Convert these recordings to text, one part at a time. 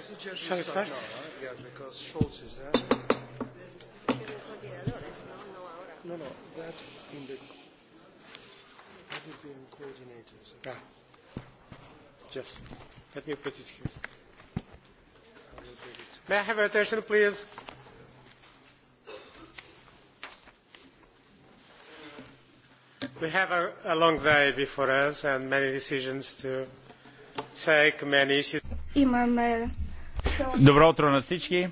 Shall we start? Yes, because Schultz is there. No, no, that in the that would be in coordinators. Ah. Yes. Let me put it here. May I have attention, please? We have a, a long day before us and many decisions to take, many issues. Имаме Добро утро на всички.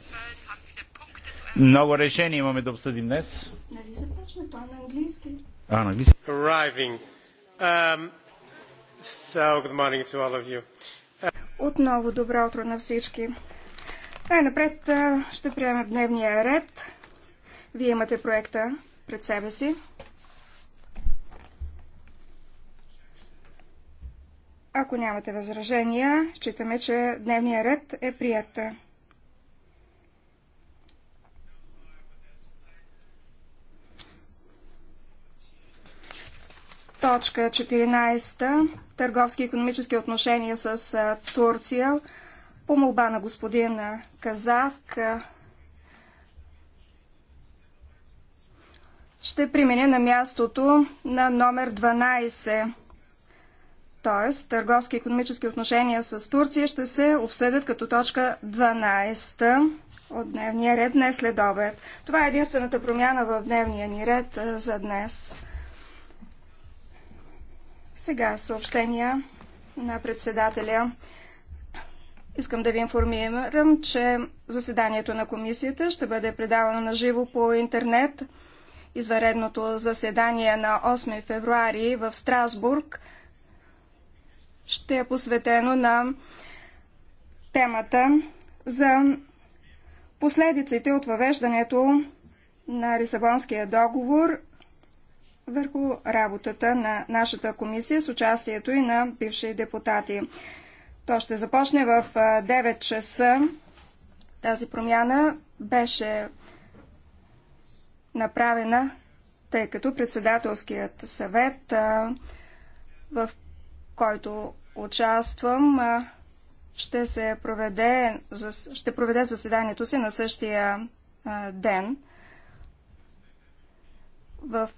Много решения имаме да обсъдим днес. Нали започна? Това на английски. А, на английски. Arriving. Um, so good morning to all of you. Uh... Отново добро утро на всички. ай напред ще приемем дневния ред. Вие имате проекта пред себе си. Ако нямате възражения, считаме, че дневния ред е прият. Точка 14. Търговски и економически отношения с Турция. По молба на господин Казак ще применя на мястото на номер 12 т.е. търговски и економически отношения с Турция, ще се обсъдят като точка 12 от дневния ред днес след обед. Това е единствената промяна в дневния ни ред за днес. Сега съобщения на председателя. Искам да ви информирам, че заседанието на комисията ще бъде предавано на живо по интернет. Изваредното заседание на 8 февруари в Страсбург – ще е посветено на темата за последиците от въвеждането на Лисабонския договор върху работата на нашата комисия с участието и на бивши депутати. То ще започне в 9 часа. Тази промяна беше направена, тъй като председателският съвет, в който участвам. Ще, се проведе, ще проведе заседанието си на същия ден. В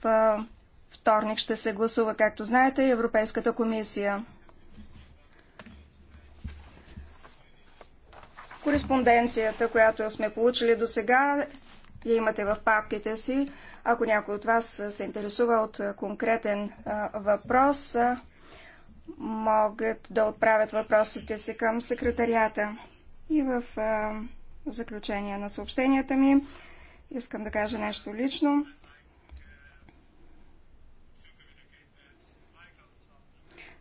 вторник ще се гласува, както знаете, Европейската комисия. Кореспонденцията, която сме получили до сега, я имате в папките си. Ако някой от вас се интересува от конкретен въпрос, могат да отправят въпросите си към секретарията. И в заключение на съобщенията ми искам да кажа нещо лично.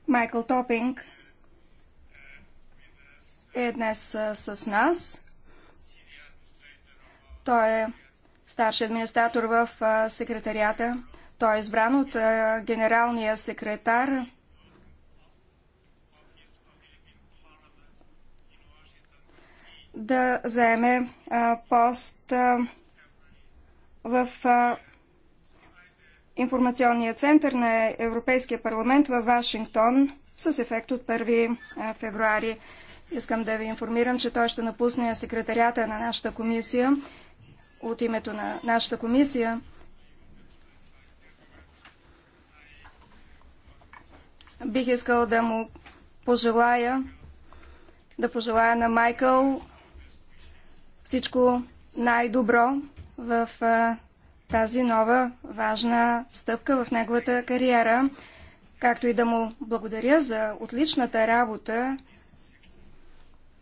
Майкъл Топинг е днес с нас. Той е старши администратор в секретарията. Той е избран от генералния секретар да заеме пост в информационния център на Европейския парламент във Вашингтон с ефект от 1 февруари. Искам да ви информирам, че той ще напусне секретарията на нашата комисия от името на нашата комисия. Бих искал да му пожелая да пожелая на Майкъл всичко най-добро в тази нова важна стъпка в неговата кариера, както и да му благодаря за отличната работа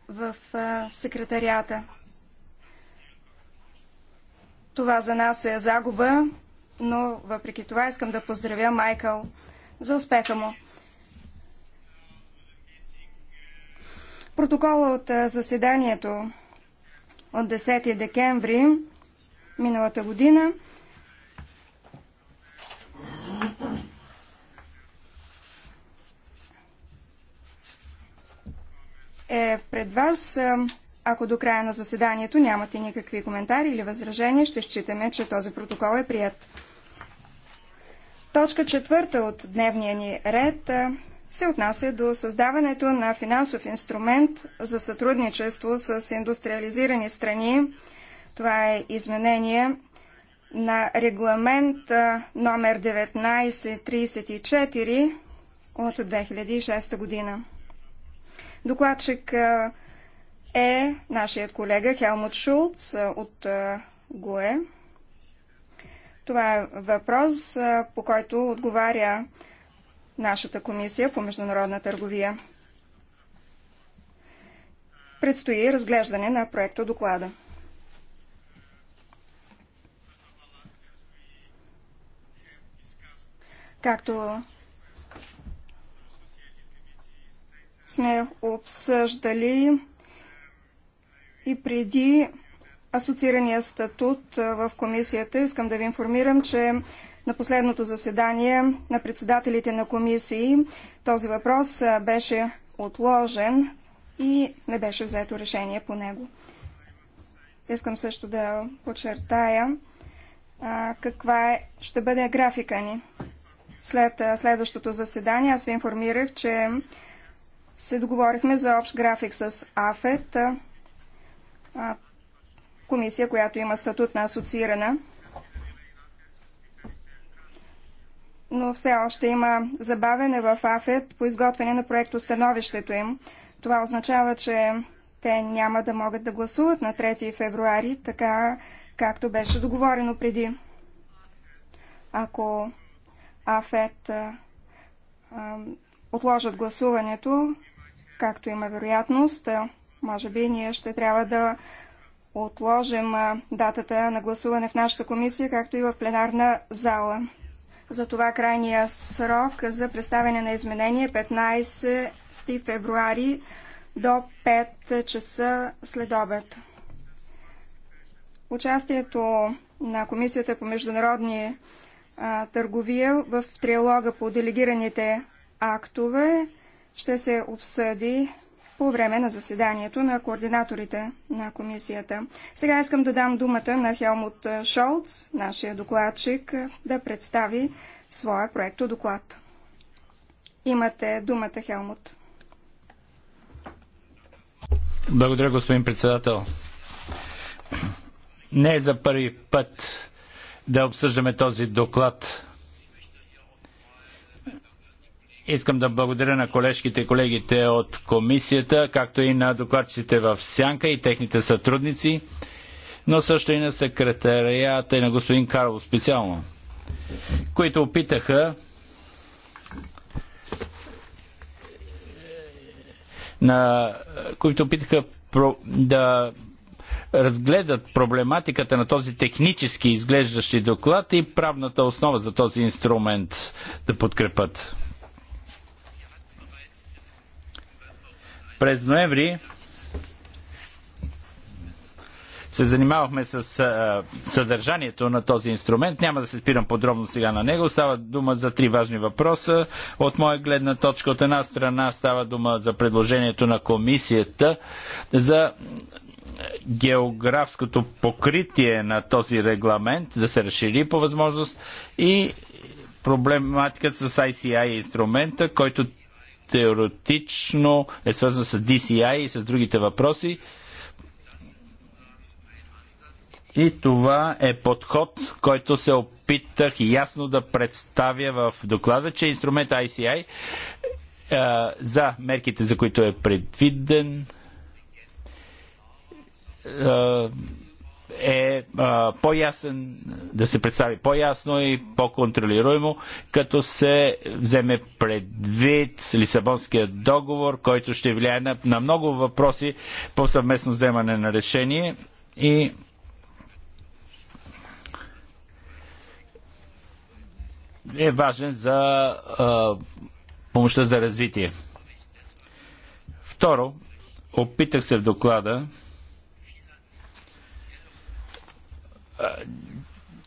в секретарията. Това за нас е загуба, но въпреки това искам да поздравя Майкъл за успеха му. Протокола от заседанието от 10 декември миналата година. е пред вас. Ако до края на заседанието нямате никакви коментари или възражения, ще считаме, че този протокол е прият. Точка четвърта от дневния ни ред се отнася до създаването на финансов инструмент за сътрудничество с индустриализирани страни. Това е изменение на регламент номер 1934 от 2006 година. Докладчик е нашият колега Хелмут Шулц от ГУЕ. Това е въпрос, по който отговаря нашата комисия по международна търговия. Предстои разглеждане на проекто доклада. Както сме обсъждали и преди асоциирания статут в комисията, искам да ви информирам, че на последното заседание на председателите на комисии този въпрос беше отложен и не беше взето решение по него. Искам също да подчертая а, каква е, ще бъде графика ни. След а, следващото заседание аз ви информирах, че се договорихме за общ график с АФЕТ, а, комисия, която има статут на асоциирана но все още има забавене в АФЕД по изготвяне на проекто становището им. Това означава, че те няма да могат да гласуват на 3 февруари, така както беше договорено преди. Ако АФЕД а, а, отложат гласуването, както има вероятност, може би ние ще трябва да отложим датата на гласуване в нашата комисия, както и в пленарна зала. Затова крайния срок за представяне на изменение 15 е февруари до 5 часа след обед. Участието на Комисията по международни търговия в триалога по делегираните актове ще се обсъди по време на заседанието на координаторите на комисията. Сега искам да дам думата на Хелмут Шолц, нашия докладчик, да представи своя проекто доклад. Имате думата, Хелмут. Благодаря, господин председател. Не е за първи път да обсъждаме този доклад Искам да благодаря на колежките и колегите от комисията, както и на докладчиците в Сянка и техните сътрудници, но също и на секретарията и на господин Карло специално, които опитаха на които опитаха про... да разгледат проблематиката на този технически изглеждащи доклад и правната основа за този инструмент да подкрепат. През ноември се занимавахме с а, съдържанието на този инструмент. Няма да се спирам подробно сега на него. Става дума за три важни въпроса. От моя гледна точка, от една страна става дума за предложението на комисията за географското покритие на този регламент да се разшири по възможност и проблематиката с ICI инструмента, който теоретично е свързан с DCI и с другите въпроси. И това е подход, който се опитах ясно да представя в доклада, че инструмент ICI е, за мерките, за които е предвиден, е а, по-ясен, да се представи по-ясно и по-контролируемо, като се вземе предвид Лисабонския договор, който ще влияе на, на много въпроси по съвместно вземане на решение и е важен за а, помощта за развитие. Второ, опитах се в доклада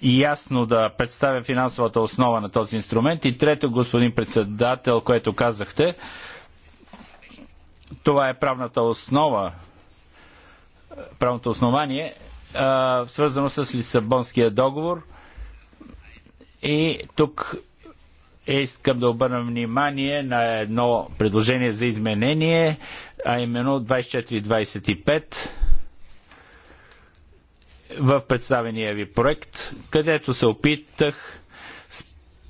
ясно да представя финансовата основа на този инструмент. И трето, господин председател, което казахте, това е правната основа, правното основание, свързано с Лисабонския договор. И тук е, искам да обърна внимание на едно предложение за изменение, а именно 2425 в представения ви проект, където се опитах с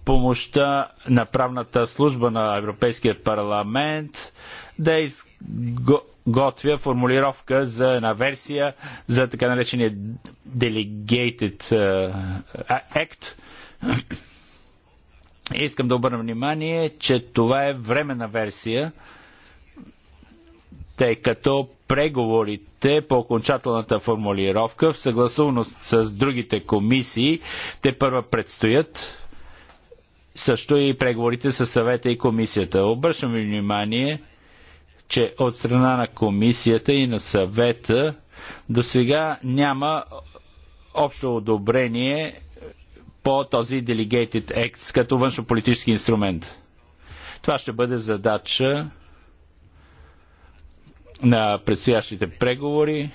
помощта на правната служба на Европейския парламент да изготвя формулировка за една версия за така наречения Delegated Act. Искам да обърна внимание, че това е временна версия, тъй като преговорите по окончателната формулировка в съгласуваност с другите комисии те първа предстоят също и преговорите с съвета и комисията. Обръщам ви внимание, че от страна на комисията и на съвета до сега няма общо одобрение по този Delegated Act като външнополитически инструмент. Това ще бъде задача на предстоящите преговори.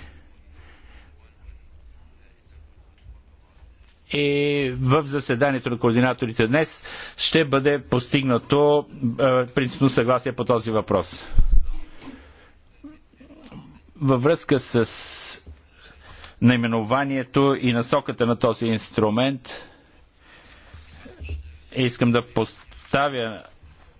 и в заседанието на координаторите днес ще бъде постигнато е, принципно съгласие по този въпрос. Във връзка с наименованието и насоката на този инструмент, искам да поставя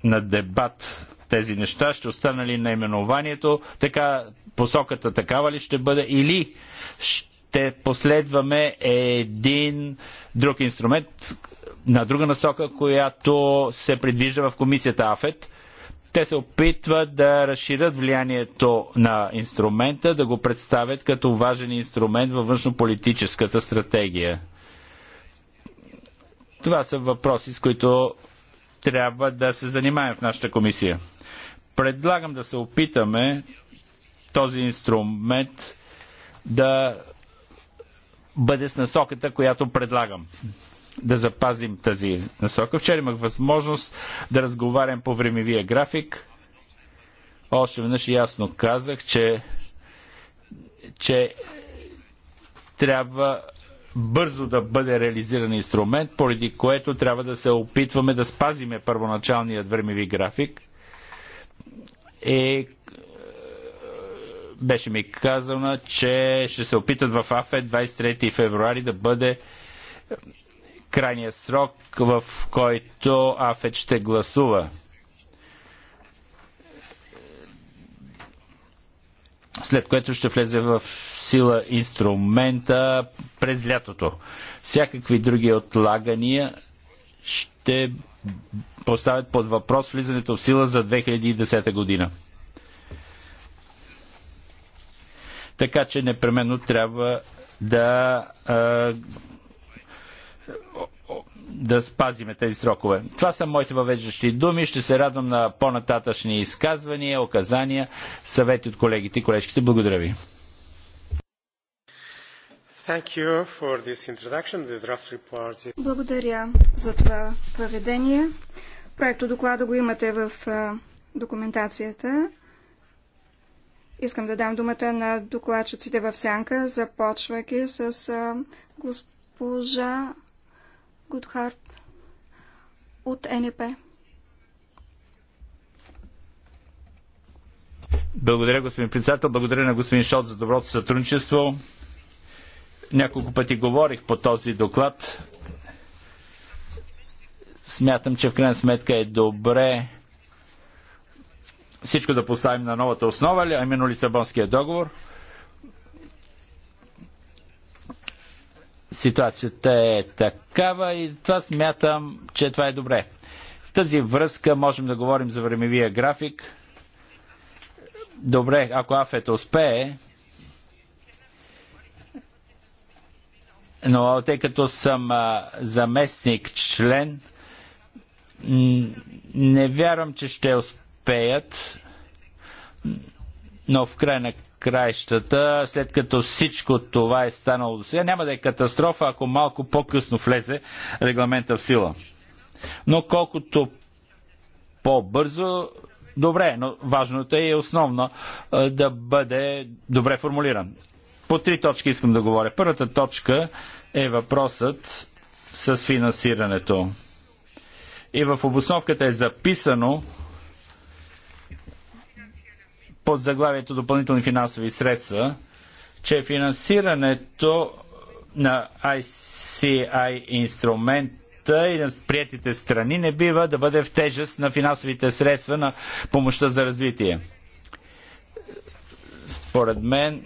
на дебат тези неща? Ще остане ли наименованието? Така, посоката такава ли ще бъде? Или ще последваме един друг инструмент на друга насока, която се предвижда в комисията АФЕТ? Те се опитват да разширят влиянието на инструмента, да го представят като важен инструмент във външнополитическата стратегия. Това са въпроси, с които трябва да се занимаем в нашата комисия. Предлагам да се опитаме този инструмент да бъде с насоката, която предлагам. Да запазим тази насока. Вчера имах възможност да разговарям по времевия график. Още веднъж ясно казах, че, че трябва бързо да бъде реализиран инструмент, поради което трябва да се опитваме да спазиме първоначалният времеви график – е беше ми казано, че ще се опитат в АФЕ 23 февруари да бъде крайния срок, в който АФЕ ще гласува. След което ще влезе в сила инструмента през лятото. Всякакви други отлагания ще поставят под въпрос влизането в сила за 2010 година. Така че непременно трябва да а, да спазиме тези срокове. Това са моите въвеждащи думи. Ще се радвам на по-нататъчни изказвания, оказания, съвети от колегите и колежките. Благодаря ви. Благодаря за това въведение. Проекто доклада го имате в документацията. Искам да дам думата на докладчиците в сянка, започвайки с госпожа Гудхарт от НП. Е Благодаря, господин председател. Благодаря на господин Шот за доброто сътрудничество. Няколко пъти говорих по този доклад. Смятам, че в крайна сметка е добре всичко да поставим на новата основа, а именно Лисабонския договор. Ситуацията е такава и затова смятам, че това е добре. В тази връзка можем да говорим за времевия график. Добре, ако Афет успее, но тъй като съм а, заместник член, не вярвам, че ще успеят, но в край на краищата, след като всичко това е станало до сега, няма да е катастрофа, ако малко по-късно влезе регламента в сила. Но колкото по-бързо, добре, но важното е и основно да бъде добре формулиран. По три точки искам да говоря. Първата точка е въпросът с финансирането. И в обосновката е записано под заглавието допълнителни финансови средства, че финансирането на ICI инструмента и на приятите страни не бива да бъде в тежест на финансовите средства на помощта за развитие. Според мен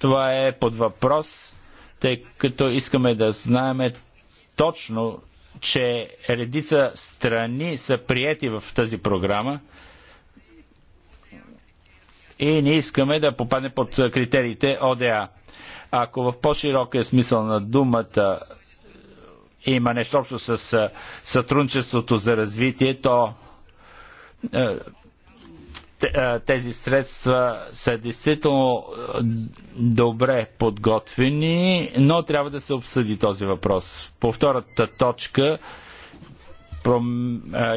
това е под въпрос, тъй като искаме да знаеме точно, че редица страни са приети в тази програма и не искаме да попадне под критериите ОДА. Ако в по-широкия е смисъл на думата има нещо общо с сътрудничеството за развитие, то тези средства са действително добре подготвени, но трябва да се обсъди този въпрос. По втората точка,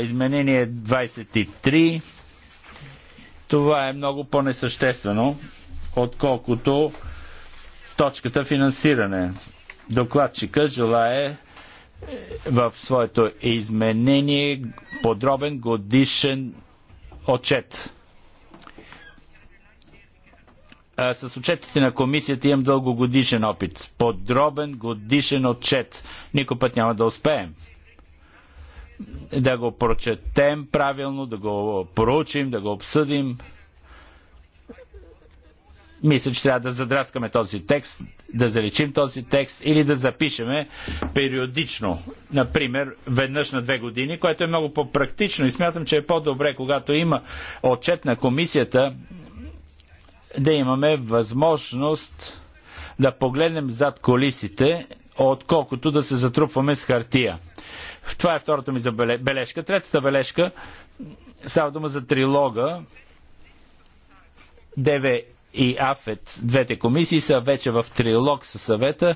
изменение 23, това е много по-несъществено, отколкото точката финансиране. Докладчика желае е, в своето изменение подробен годишен отчет а, с отчетите на комисията имам дългогодишен опит. Подробен годишен отчет. Никой път няма да успеем. Да го прочетем правилно, да го проучим, да го обсъдим. Мисля, че трябва да задраскаме този текст, да заличим този текст или да запишеме периодично, например, веднъж на две години, което е много по-практично и смятам, че е по-добре, когато има отчет на комисията да имаме възможност да погледнем зад колисите, отколкото да се затрупваме с хартия. Това е втората ми забележка. Третата бележка става дума за трилога. Деве и АФЕТ, двете комисии, са вече в трилог със съвета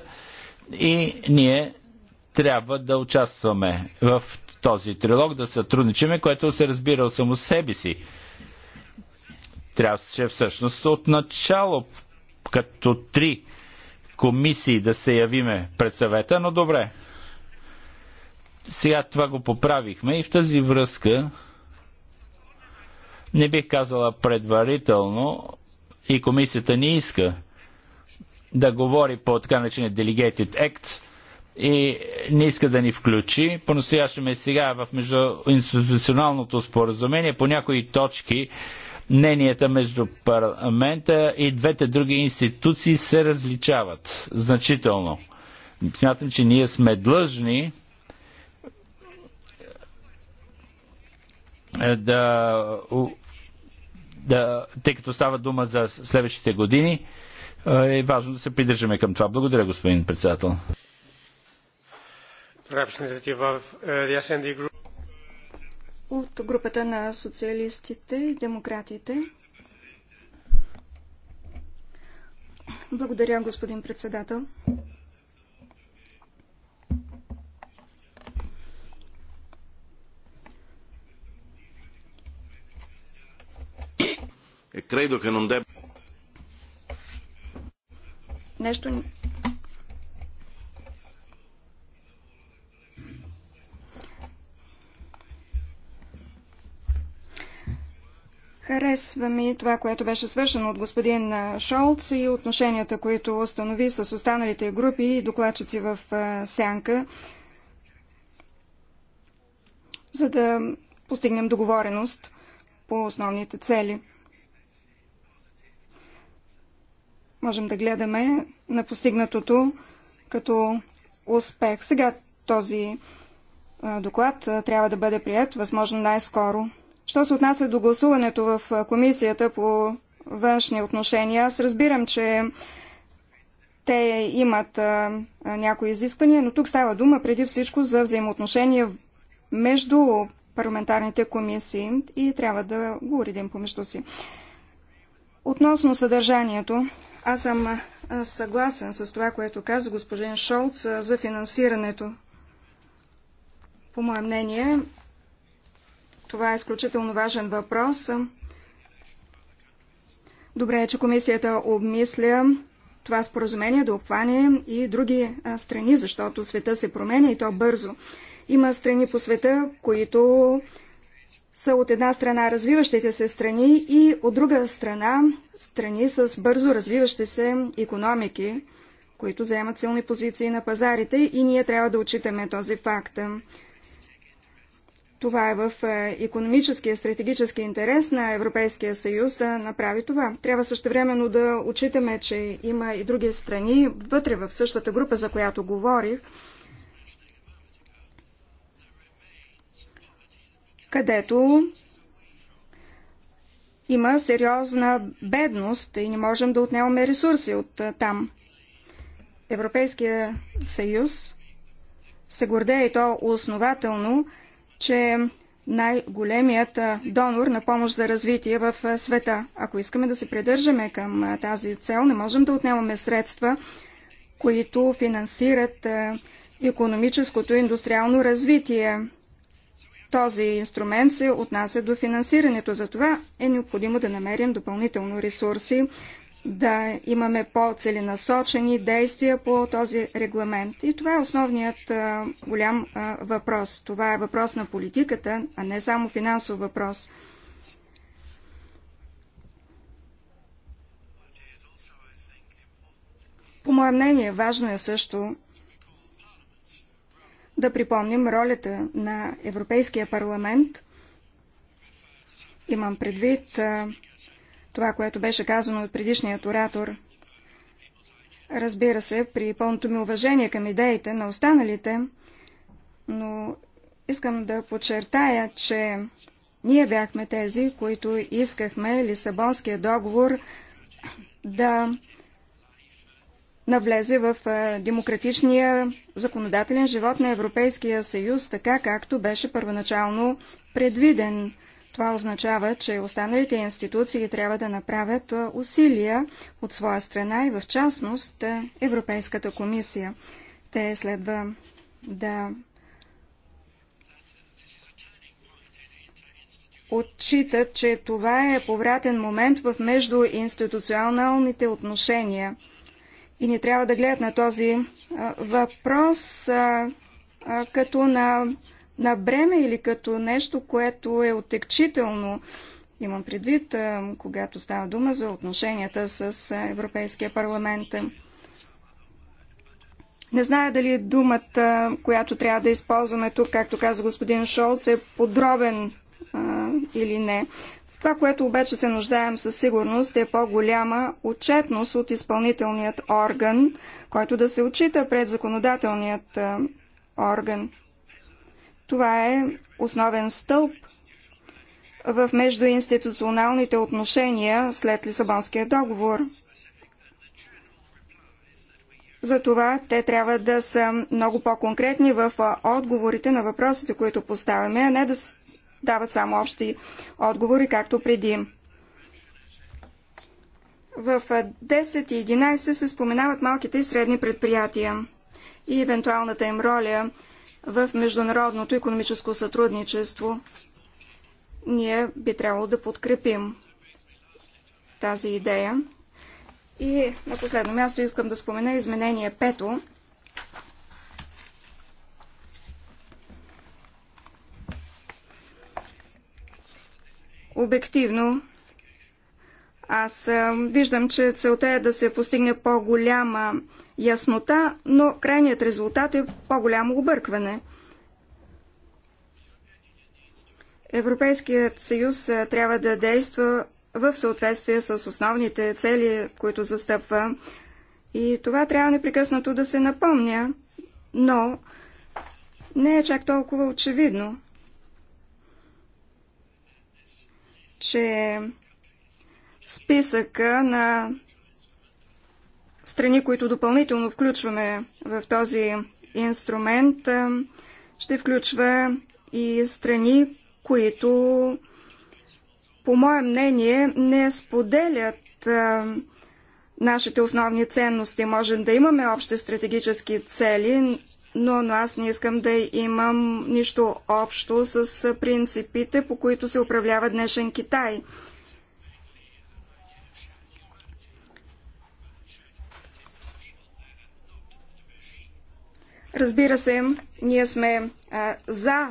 и ние трябва да участваме в този трилог, да сътрудничиме, което се разбира от само себе си трябваше всъщност от начало като три комисии да се явиме пред съвета, но добре. Сега това го поправихме и в тази връзка не бих казала предварително и комисията не иска да говори по така наречения Delegated Acts и не иска да ни включи. По-настоящем е сега в междуинституционалното споразумение по някои точки мненията между парламента и двете други институции се различават значително. Смятам, че ние сме длъжни е, да, да, тъй като става дума за следващите години, е, е важно да се придържаме към това. Благодаря, господин председател от групата на социалистите и демократите. Благодаря, господин председател. Е, Нещо Харесва ми това, което беше свършено от господин Шолц и отношенията, които установи с останалите групи и докладчици в сянка, за да постигнем договореност по основните цели. Можем да гледаме на постигнатото като успех. Сега този доклад трябва да бъде прият, възможно най-скоро. Що се отнася до гласуването в комисията по външни отношения, аз разбирам, че те имат някои изисквания, но тук става дума преди всичко за взаимоотношения между парламентарните комисии и трябва да го уредим помежду си. Относно съдържанието, аз съм съгласен с това, което каза господин Шолц за финансирането. По мое мнение, това е изключително важен въпрос. Добре е, че комисията обмисля това споразумение да обхване и други страни, защото света се променя и то бързо. Има страни по света, които са от една страна развиващите се страни и от друга страна страни с бързо развиващи се економики, които заемат силни позиции на пазарите и ние трябва да отчитаме този факт. Това е в е, економическия, стратегически интерес на Европейския съюз да направи това. Трябва също времено да отчитаме, че има и други страни вътре в същата група, за която говорих, където има сериозна бедност и не можем да отнемаме ресурси от е, там. Европейския съюз се гордее и то основателно, че най-големият донор на помощ за развитие в света. Ако искаме да се придържаме към тази цел, не можем да отнемаме средства, които финансират економическото и индустриално развитие. Този инструмент се отнася до финансирането. Затова е необходимо да намерим допълнително ресурси, да имаме по-целенасочени действия по този регламент. И това е основният а, голям а, въпрос. Това е въпрос на политиката, а не само финансов въпрос. По мое мнение, важно е също да припомним ролята на Европейския парламент. Имам предвид а, това, което беше казано от предишният оратор. Разбира се, при пълното ми уважение към идеите на останалите, но искам да подчертая, че ние бяхме тези, които искахме Лисабонския договор да навлезе в демократичния законодателен живот на Европейския съюз, така както беше първоначално предвиден. Това означава, че останалите институции трябва да направят усилия от своя страна и в частност Европейската комисия. Те следва да отчитат, че това е повратен момент в междуинституционалните отношения. И не трябва да гледат на този въпрос а, а, като на на бреме или като нещо, което е отекчително. Имам предвид, когато става дума за отношенията с Европейския парламент. Не зная дали думата, която трябва да използваме тук, както каза господин Шолц, е подробен а, или не. Това, което обаче се нуждаем със сигурност е по-голяма отчетност от изпълнителният орган, който да се отчита пред законодателният а, орган. Това е основен стълб в междуинституционалните отношения след Лисабонския договор. Затова те трябва да са много по-конкретни в отговорите на въпросите, които поставяме, а не да дават само общи отговори, както преди. В 10 и 11 се споменават малките и средни предприятия и евентуалната им роля в международното економическо сътрудничество. Ние би трябвало да подкрепим тази идея. И на последно място искам да спомена изменение пето. Обективно, аз виждам, че целта е да се постигне по-голяма яснота, но крайният резултат е по-голямо объркване. Европейският съюз трябва да действа в съответствие с основните цели, които застъпва. И това трябва непрекъснато да се напомня, но не е чак толкова очевидно, че списъка на страни, които допълнително включваме в този инструмент, ще включва и страни, които, по мое мнение, не споделят нашите основни ценности. Можем да имаме общи стратегически цели, но, но аз не искам да имам нищо общо с принципите, по които се управлява днешен Китай – Разбира се, ние сме а, за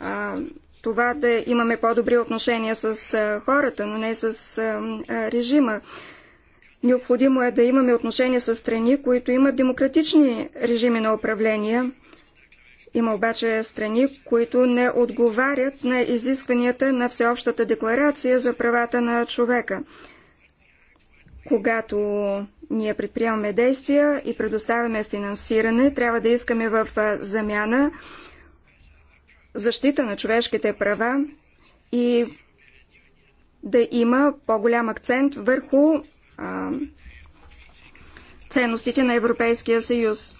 а, това да имаме по-добри отношения с а, хората, но не с а, а, режима. Необходимо е да имаме отношения с страни, които имат демократични режими на управление. Има обаче страни, които не отговарят на изискванията на Всеобщата декларация за правата на човека когато ние предприемаме действия и предоставяме финансиране, трябва да искаме в замяна защита на човешките права и да има по-голям акцент върху а, ценностите на Европейския съюз.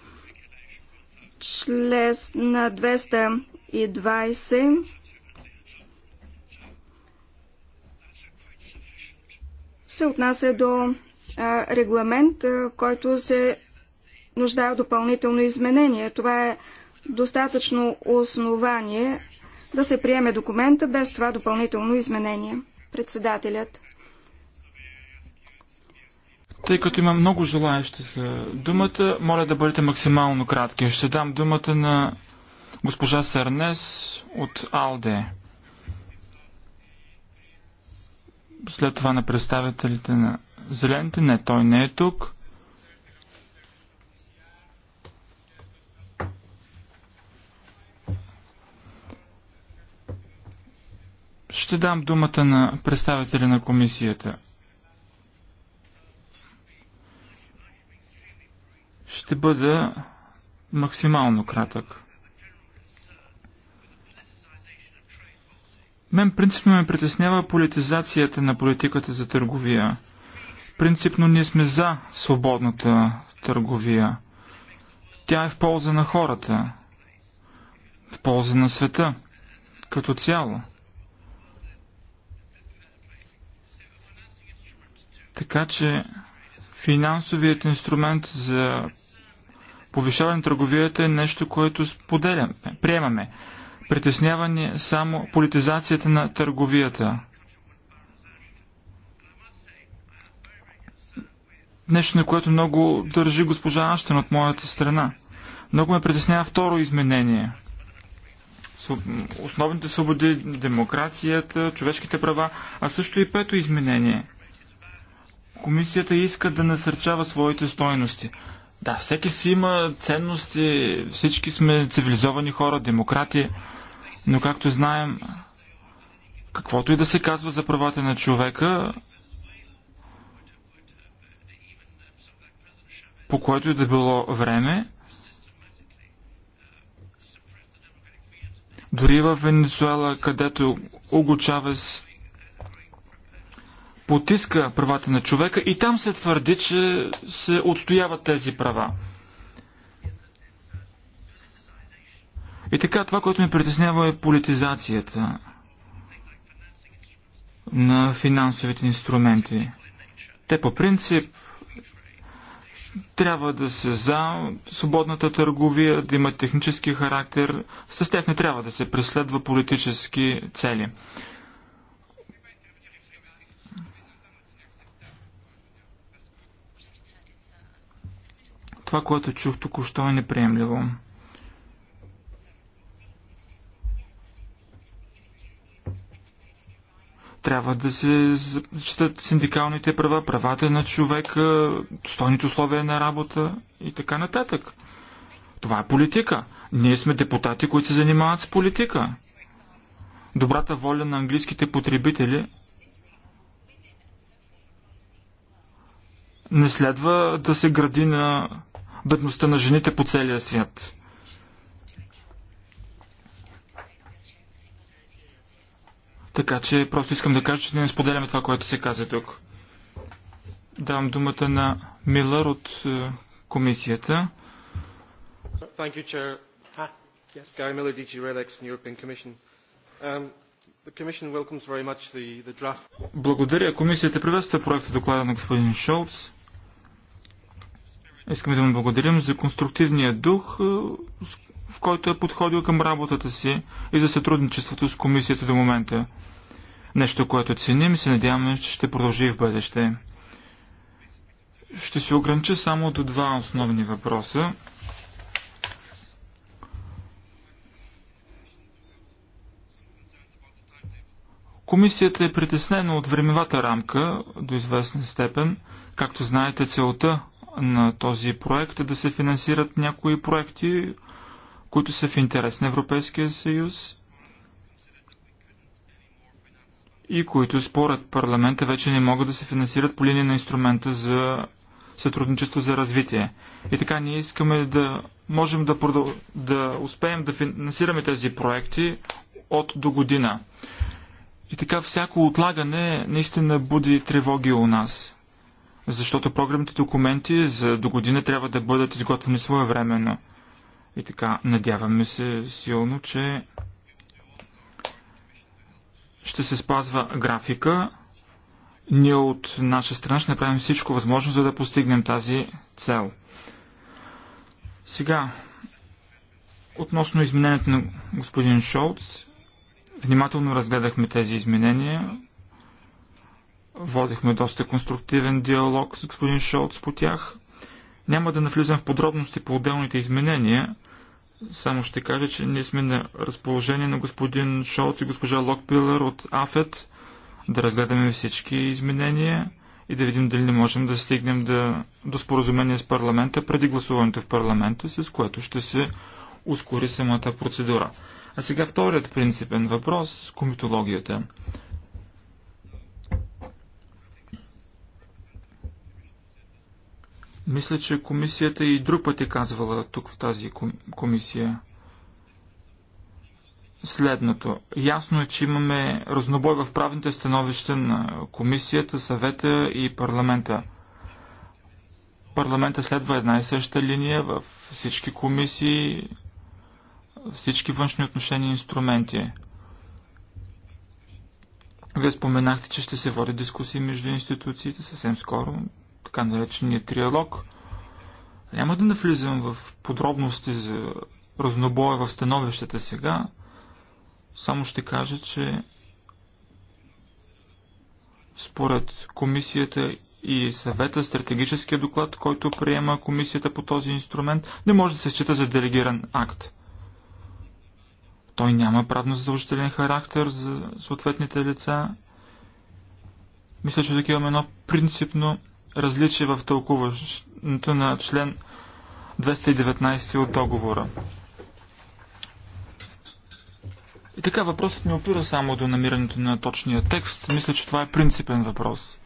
Член на 220 се отнася до регламент, който се нуждае от допълнително изменение. Това е достатъчно основание да се приеме документа без това допълнително изменение. Председателят. Тъй като има много желаящи за думата, моля да бъдете максимално кратки. Ще дам думата на госпожа Сърнес от АЛДЕ. След това на представителите на Зелените. Не, той не е тук. Ще дам думата на представители на комисията. Ще бъда максимално кратък. Мен принципно ме притеснява политизацията на политиката за търговия. Принципно ние сме за свободната търговия. Тя е в полза на хората, в полза на света, като цяло. Така че финансовият инструмент за повишаване на търговията е нещо, което споделяме, приемаме. Притеснява ни само политизацията на търговията. Нещо, на което много държи госпожа Аштен от моята страна. Много ме притеснява второ изменение. Основните свободи, демокрацията, човешките права, а също и пето изменение. Комисията иска да насърчава своите стойности. Да, всеки си има ценности, всички сме цивилизовани хора, демократи, но както знаем, каквото и да се казва за правата на човека, по което и да било време, дори в Венецуела, където Уго Чавес потиска правата на човека и там се твърди, че се отстояват тези права. И така, това, което ме притеснява е политизацията на финансовите инструменти. Те по принцип трябва да са за свободната търговия, да имат технически характер. С тях не трябва да се преследва политически цели. Това, което чух току-що е неприемливо. Трябва да се зачитат синдикалните права, правата на човека, стойните условия на работа и така нататък. Това е политика. Ние сме депутати, които се занимават с политика. Добрата воля на английските потребители не следва да се гради на бедността на жените по целия свят. Така че просто искам да кажа, че не споделяме това, което се каза тук. Давам думата на Милър от е, комисията. Thank you, Chair. Ha, yes. Gary Miller, DG Relex and European Commission. Um, the Commission welcomes very much the, the draft. Благодаря. Комисията приветства проекта доклада на господин Шолц. Искаме да му благодарим за конструктивния дух, е, с в който е подходил към работата си и за сътрудничеството с комисията до момента. Нещо, което ценим и се надяваме, че ще продължи в бъдеще. Ще се огранича само до два основни въпроса. Комисията е притеснена от времевата рамка до известна степен. Както знаете, целта на този проект е да се финансират някои проекти които са в интерес на Европейския съюз и които според парламента вече не могат да се финансират по линия на инструмента за сътрудничество за развитие. И така ние искаме да можем да, продъл... да успеем да финансираме тези проекти от до година. И така всяко отлагане наистина буди тревоги у нас. Защото програмните документи за до година трябва да бъдат изготвени своевременно. И така, надяваме се силно, че ще се спазва графика. Ние от наша страна ще направим всичко възможно, за да постигнем тази цел. Сега, относно изменението на господин Шолц, внимателно разгледахме тези изменения, водихме доста конструктивен диалог с господин Шолц по тях. Няма да навлизам в подробности по отделните изменения, само ще кажа, че ние сме на разположение на господин Шолц и госпожа Локпилър от АФЕТ да разгледаме всички изменения и да видим дали не можем да стигнем да, до споразумение с парламента преди гласуването в парламента, с което ще се ускори самата процедура. А сега вторият принципен въпрос – комитологията. Мисля, че комисията и друг път е казвала тук в тази комисия следното. Ясно е, че имаме разнобой в правните становища на комисията, съвета и парламента. Парламента следва една и съща линия в всички комисии, всички външни отношения и инструменти. Вие споменахте, че ще се води дискусии между институциите съвсем скоро така наречения триалог. Няма да навлизам в подробности за разнобоя в становищата сега. Само ще кажа, че според комисията и съвета стратегическия доклад, който приема комисията по този инструмент, не може да се счита за делегиран акт. Той няма правно задължителен характер за съответните лица. Мисля, че тук имаме едно принципно различие в тълкуването на член 219 от договора. И така, въпросът не опира само до намирането на точния текст. Мисля, че това е принципен въпрос.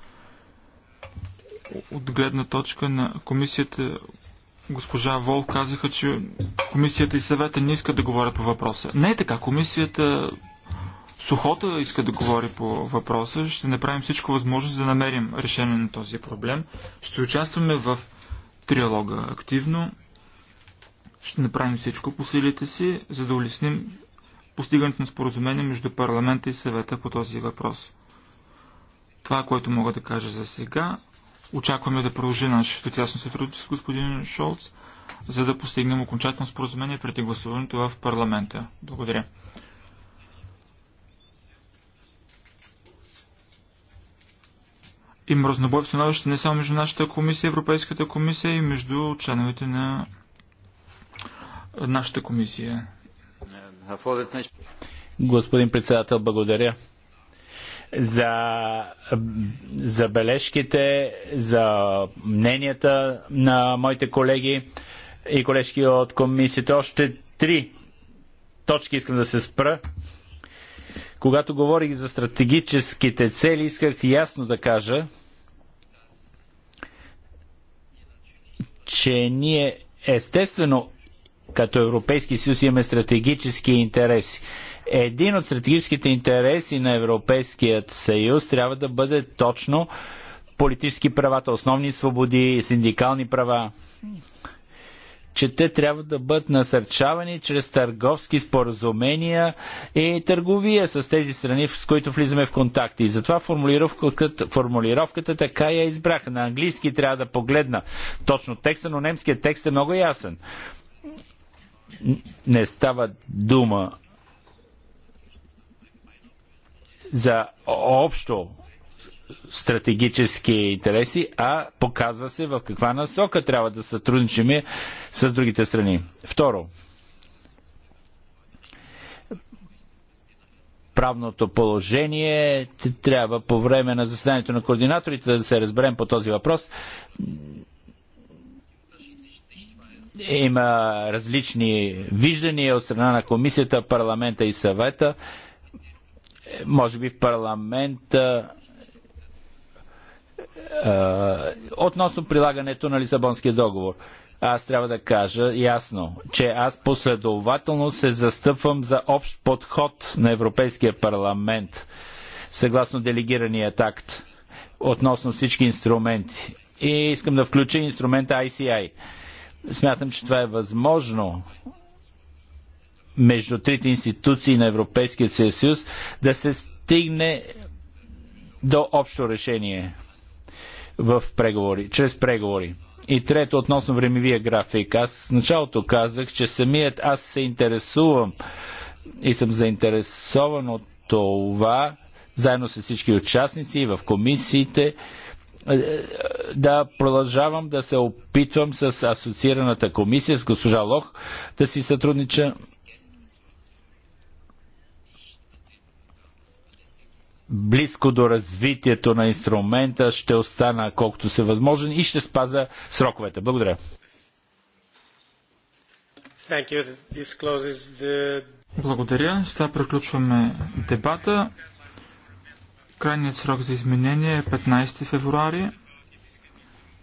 От гледна точка на комисията, госпожа Волк казаха, че комисията и съвета не искат да говорят по въпроса. Не е така. Комисията Сухота иска да говори по въпроса. Ще направим всичко възможно, за да намерим решение на този проблем. Ще участваме в триалога активно. Ще направим всичко по силите си, за да улесним постигането на споразумение между парламента и съвета по този въпрос. Това е което мога да кажа за сега. Очакваме да продължи нашето тясно сътрудничество с господин Шолц, за да постигнем окончателно споразумение преди гласуването в парламента. Благодаря. Има разнобой в становище не само между нашата комисия, Европейската комисия и между членовете на нашата комисия. Господин председател, благодаря за забележките, за мненията на моите колеги и колежки от комисията. Още три точки искам да се спра. Когато говорих за стратегическите цели, исках ясно да кажа, че ние естествено като Европейски съюз имаме стратегически интереси. Един от стратегическите интереси на Европейският съюз трябва да бъде точно политически правата, основни свободи, синдикални права че те трябва да бъдат насърчавани чрез търговски споразумения и търговия с тези страни, с които влизаме в контакти. И затова формулировката, формулировката така я избрах. На английски трябва да погледна точно текста, но немският текст е много ясен. Не става дума за общо стратегически интереси, а показва се в каква насока трябва да сътрудничиме с другите страни. Второ, правното положение. Трябва по време на заседанието на координаторите да се разберем по този въпрос. Има различни виждания от страна на комисията, парламента и съвета. Може би в парламента е, относно прилагането на Лисабонския договор. Аз трябва да кажа ясно, че аз последователно се застъпвам за общ подход на Европейския парламент съгласно делегирания акт относно всички инструменти. И искам да включа инструмента ICI. Смятам, че това е възможно между трите институции на Европейския съюз да се стигне до общо решение в преговори, чрез преговори. И трето, относно времевия график. Аз в началото казах, че самият аз се интересувам и съм заинтересован от това, заедно с всички участници в комисиите, е, е, да продължавам да се опитвам с асоциираната комисия, с госпожа Лох, да си сътруднича близко до развитието на инструмента, ще остана колкото се възможен и ще спаза сроковете. Благодаря. The... Благодаря. С това приключваме дебата. Крайният срок за изменение е 15 февруари.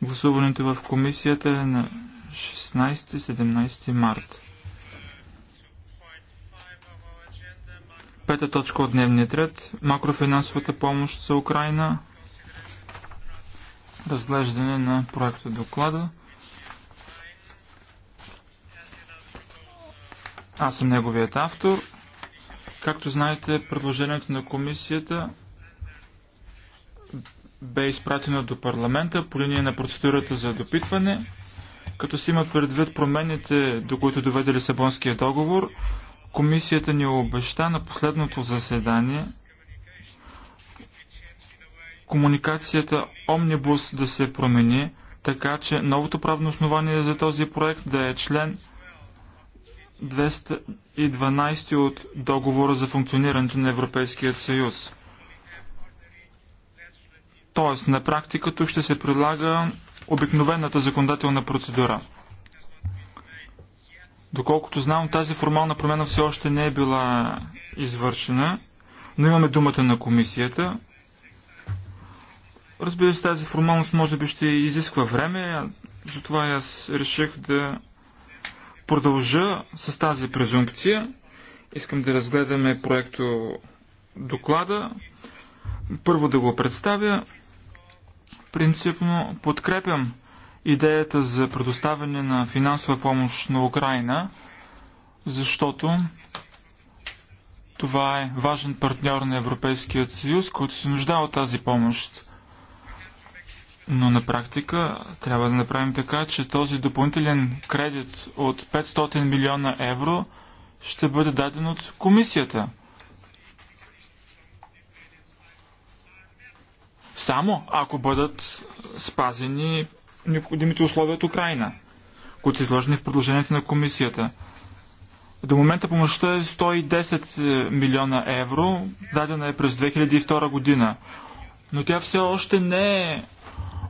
Гласуването в комисията е на 16-17 марта. Пета точка от дневния ред. Макрофинансовата помощ за Украина. Разглеждане на проекта доклада. Аз съм неговият автор. Както знаете, предложението на комисията бе изпратено до парламента по линия на процедурата за допитване, като се има предвид промените, до които доведе Лисабонския договор, Комисията ни обеща на последното заседание комуникацията Омнибус да се промени, така че новото правно основание за този проект да е член 212 от договора за функционирането на Европейския съюз. Тоест, на практиката ще се прилага обикновената законодателна процедура. Доколкото знам, тази формална промяна все още не е била извършена, но имаме думата на комисията. Разбира се, тази формалност може би ще изисква време, затова аз реших да продължа с тази презумпция. Искам да разгледаме проекто доклада. Първо да го представя. Принципно подкрепям идеята за предоставяне на финансова помощ на Украина, защото това е важен партньор на Европейския съюз, който се нуждае от тази помощ. Но на практика трябва да направим така, че този допълнителен кредит от 500 милиона евро ще бъде даден от комисията. Само ако бъдат спазени необходимите условия от Украина, които са изложени в предложението на комисията. До момента помощта е 110 е, милиона евро, дадена е през 2002 година, но тя все още не е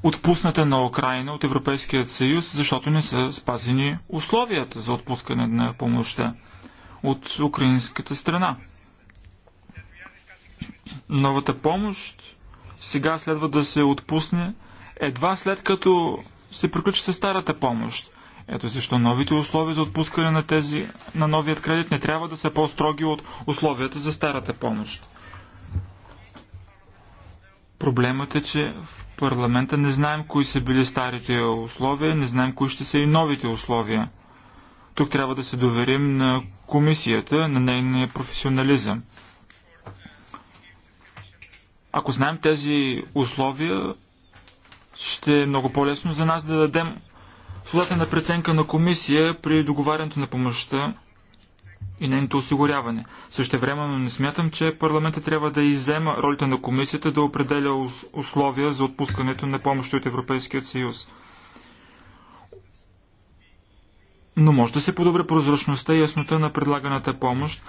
отпусната на Украина от Европейския съюз, защото не са спазени условията за отпускане на помощта от украинската страна. Новата помощ сега следва да се отпусне едва след като се приключи с старата помощ. Ето защо новите условия за отпускане на, тези, на новият кредит не трябва да са по-строги от условията за старата помощ. Проблемът е, че в парламента не знаем кои са били старите условия, не знаем кои ще са и новите условия. Тук трябва да се доверим на комисията, на нейния професионализъм. Ако знаем тези условия, ще е много по-лесно за нас да дадем свободата на преценка на комисия при договарянето на помощта и нейното осигуряване. Също времено не смятам, че парламентът трябва да иззема ролята на комисията да определя условия за отпускането на помощи от Европейския съюз. Но може да се подобри прозрачността и яснота на предлаганата помощ,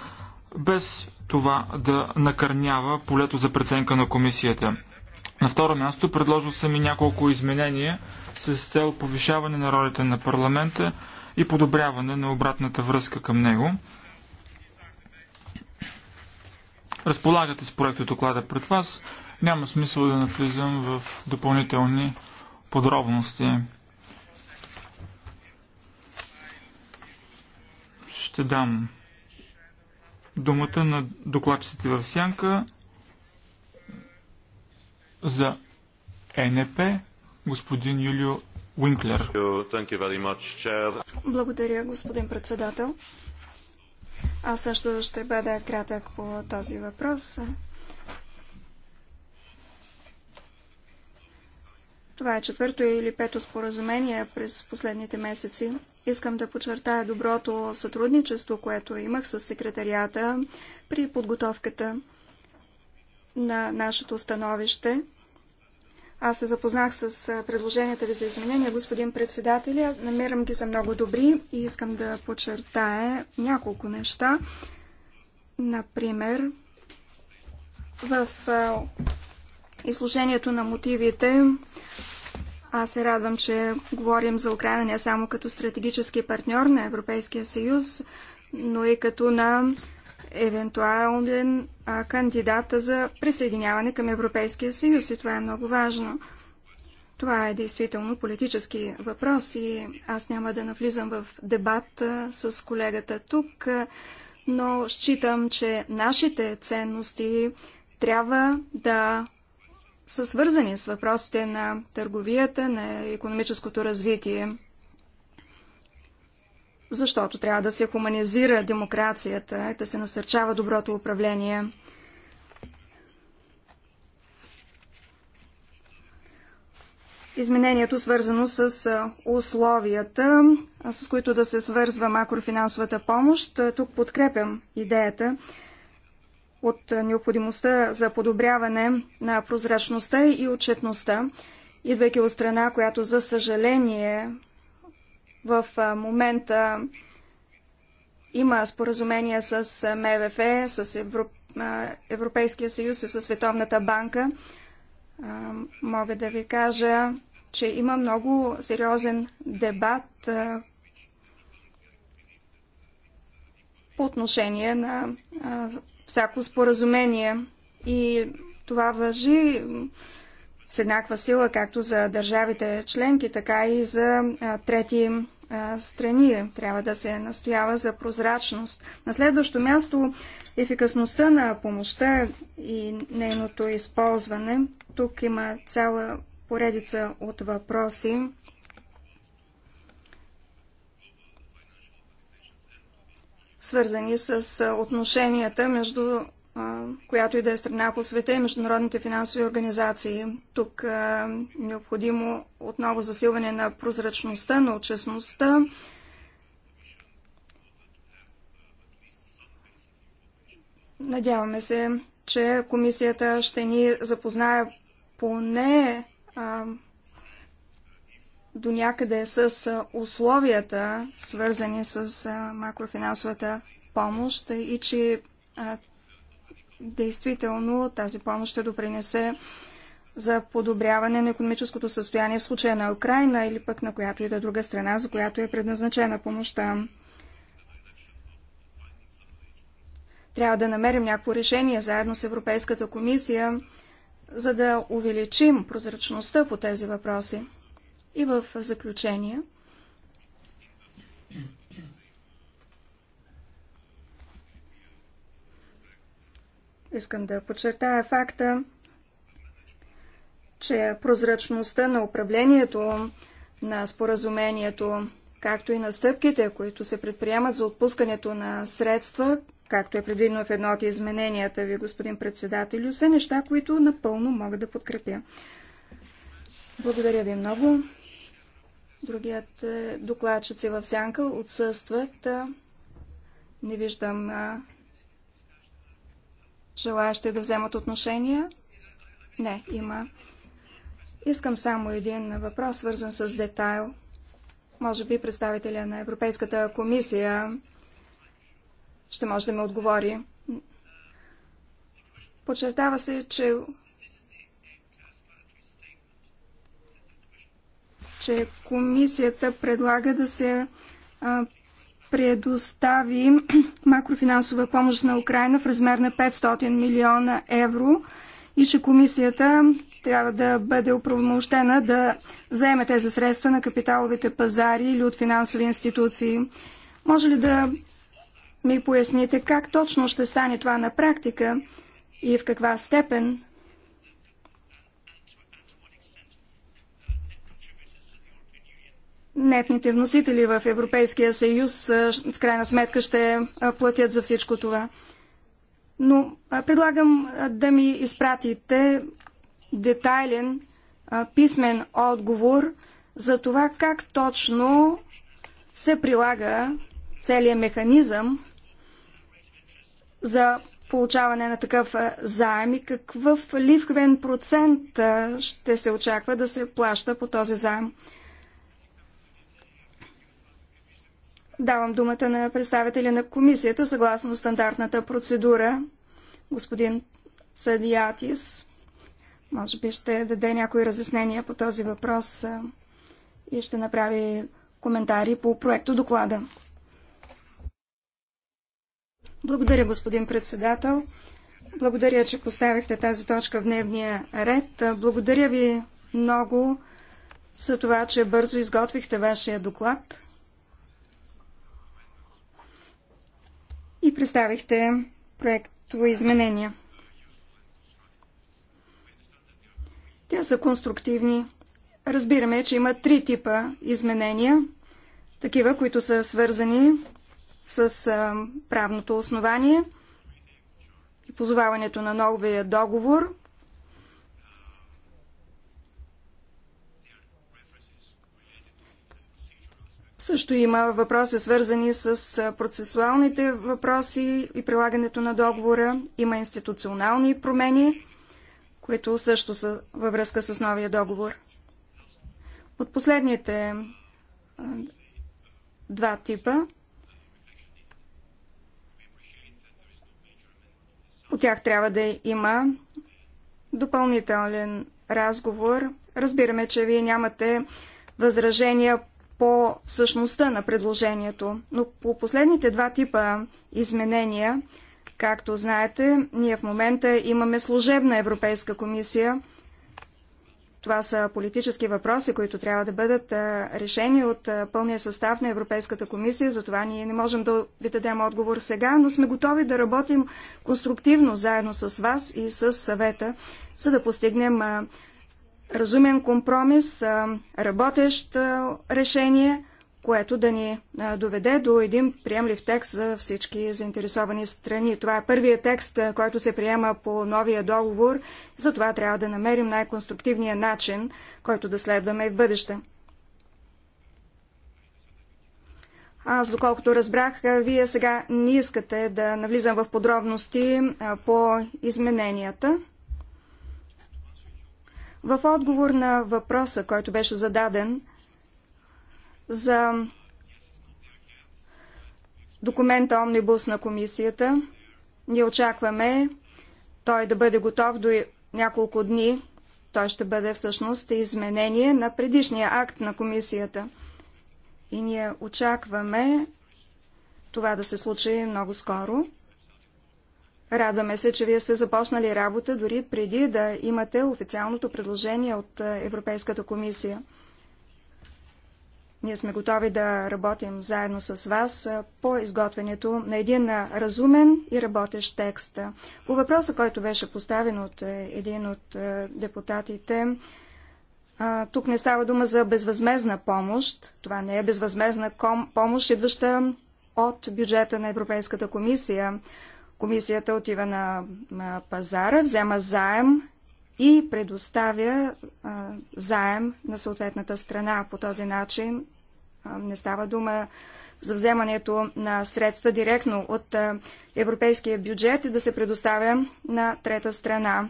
без това да накърнява полето за преценка на комисията. На второ място предложил съм и няколко изменения с цел повишаване на ролята на парламента и подобряване на обратната връзка към него. Разполагате с проекта доклада пред вас. Няма смисъл да навлизам в допълнителни подробности. Ще дам думата на докладчиците в сянка. За НП господин Юлио Уинклер. Благодаря, господин председател. Аз също ще бъда кратък по този въпрос. Това е четвърто или пето споразумение през последните месеци. Искам да подчертая доброто сътрудничество, което имах с секретарията при подготовката на нашето становище. Аз се запознах с предложенията ви за изменения, господин председателя. Намирам ги за много добри и искам да подчертая няколко неща. Например, в изложението на мотивите аз се радвам, че говорим за Украина не само като стратегически партньор на Европейския съюз, но и като на евентуален а, кандидат за присъединяване към Европейския съюз и това е много важно. Това е действително политически въпрос и аз няма да навлизам в дебат а, с колегата тук, а, но считам, че нашите ценности трябва да са свързани с въпросите на търговията, на економическото развитие защото трябва да се хуманизира демокрацията, да се насърчава доброто управление. Изменението свързано с условията, с които да се свързва макрофинансовата помощ. Тук подкрепям идеята от необходимостта за подобряване на прозрачността и отчетността, идвайки от страна, която за съжаление в момента има споразумения с МВФ, с Европ... Европейския съюз и с Световната банка. Мога да ви кажа, че има много сериозен дебат по отношение на всяко споразумение. И това въжи с еднаква сила както за държавите членки, така и за трети страни. Трябва да се настоява за прозрачност. На следващо място ефикасността на помощта и нейното използване. Тук има цяла поредица от въпроси. свързани с отношенията между която и да е страна по света и международните финансови организации. Тук е необходимо отново засилване на прозрачността, на честността. Надяваме се, че комисията ще ни запознае поне а, до някъде с условията, свързани с макрофинансовата помощ и че действително тази помощ ще допринесе за подобряване на економическото състояние в случая на Украина или пък на която и да е друга страна, за която е предназначена помощта. Трябва да намерим някакво решение заедно с Европейската комисия, за да увеличим прозрачността по тези въпроси. И в заключение – Искам да подчертая факта, че прозрачността на управлението на споразумението, както и на стъпките, които се предприемат за отпускането на средства, както е предвидено в едно от измененията ви, господин председателю, са неща, които напълно мога да подкрепя. Благодаря ви много. Другият е, докладчици в сянка отсъстват. Не виждам желаящи да вземат отношения? Не, има. Искам само един въпрос, свързан с детайл. Може би представителя на Европейската комисия ще може да ме отговори. Подчертава се, че, че комисията предлага да се предостави макрофинансова помощ на Украина в размер на 500 милиона евро и че комисията трябва да бъде оправомощена да заеме тези средства на капиталовите пазари или от финансови институции. Може ли да ми поясните как точно ще стане това на практика и в каква степен нетните вносители в Европейския съюз в крайна сметка ще платят за всичко това. Но предлагам да ми изпратите детайлен писмен отговор за това как точно се прилага целият механизъм за получаване на такъв заем и какъв лихвен процент ще се очаква да се плаща по този заем. Давам думата на представителя на комисията съгласно стандартната процедура, господин Съдиатис. Може би ще даде някои разяснения по този въпрос и ще направи коментари по проекто доклада. Благодаря, господин председател. Благодаря, че поставихте тази точка в дневния ред. Благодаря ви много за това, че бързо изготвихте вашия доклад. и представихте проекто изменения. Те са конструктивни. Разбираме, че има три типа изменения. Такива, които са свързани с правното основание и позоваването на новия договор, Също има въпроси свързани с процесуалните въпроси и прилагането на договора. Има институционални промени, които също са във връзка с новия договор. От последните два типа по тях трябва да има допълнителен разговор. Разбираме, че вие нямате възражения по същността на предложението. Но по последните два типа изменения, както знаете, ние в момента имаме служебна Европейска комисия. Това са политически въпроси, които трябва да бъдат решени от пълния състав на Европейската комисия. Затова ние не можем да ви дадем отговор сега, но сме готови да работим конструктивно заедно с вас и с съвета, за да постигнем разумен компромис, работещ решение, което да ни доведе до един приемлив текст за всички заинтересовани страни. Това е първият текст, който се приема по новия договор, затова трябва да намерим най-конструктивния начин, който да следваме и в бъдеще. Аз, доколкото разбрах, вие сега не искате да навлизам в подробности по измененията. В отговор на въпроса, който беше зададен за документа Омнибус на комисията, ние очакваме той да бъде готов до няколко дни. Той ще бъде всъщност изменение на предишния акт на комисията. И ние очакваме това да се случи много скоро. Радваме се, че вие сте започнали работа дори преди да имате официалното предложение от е, Европейската комисия. Ние сме готови да работим заедно с вас е, по изготвянето на един е, разумен и работещ текст. По въпроса, който беше поставен от един от депутатите, тук не става дума за безвъзмезна помощ. Това не е безвъзмезна помощ, идваща от бюджета на Европейската комисия. Комисията отива на пазара, взема заем и предоставя заем на съответната страна. По този начин не става дума за вземането на средства директно от европейския бюджет да се предоставя на трета страна.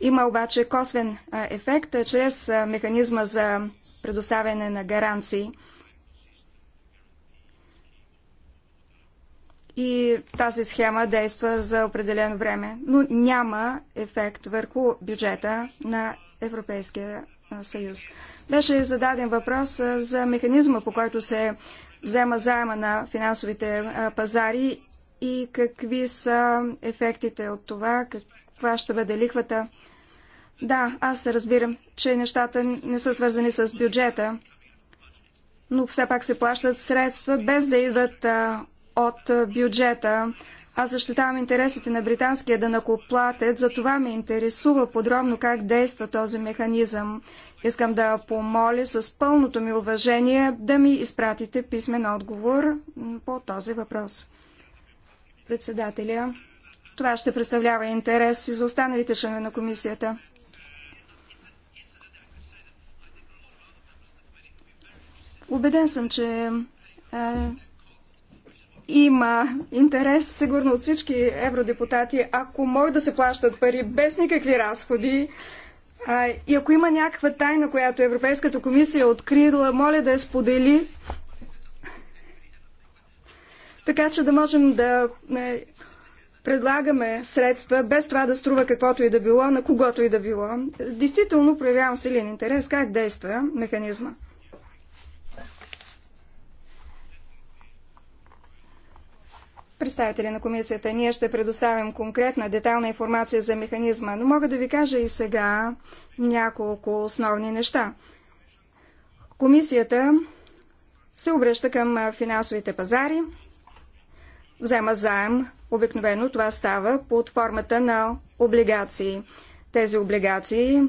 Има обаче косвен ефект чрез механизма за предоставяне на гаранции. и тази схема действа за определено време, но няма ефект върху бюджета на Европейския съюз. Беше зададен въпрос за механизма, по който се взема заема на финансовите пазари и какви са ефектите от това, каква ще бъде лихвата. Да, аз разбирам, че нещата не са свързани с бюджета, но все пак се плащат средства без да идват а, от е, бюджета. Аз защитавам интересите на британския данакоплатец, за това ме интересува подробно как действа този механизъм. Искам да помоля с пълното ми уважение да ми изпратите писмен отговор по този въпрос. Председателя, това ще представлява интерес и за останалите членове на комисията. Убеден съм, че е, има интерес, сигурно от всички евродепутати, ако могат да се плащат пари без никакви разходи, а, и ако има някаква тайна, която Европейската комисия е открила, моля да я сподели, така че да можем да не, предлагаме средства, без това да струва каквото и да било, на когото и да било. Действително проявявам силен интерес как действа механизма. представители на комисията, ние ще предоставим конкретна, детална информация за механизма, но мога да ви кажа и сега няколко основни неща. Комисията се обръща към финансовите пазари, взема заем. Обикновено това става под формата на облигации. Тези облигации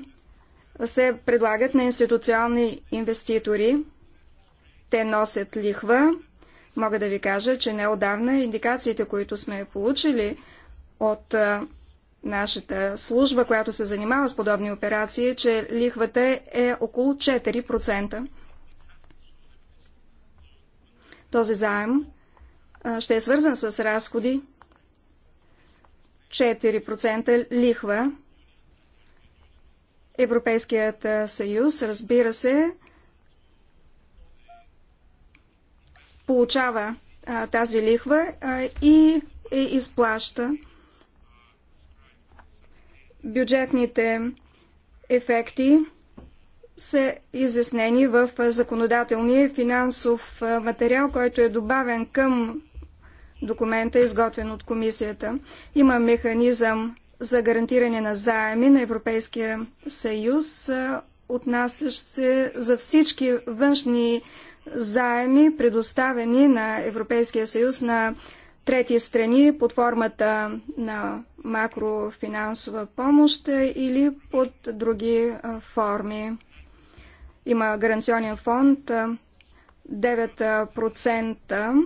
се предлагат на институционални инвеститори. Те носят лихва Мога да ви кажа, че неодавна индикациите, които сме получили от нашата служба, която се занимава с подобни операции, че лихвата е около 4%. Този заем ще е свързан с разходи 4% лихва. Европейският съюз, разбира се, получава а, тази лихва а, и е изплаща бюджетните ефекти са изяснени в законодателния финансов материал, който е добавен към документа, изготвен от комисията. Има механизъм за гарантиране на заеми на Европейския съюз, отнасящ се за всички външни заеми, предоставени на Европейския съюз на трети страни под формата на макрофинансова помощ или под други форми. Има гаранционен фонд 9%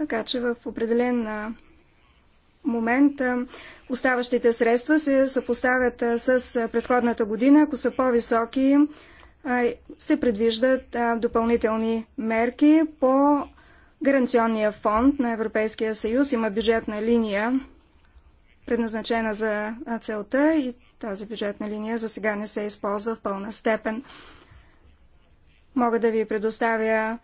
Така че в определен момент оставащите средства се съпоставят с предходната година. Ако са по-високи, се предвиждат допълнителни мерки по Гаранционния фонд на Европейския съюз има бюджетна линия, предназначена за целта и тази бюджетна линия за сега не се използва в пълна степен. Мога да ви предоставя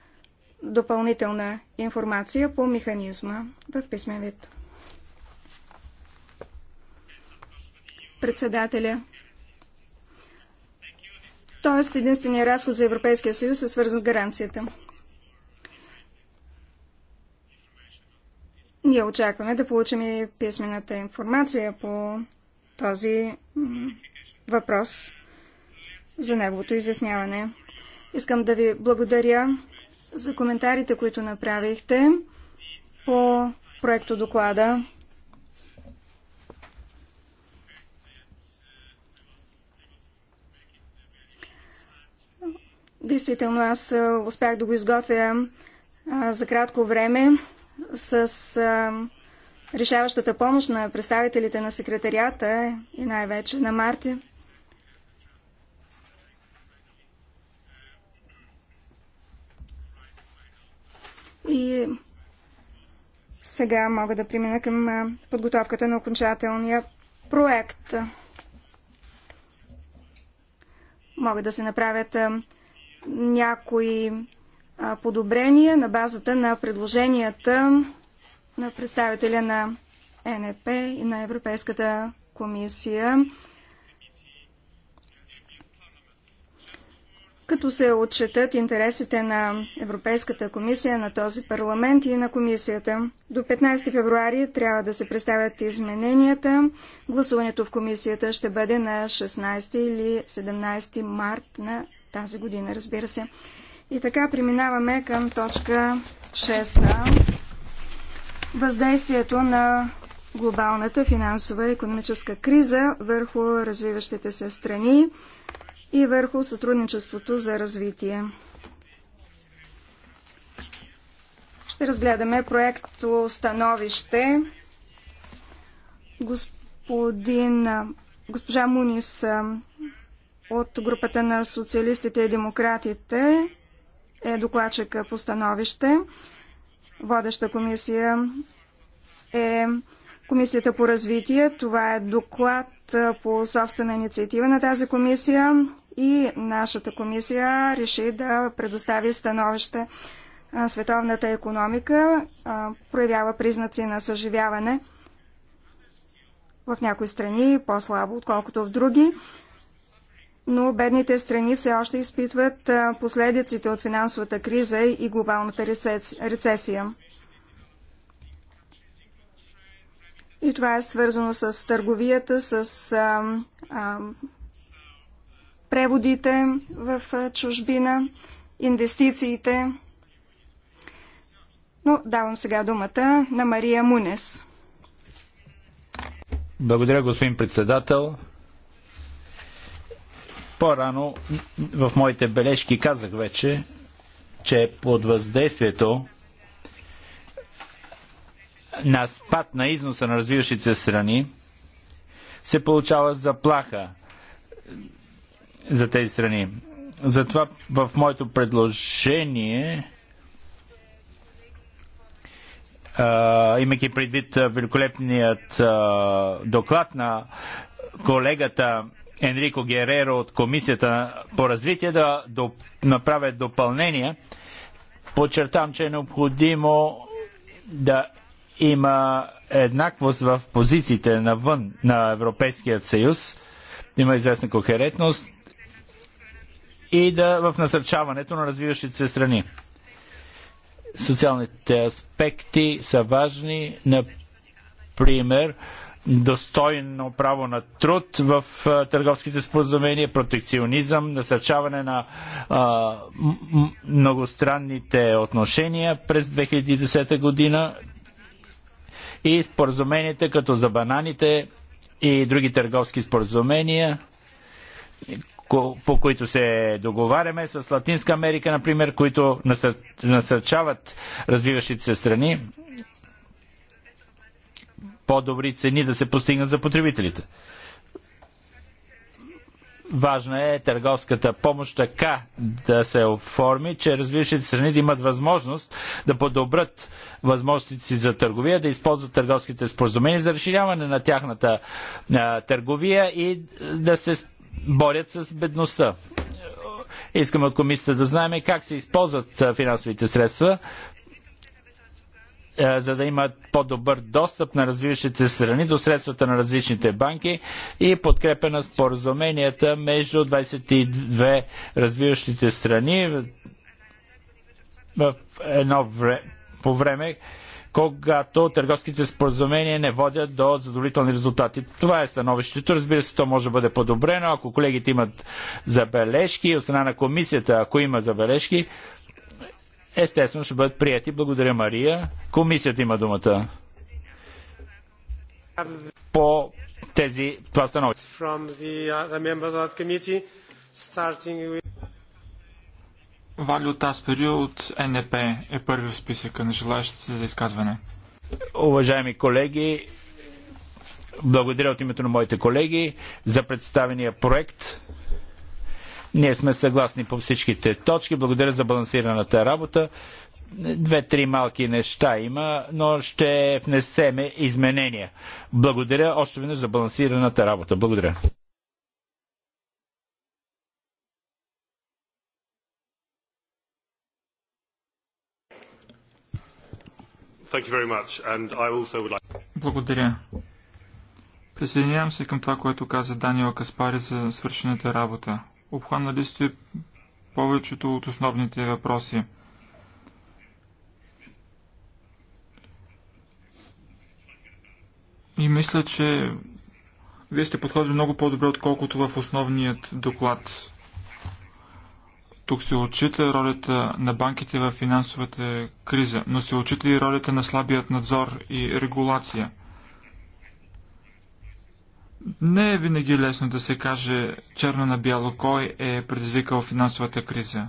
допълнителна информация по механизма в писмен вид. Председателя. Тоест, единствения разход за Европейския съюз е свързан с гаранцията. Ние очакваме да получим и писмената информация по този въпрос за неговото изясняване. Искам да ви благодаря за коментарите, които направихте по проекто доклада. Действително аз успях да го изготвя за кратко време с решаващата помощ на представителите на секретарията и най-вече на Марти. Сега мога да премина към подготовката на окончателния проект. Могат да се направят някои подобрения на базата на предложенията на представителя на НП и на Европейската комисия. като се отчетат интересите на Европейската комисия, на този парламент и на комисията. До 15 февруари трябва да се представят измененията. Гласуването в комисията ще бъде на 16 или 17 март на тази година, разбира се. И така преминаваме към точка 6. Въздействието на глобалната финансова и економическа криза върху развиващите се страни и върху сътрудничеството за развитие. Ще разгледаме проекто становище. Господин, госпожа Мунис от групата на социалистите и демократите е докладчика по становище. Водеща комисия е Комисията по развитие. Това е доклад по собствена инициатива на тази комисия и нашата комисия реши да предостави становище. Световната економика проявява признаци на съживяване в някои страни по-слабо, отколкото в други, но бедните страни все още изпитват последиците от финансовата криза и глобалната рецесия. И това е свързано с търговията, с а, а, преводите в чужбина, инвестициите. Но давам сега думата на Мария Мунес. Благодаря, господин председател. По-рано в моите бележки казах вече, че под въздействието на спад на износа на развиващите се страни се получава заплаха за тези страни. Затова в моето предложение, имайки предвид великолепният доклад на колегата Енрико Гереро от Комисията по развитие, да направя допълнение, подчертавам, че е необходимо да има еднаквост в позициите навън на Европейският съюз, има известна кохерентност и да в насърчаването на развиващите се страни. Социалните аспекти са важни, например, достойно право на труд в търговските споразумения, протекционизъм, насърчаване на а, многостранните отношения през 2010 година, и споразуменията като за бананите и други търговски споразумения, по които се договаряме с Латинска Америка, например, които насърчават развиващите се страни по-добри цени да се постигнат за потребителите. Важно е търговската помощ така да се оформи, че развиващите страни да имат възможност да подобрят възможностите си за търговия, да използват търговските споразумения за разширяване на тяхната а, търговия и да се борят с бедността. Искаме от комисията да знаем как се използват финансовите средства е, за да имат по-добър достъп на развиващите страни до средствата на различните банки и подкрепа на споразуменията между 22 развиващите страни в едно вре, по време, когато търговските споразумения не водят до задоволителни резултати. Това е становището. Разбира се, то може да бъде подобрено. Ако колегите имат забележки, от страна на комисията, ако има забележки, естествено ще бъдат прияти. Благодаря, Мария. Комисията има думата. По тези това становища. Uh, Валио Таспери от НП е първи в списъка на желаящите за изказване. Уважаеми колеги, благодаря от името на моите колеги за представения проект. Ние сме съгласни по всичките точки. Благодаря за балансираната работа. Две-три малки неща има, но ще внесеме изменения. Благодаря още веднъж за балансираната работа. Благодаря. Благодаря. Присъединявам се към това, което каза Даниел Каспари за свършената работа. Обхванали сте повечето от основните въпроси. И мисля, че вие сте подходили много по-добре, отколкото в основният доклад. Тук се отчита ролята на банките в финансовата криза, но се отчита и ролята на слабият надзор и регулация – не е винаги лесно да се каже черно на бяло кой е предизвикал финансовата криза.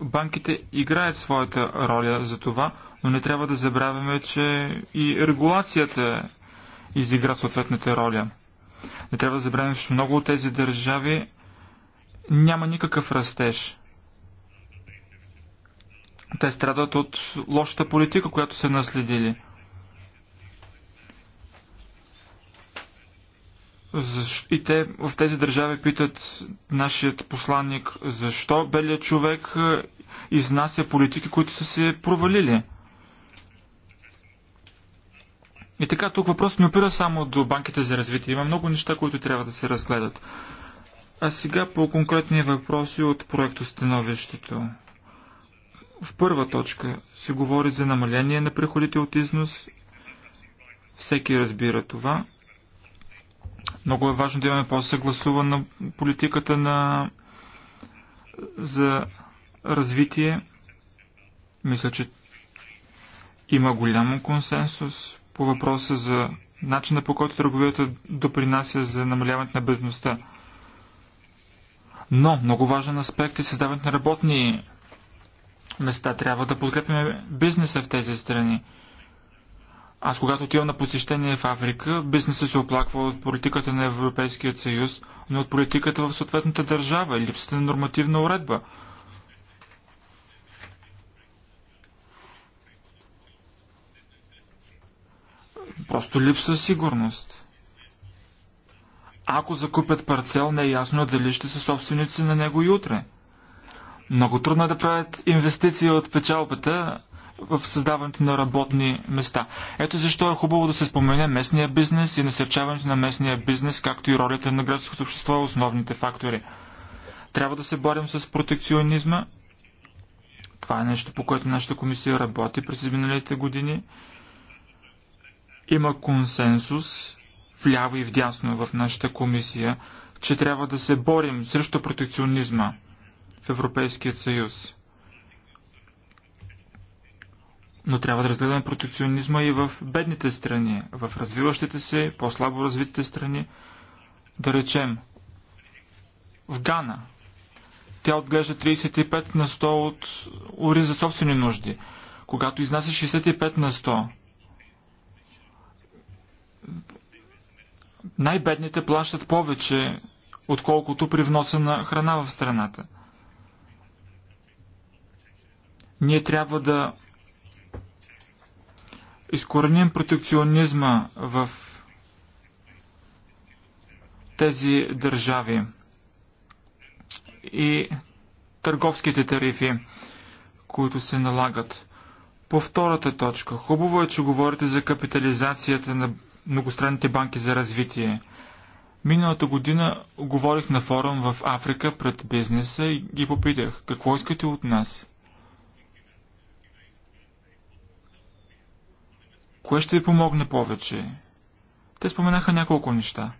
Банките играят своята роля за това, но не трябва да забравяме, че и регулацията изигра съответната роля. Не трябва да забравяме, че много от тези държави няма никакъв растеж. Те страдат от лошата политика, която са наследили. И те в тези държави питат нашият посланник, защо белият човек е, изнася политики, които са се провалили. И така, тук въпрос не опира само до банките за развитие. Има много неща, които трябва да се разгледат. А сега по конкретни въпроси от Становището. В първа точка се говори за намаление на приходите от износ. Всеки разбира това. Много е важно да имаме по-съгласувана политиката на... за развитие. Мисля, че има голям консенсус по въпроса за начина по който търговията допринася за намаляването на бедността. Но много важен аспект е създаването на работни места. Трябва да подкрепим бизнеса в тези страни. Аз когато отивам на посещение в Африка, бизнесът се оплаква от политиката на Европейския съюз, но от политиката в съответната държава и липсата на нормативна уредба. Просто липса сигурност. Ако закупят парцел, не е ясно дали ще са собственици на него и утре. Много трудно е да правят инвестиции от печалбата, в създаването на работни места. Ето защо е хубаво да се спомене местния бизнес и насърчаването на местния бизнес, както и ролята на градското общество и основните фактори. Трябва да се борим с протекционизма. Това е нещо, по което нашата комисия работи през изминалите години. Има консенсус вляво и вдясно в нашата комисия, че трябва да се борим срещу протекционизма в Европейския съюз. Но трябва да разгледаме протекционизма и в бедните страни, в развиващите се, по-слабо развитите страни. Да речем, в Гана тя отглежда 35 на 100 от ури за собствени нужди, когато изнася 65 на 100. Най-бедните плащат повече, отколкото при вноса на храна в страната. Ние трябва да изкореним протекционизма в тези държави и търговските тарифи, които се налагат. По втората точка, хубаво е, че говорите за капитализацията на многостранните банки за развитие. Миналата година говорих на форум в Африка пред бизнеса и ги попитах, какво искате от нас? Кое ще ви помогне повече? Те споменаха няколко неща.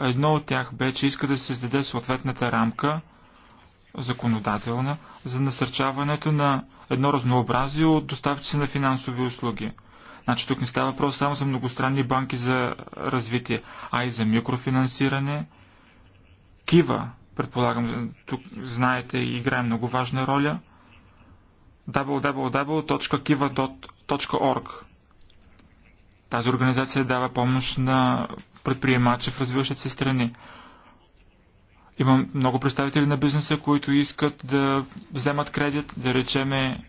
Едно от тях бе, че иска да се създаде съответната рамка, законодателна, за насърчаването на едно разнообразие от доставчици на финансови услуги. Значи тук не става въпрос само за многостранни банки за развитие, а и за микрофинансиране. Кива, предполагам, тук знаете, играе много важна роля. www.kiva.org тази организация дава помощ на предприемачи в развиващите се страни. Имам много представители на бизнеса, които искат да вземат кредит, да речеме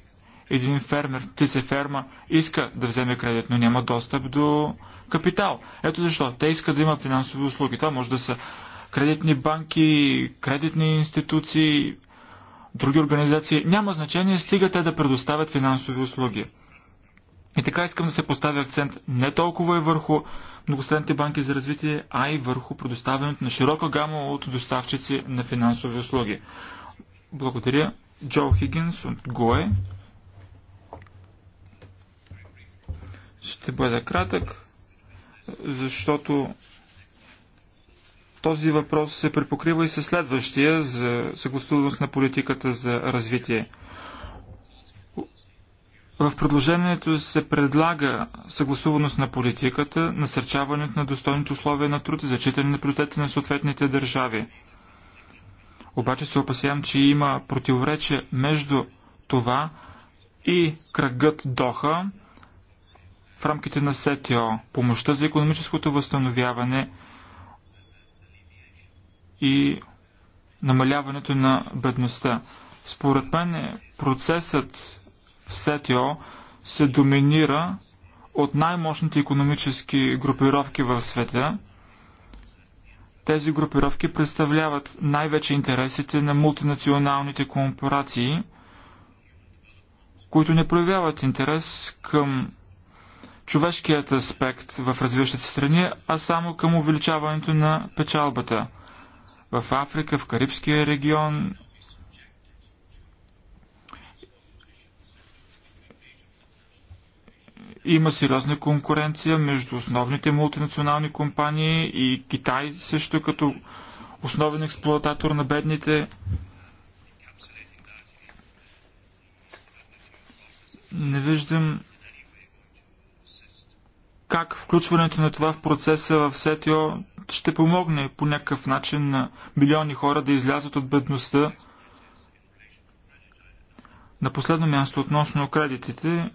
един фермер, птице ферма, иска да вземе кредит, но няма достъп до капитал. Ето защо. Те искат да имат финансови услуги. Това може да са кредитни банки, кредитни институции, други организации. Няма значение, стига те да предоставят финансови услуги. И така искам да се постави акцент не толкова и върху многостранните банки за развитие, а и върху предоставянето на широка гама от доставчици на финансови услуги. Благодаря. Джо Хигинс от ГОЕ. Ще бъда кратък, защото този въпрос се препокрива и със следващия за съгласуваност на политиката за развитие. В предложението се предлага съгласуваност на политиката, насърчаването на достойните условия на труд и зачитане на приоритетите на съответните държави. Обаче се опасявам, че има противоречие между това и кръгът Доха в рамките на СТО, помощта за економическото възстановяване и намаляването на бедността. Според мен процесът в СТО се доминира от най-мощните економически групировки в света. Тези групировки представляват най-вече интересите на мултинационалните корпорации, които не проявяват интерес към човешкият аспект в развиващите страни, а само към увеличаването на печалбата. В Африка, в Карибския регион, Има сериозна конкуренция между основните мултинационални компании и Китай също като основен експлуататор на бедните. Не виждам как включването на това в процеса в СТО ще помогне по някакъв начин на милиони хора да излязат от бедността. На последно място относно кредитите,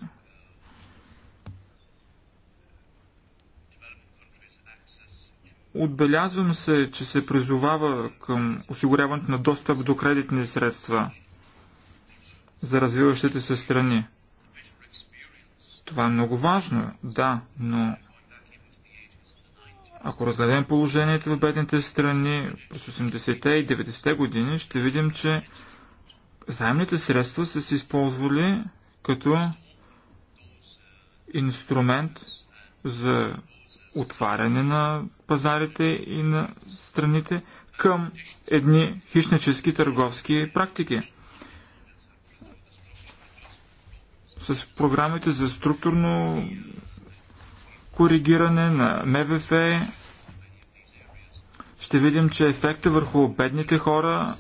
Отбелязвам се, че се призовава към осигуряването на достъп до кредитни средства за развиващите се страни. Това е много важно, да, но ако разгледаме положението в бедните страни през 80-те и 90-те години, ще видим, че заемните средства са се използвали като инструмент за отваряне на пазарите и на страните към едни хищнически търговски практики. С програмите за структурно коригиране на МВФ ще видим, че ефекта върху бедните хора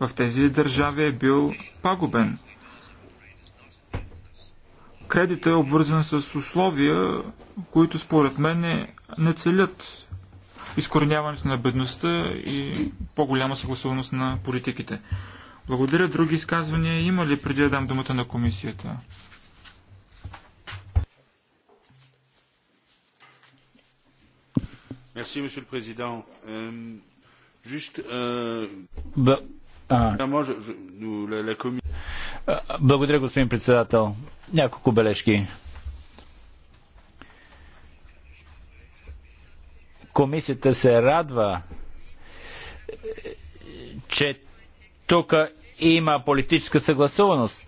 в тези държави е бил пагубен – кредита е обвързан с условия, които според мен е- не, целят изкореняването на бедността и по-голяма съгласуваност на политиките. Благодаря. Други изказвания има ли преди да дам думата на комисията? Merci, Monsieur le Président. Euh, juste, euh, Благодаря, господин председател. Няколко бележки. Комисията се радва, че тук има политическа съгласуваност.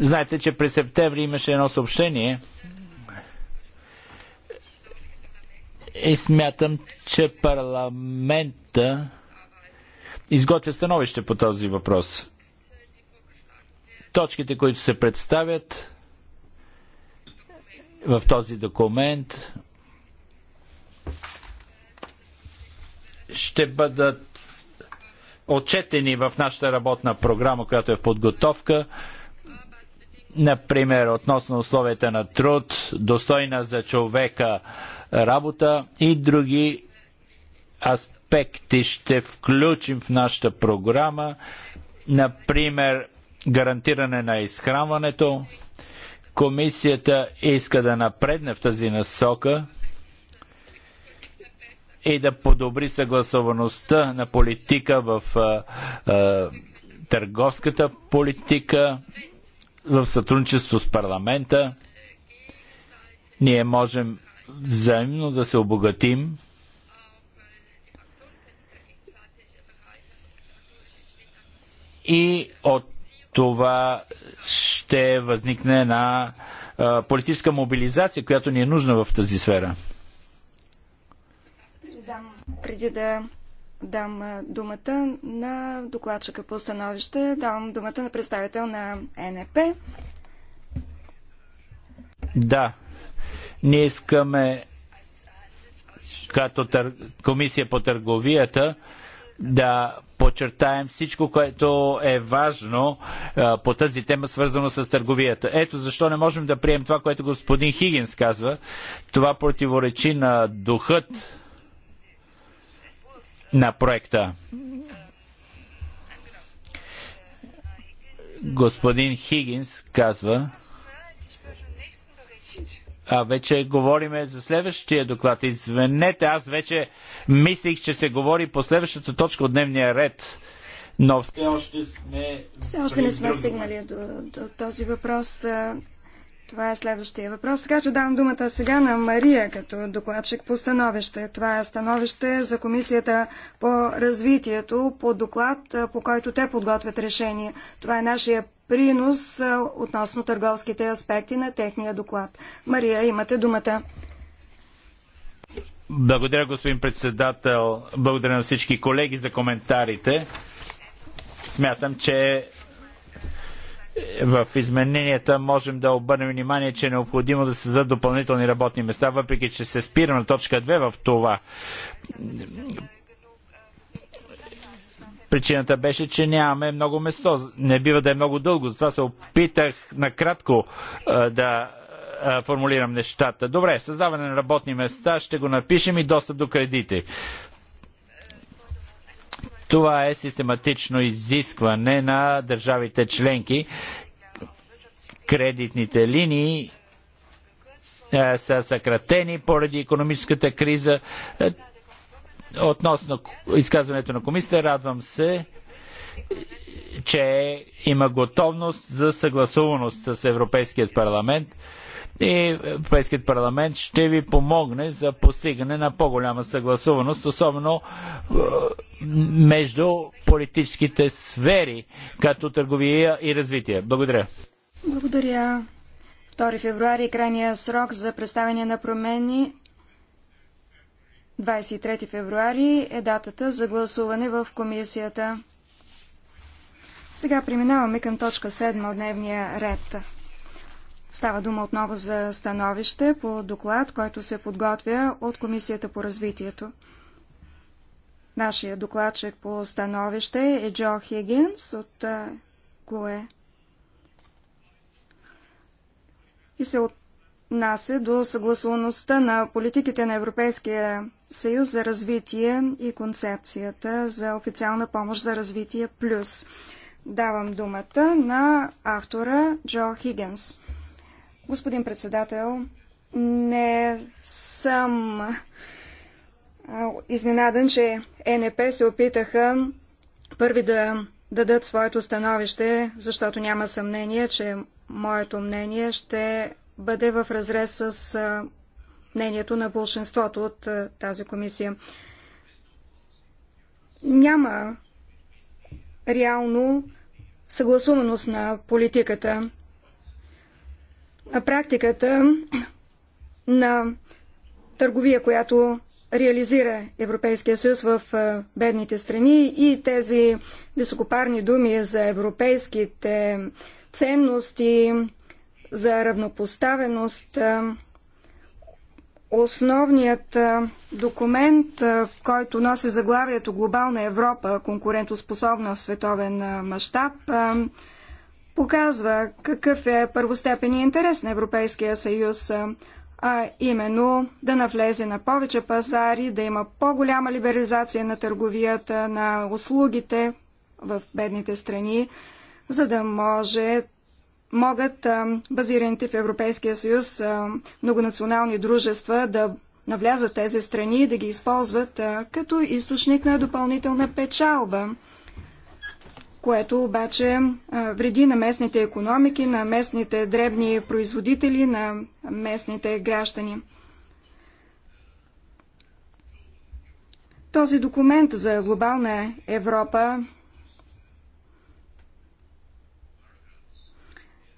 Знаете, че през септември имаше едно съобщение и смятам, че парламента изготвя становище по този въпрос. Точките, които се представят, в този документ ще бъдат отчетени в нашата работна програма, която е в подготовка, например относно условията на труд, достойна за човека работа и други аспекти ще включим в нашата програма, например гарантиране на изхранването, Комисията иска да напредне в тази насока и да подобри съгласоваността на политика в а, а, търговската политика, в сътрудничество с парламента. Ние можем взаимно да се обогатим. и от това ще възникне на политическа мобилизация, която ни е нужна в тази сфера. преди да дам думата на докладчика по становище, давам думата на представител на НП. Да, ние искаме като тър... комисия по търговията да подчертаем всичко, което е важно а, по тази тема, свързано с търговията. Ето защо не можем да прием това, което господин Хигинс казва. Това противоречи на духът на проекта. Господин Хигинс казва, а вече говориме за следващия доклад. Извинете, аз вече Мислих, че се говори по следващата точка от дневния ред, но все още сме... Все още не сме стигнали до, до този въпрос. Това е следващия въпрос. Така че давам думата сега на Мария като докладчик по становище. Това е становище за Комисията по развитието, по доклад, по който те подготвят решение. Това е нашия принос относно търговските аспекти на техния доклад. Мария, имате думата. Благодаря, господин председател. Благодаря на всички колеги за коментарите. Смятам, че в измененията можем да обърнем внимание, че е необходимо да се създадат допълнителни работни места, въпреки че се спираме на точка 2 в това. Причината беше, че нямаме много место. Не бива да е много дълго. Затова се опитах накратко да а, формулирам нещата. Добре, създаване на работни места ще го напишем и достъп до кредити. Това е систематично изискване на държавите членки. Кредитните линии са съкратени поради економическата криза. относно изказването на комисията, радвам се, че има готовност за съгласуваност с Европейският парламент и Европейският парламент ще ви помогне за постигане на по-голяма съгласуваност, особено е, между политическите сфери, като търговия и развитие. Благодаря. Благодаря. 2 февруари е крайния срок за представяне на промени. 23 февруари е датата за гласуване в комисията. Сега преминаваме към точка 7 от дневния ред. Става дума отново за становище по доклад, който се подготвя от Комисията по развитието. Нашия докладчик по становище е Джо Хигинс от КОЕ. И се отнася до съгласуваността на политиките на Европейския съюз за развитие и концепцията за официална помощ за развитие плюс. Давам думата на автора Джо Хигинс. Господин председател, не съм изненадан, че ЕНП се опитаха първи да дадат своето становище, защото няма съмнение, че моето мнение ще бъде в разрез с мнението на большинството от тази комисия. Няма реално съгласуваност на политиката практиката на търговия, която реализира Европейския съюз в бедните страни и тези високопарни думи за европейските ценности, за равнопоставеност. Основният документ, който носи заглавието Глобална Европа, конкурентоспособна в световен мащаб, показва какъв е първостепенният интерес на Европейския съюз, а именно да навлезе на повече пазари, да има по-голяма либерализация на търговията, на услугите в бедните страни, за да може могат базираните в Европейския съюз многонационални дружества да навлязат тези страни и да ги използват като източник на допълнителна печалба което обаче вреди на местните економики, на местните дребни производители, на местните граждани. Този документ за глобална Европа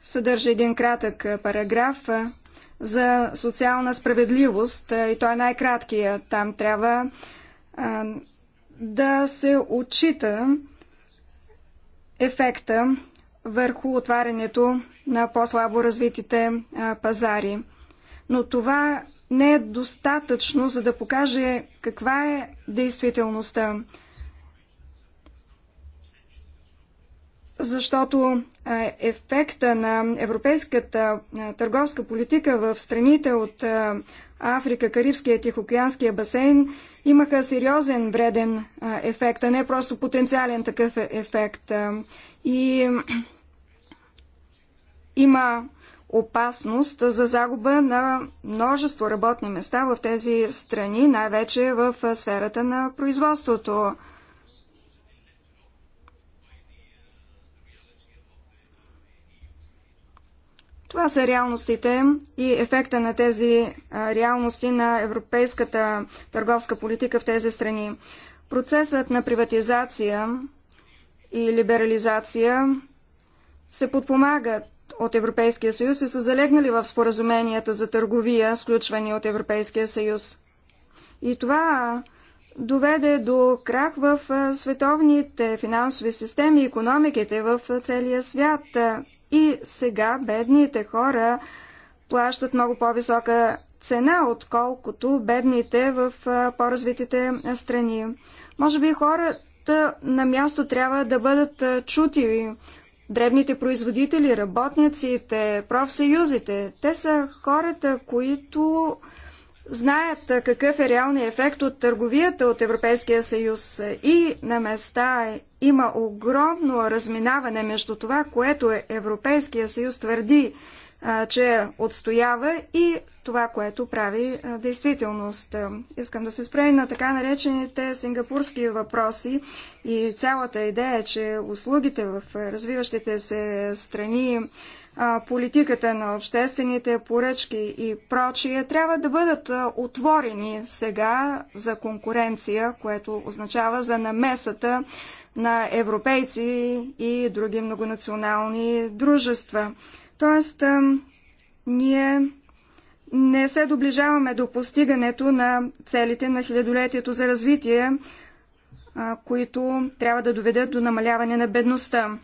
съдържа един кратък параграф за социална справедливост и той е най-краткия. Там трябва да се отчита ефекта върху отварянето на по-слабо развитите пазари. Но това не е достатъчно, за да покаже каква е действителността. Защото ефекта на европейската търговска политика в страните от Африка, Карибския и Тихоокеанския басейн имаха сериозен вреден ефект, а не просто потенциален такъв е, ефект. И има опасност за загуба на множество работни места в тези страни, най-вече в сферата на производството. Това са реалностите и ефекта на тези реалности на европейската търговска политика в тези страни. Процесът на приватизация и либерализация се подпомагат от Европейския съюз и са залегнали в споразуменията за търговия, сключвани от Европейския съюз. И това доведе до крах в световните финансови системи и економиките в целия свят, и сега бедните хора плащат много по-висока цена, отколкото бедните в по-развитите страни. Може би хората на място трябва да бъдат чути. Дребните производители, работниците, профсъюзите, те са хората, които знаят какъв е реалният ефект от търговията от Европейския съюз и на места има огромно разминаване между това, което Европейския съюз твърди, че отстоява и това, което прави действителност. Искам да се спре на така наречените сингапурски въпроси и цялата идея, че услугите в развиващите се страни политиката на обществените поръчки и прочие трябва да бъдат отворени сега за конкуренция, което означава за намесата на европейци и други многонационални дружества. Тоест, ние не се доближаваме до постигането на целите на хилядолетието за развитие, които трябва да доведат до намаляване на бедността.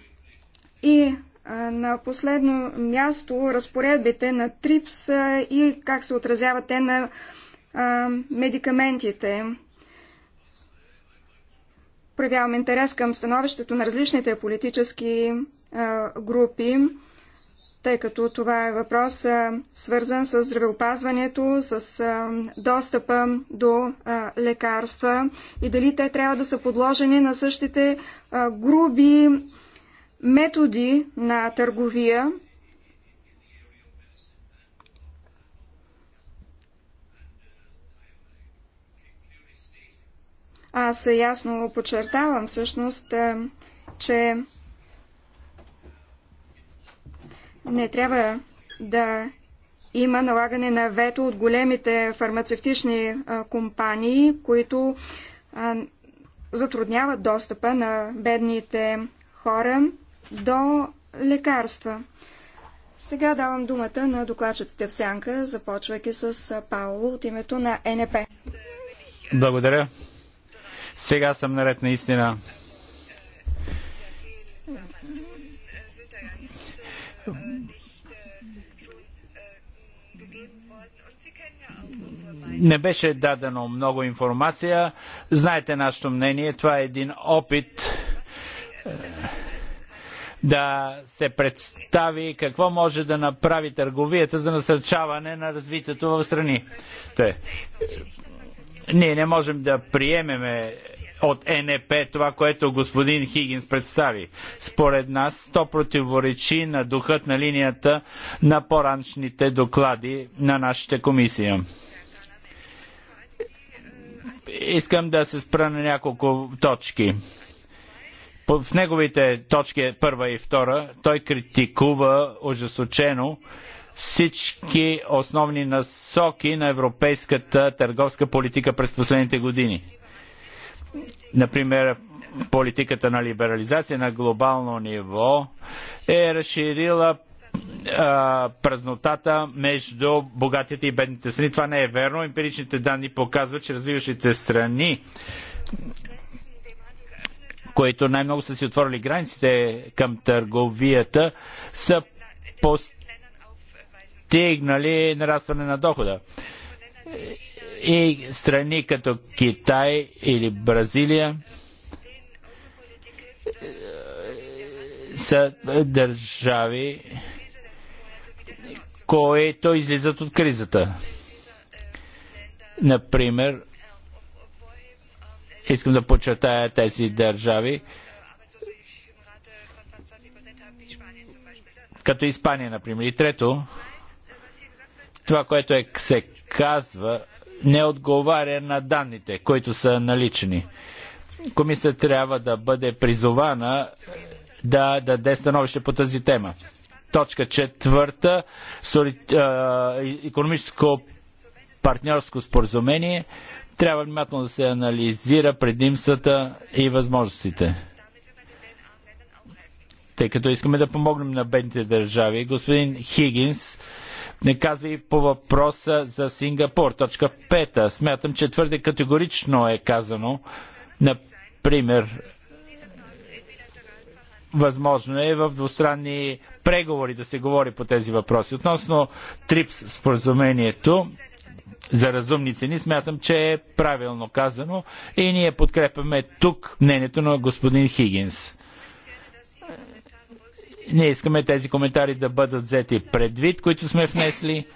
И на последно място разпоредбите на ТРИПС и как се отразяват те на медикаментите. Проявявам интерес към становището на различните политически групи, тъй като това е въпрос свързан с здравеопазването, с достъпа до лекарства и дали те трябва да са подложени на същите груби методи на търговия, Аз ясно подчертавам всъщност, че не трябва да има налагане на вето от големите фармацевтични компании, които затрудняват достъпа на бедните хора до лекарства. Сега давам думата на докладчиците в сянка, започвайки с Пауло от името на НП. Благодаря. Сега съм наред наистина. не беше дадено много информация. Знаете нашето мнение. Това е един опит да се представи какво може да направи търговията за насърчаване на развитието в страни. Те. Ние не можем да приемеме от НП това, което господин Хигинс представи. Според нас то противоречи на духът на линията на поранчните доклади на нашите комисия. Искам да се спра на няколко точки. В неговите точки е първа и втора той критикува ужасочено всички основни насоки на европейската търговска политика през последните години. Например, политиката на либерализация на глобално ниво е разширила а, празнотата между богатите и бедните страни. Това не е верно. Емпиричните данни показват, че развиващите страни които най-много са си отворили границите към търговията, са постигнали нарастване на дохода. И страни като Китай или Бразилия са държави, които излизат от кризата. Например, Искам да подчертая тези държави, като Испания, например. И трето, това, което е, се казва, не отговаря на данните, които са налични. Комисията трябва да бъде призована да даде становище по тази тема. Точка четвърта, соли, економическо партньорско споразумение – трябва внимателно да се анализира предимствата и възможностите. Тъй като искаме да помогнем на бедните държави, господин Хигинс не казва и по въпроса за Сингапур. Точка 5. Смятам, че твърде категорично е казано. Например, възможно е в двустранни преговори да се говори по тези въпроси. Относно ТРИПС споразумението, за разумни цени, смятам, че е правилно казано и ние подкрепяме тук мнението на господин Хигинс. Ние искаме тези коментари да бъдат взети предвид, които сме внесли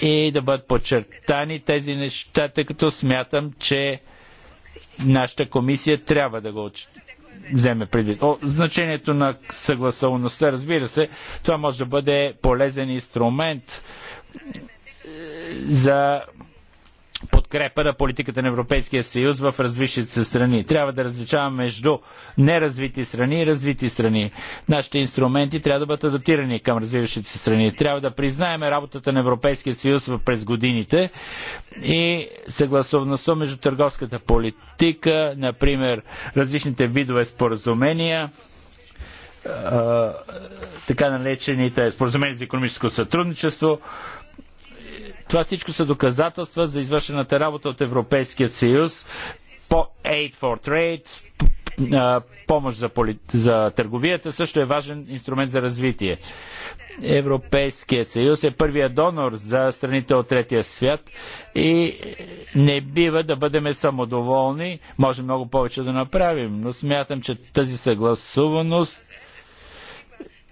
и да бъдат подчертани тези неща, тъй като смятам, че нашата комисия трябва да го вземе предвид. О, значението на съгласоваността, разбира се, това може да бъде полезен инструмент е, за подкрепа на политиката на Европейския съюз в развитите се страни. Трябва да различаваме между неразвити страни и развити страни. Нашите инструменти трябва да бъдат адаптирани към развиващите се страни. Трябва да признаеме работата на Европейския съюз през годините и съгласовността между търговската политика, например различните видове споразумения, така наречените споразумения за економическо сътрудничество, това всичко са доказателства за извършената работа от Европейския съюз по Aid for Trade, помощ за, поли... за търговията също е важен инструмент за развитие. Европейският съюз е първият донор за страните от третия свят и не бива да бъдем самодоволни. Може много повече да направим, но смятам, че тази съгласуваност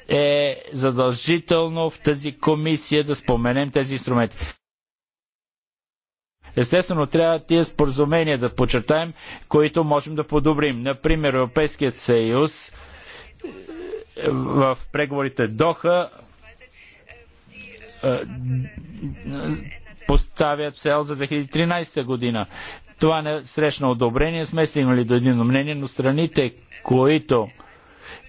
е задължително в тази комисия да споменем тези инструменти. Естествено, трябва тия споразумения да почертаем, които можем да подобрим. Например, Европейският съюз е, в преговорите Доха е, поставят цел за 2013 година. Това не е срещна одобрение, сме стигнали до едно мнение, но страните, които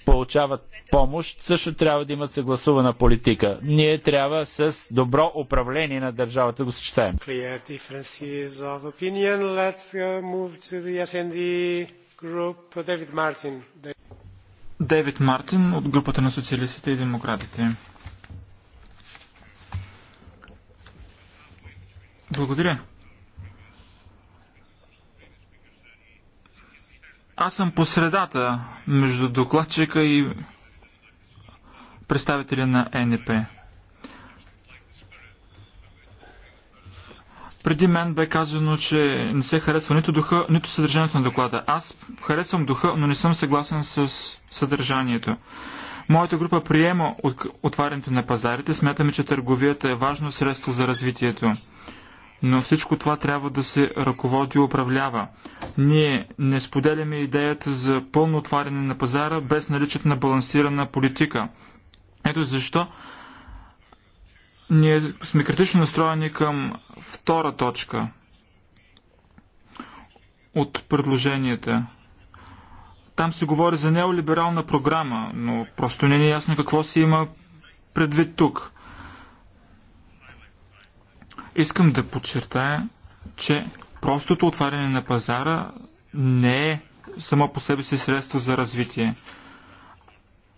получават помощ, също трябва да имат съгласувана политика. Ние трябва с добро управление на държавата го съчетаем. Дейвид Мартин uh, от групата на социалистите и демократите. Благодаря. Аз съм по средата между докладчика и представителя на НП. Преди мен бе казано, че не се харесва нито духа, нито съдържанието на доклада. Аз харесвам духа, но не съм съгласен с съдържанието. Моята група приема отварянето на пазарите. Смятаме, че търговията е важно средство за развитието но всичко това трябва да се ръководи и управлява. Ние не споделяме идеята за пълно отваряне на пазара без наличието на балансирана политика. Ето защо ние сме критично настроени към втора точка от предложенията. Там се говори за неолиберална програма, но просто не е ясно какво се има предвид тук. Искам да подчертая, че простото отваряне на пазара не е само по себе си средство за развитие.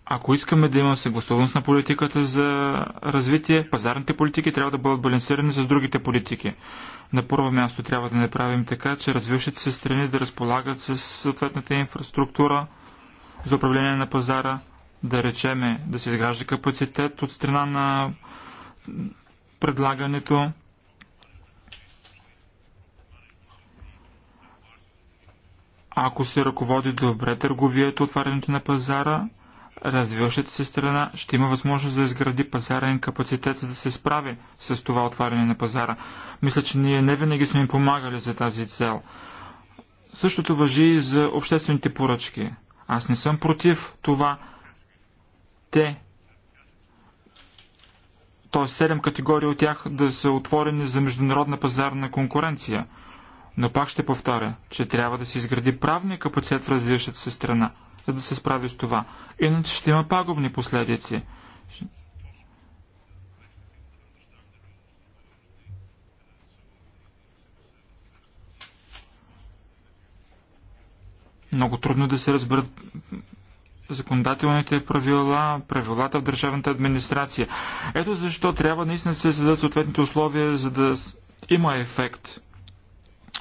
Ако искаме да има съгласуваност на политиката за развитие, пазарните политики трябва да бъдат балансирани с другите политики. На първо място трябва да направим така, че развиващите се страни да разполагат с съответната инфраструктура за управление на пазара, да речеме да се изгражда капацитет от страна на предлагането, Ако се ръководи добре търговията, отварянето на пазара, развиващата се страна ще има възможност да изгради пазарен капацитет, за да се справи с това отваряне на пазара. Мисля, че ние не винаги сме им помагали за тази цел. Същото въжи и за обществените поръчки. Аз не съм против това те, т.е. 7 категории от тях да са отворени за международна пазарна конкуренция – но пак ще повторя, че трябва да се изгради правния капацитет в развиващата се страна, за да се справи с това. Иначе ще има пагубни последици. Много трудно е да се разберат законодателните правила, правилата в държавната администрация. Ето защо трябва наистина да се създадат съответните условия, за да има ефект –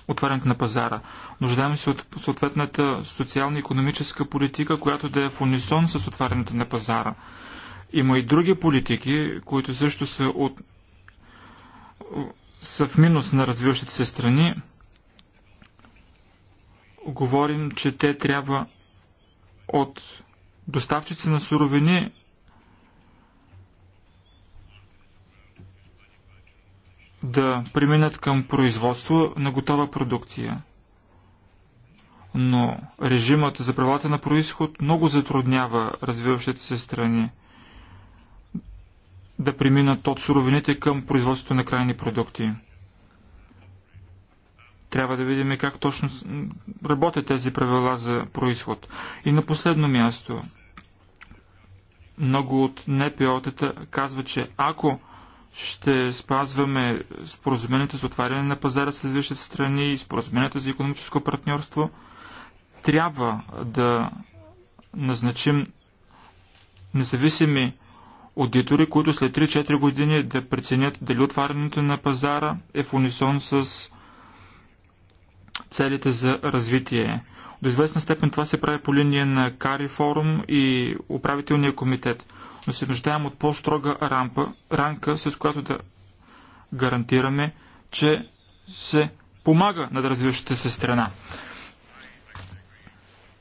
отварянето на пазара. Нуждаем се от съответната социална економическа политика, която да е в унисон с отварянето на пазара. Има и други политики, които също са, от... са в минус на развиващите се страни. Говорим, че те трябва от доставчици на суровини да преминат към производство на готова продукция. Но режимът за правата на происход много затруднява развиващите се страни да преминат от суровините към производството на крайни продукти. Трябва да видим как точно работят тези правила за происход. И на последно място, много от НПО-тата казват, че ако ще спазваме споразумението за отваряне на пазара с следващите страни и споразуменията за економическо партньорство. Трябва да назначим независими аудитори, които след 3-4 години да преценят дали отварянето на пазара е в унисон с целите за развитие. До известна степен това се прави по линия на Кари форум и управителния комитет – но се нуждаем от по-строга рампа, рамка, с която да гарантираме, че се помага на развиващата се страна.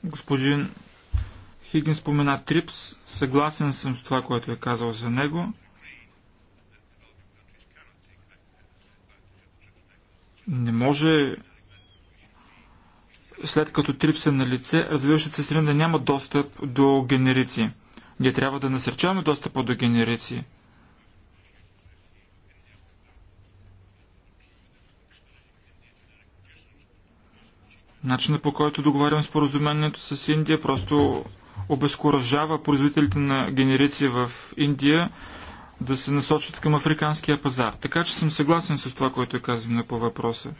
Господин Хигин спомена Трипс. Съгласен съм с това, което е казал за него. Не може след като Трипс е на лице, развиващата се страни да няма достъп до генерици. Ние трябва да насърчаваме достъпа до генерици. Начинът по който договарям споразумението с Индия просто обезкуражава производителите на генерици в Индия да се насочат към африканския пазар. Така че съм съгласен с това, което е казано по въпроса.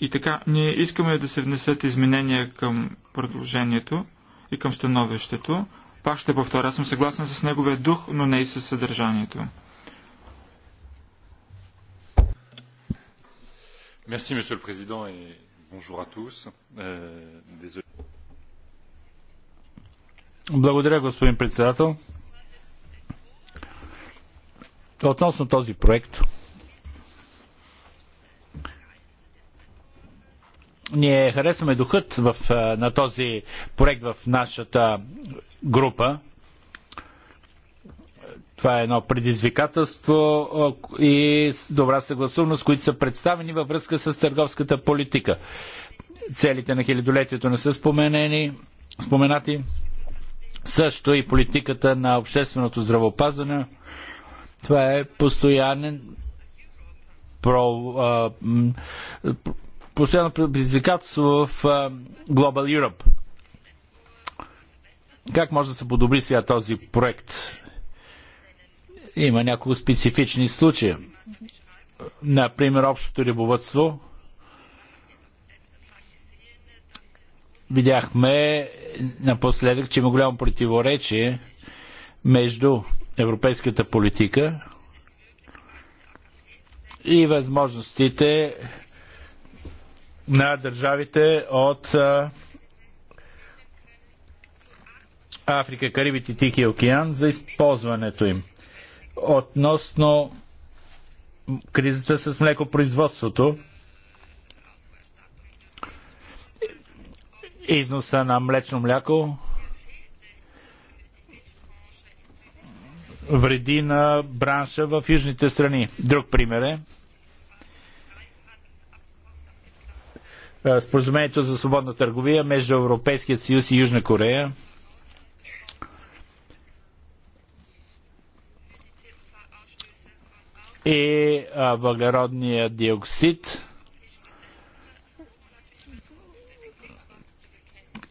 И така, ние искаме да се внесат изменения към предложението и към становището. Пак ще повторя, съм съгласен с неговия дух, но не и с съдържанието. Merci, monsieur le président, et bonjour à tous. Euh, Благодаря, господин председател. Относно този проект, Ние харесваме духът в, на този проект в нашата група. Това е едно предизвикателство и добра съгласуваност, които са представени във връзка с търговската политика. Целите на хилядолетието не са споменени, споменати. Също и политиката на общественото здравопазване. Това е постоянен про, а, постоянно предизвикателство в Global Europe. Как може да се подобри сега този проект? Има няколко специфични случаи. Например, общото рибовътство. Видяхме напоследък, че има голямо противоречие между европейската политика и възможностите на държавите от Африка, Карибите и Тихия океан за използването им. Относно кризата с млекопроизводството, износа на млечно мляко, вреди на бранша в южните страни. Друг пример е Е, споразумението за свободна търговия между Европейският съюз и Южна Корея. И въглеродния диоксид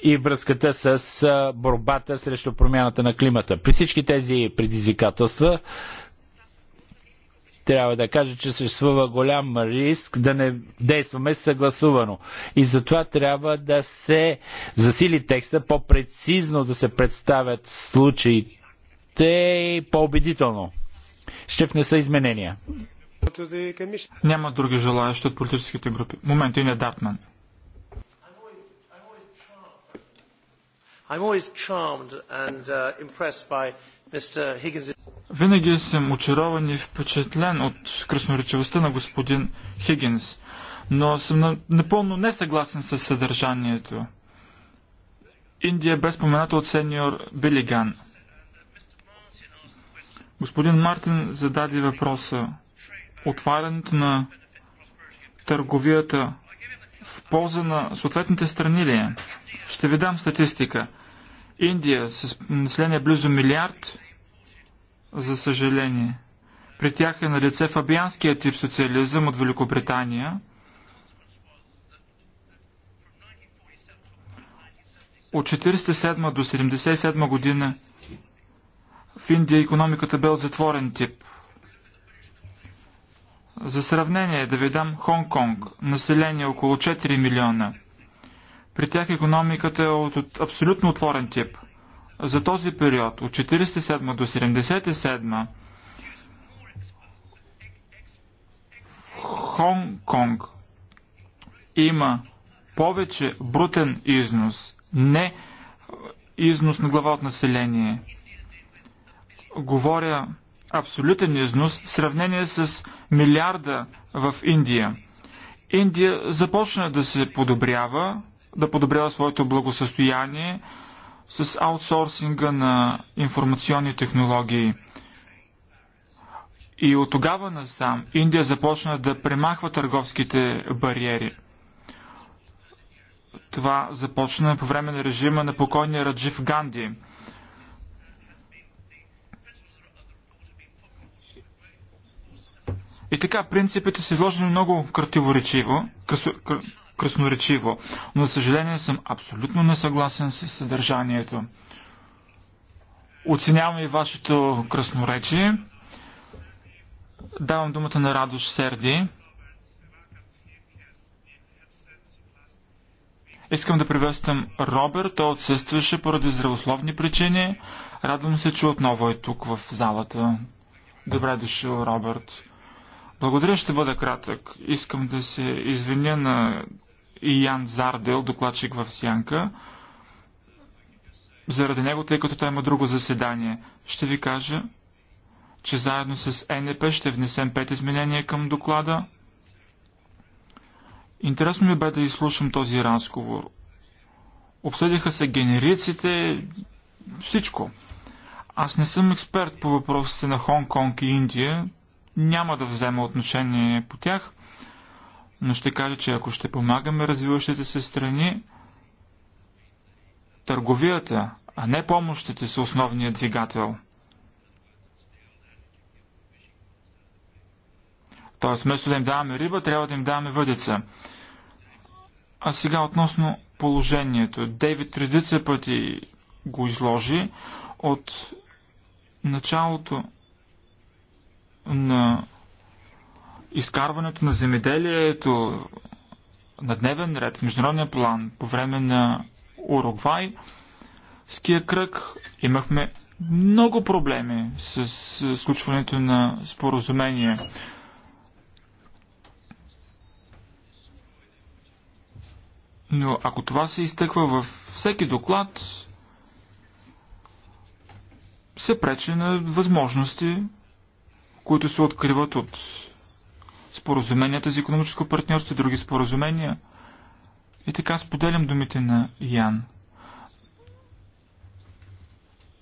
и връзката с борбата срещу промяната на климата. При всички тези предизвикателства трябва да кажа, че съществува голям риск да не действаме съгласувано. И затова трябва да се засили текста, по-прецизно да се представят случаите по-убедително. Ще внеса изменения. Няма други желаящи от политическите групи. Момент, Ине Дартман. I'm always charmed and uh, impressed by винаги съм очарован и впечатлен от красноречивостта на господин Хигинс, но съм напълно несъгласен с съдържанието. Индия е бе спомената от сеньор Билиган. Господин Мартин зададе въпроса. Отварянето на търговията в полза на съответните страни ли е? Ще ви дам статистика. Индия с население близо милиард, за съжаление. При тях е на лице фабианския тип социализъм от Великобритания. От 1947 до 1977 година в Индия економиката бе от затворен тип. За сравнение да ви дам Хонг-Конг, население около 4 милиона – при тях економиката е от, от абсолютно отворен тип. За този период, от 1947 до 1977, Хонг-Конг има повече брутен износ, не износ на глава от население. Говоря абсолютен износ в сравнение с милиарда в Индия. Индия започна да се подобрява да подобрява своето благосъстояние с аутсорсинга на информационни технологии. И от тогава насам Индия започна да премахва търговските бариери. Това започна по време на режима на покойния Раджив Ганди. И така, принципите са изложени много кративоречиво, красноречиво. Но, за съжаление, съм абсолютно несъгласен с съдържанието. Оценявам и вашето красноречие. Давам думата на Радош Серди. Искам да приветствам Робер. Той отсъстваше поради здравословни причини. Радвам се, че отново е тук в залата. Добре дошъл, Робърт. Благодаря, ще бъда кратък. Искам да се извиня на Иян Зардел, докладчик в Сянка. Заради него, тъй като той има друго заседание, ще ви кажа, че заедно с НП ще внесем пет изменения към доклада. Интересно ми бе да изслушам този разговор. Обсъдиха се генериците, всичко. Аз не съм експерт по въпросите на Хонг-Конг и Индия, няма да взема отношение по тях, но ще кажа, че ако ще помагаме развиващите се страни, търговията, а не помощите са основният двигател. Тоест, вместо да им даваме риба, трябва да им даваме въдица. А сега относно положението. Дейвид редица пъти го изложи от началото на изкарването на земеделието на дневен ред в международния план по време на Уругвай, ския кръг, имахме много проблеми с случването на споразумение. Но ако това се изтъква във всеки доклад, се пречи на възможности които се откриват от споразуменията за економическо партньорство и други споразумения. И така споделям думите на Ян.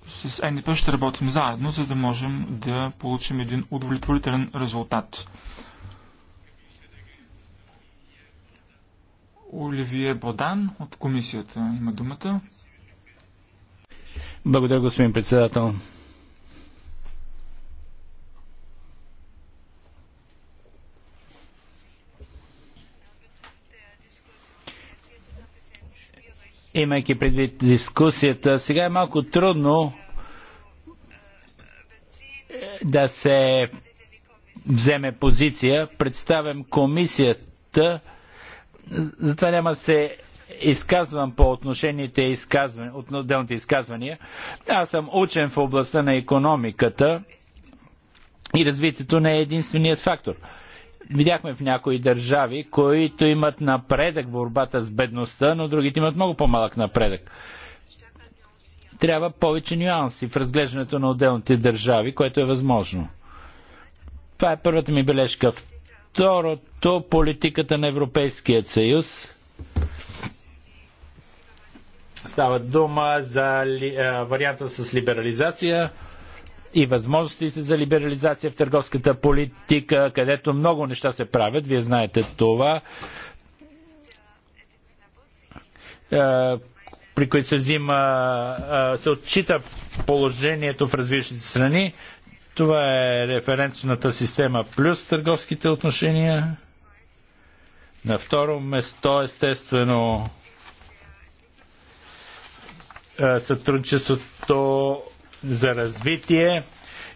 С НП ще работим заедно, за да можем да получим един удовлетворителен резултат. Оливие Бодан от комисията има думата. Благодаря, господин председател. имайки предвид дискусията, сега е малко трудно е, да се вземе позиция. Представям комисията, затова няма да се изказвам по отношените изказвания, от отделните изказвания. Аз съм учен в областта на економиката и развитието не е единственият фактор видяхме в някои държави, които имат напредък в борбата с бедността, но другите имат много по-малък напредък. Трябва повече нюанси в разглеждането на отделните държави, което е възможно. Това е първата ми бележка. Второто, политиката на Европейският съюз. Става дума за ли, а, варианта с либерализация и възможностите за либерализация в търговската политика, където много неща се правят. Вие знаете това. Е, при които се взима, е, се отчита положението в развиващите страни. Това е Референчната система плюс търговските отношения. На второ место, естествено, е, сътрудничеството за развитие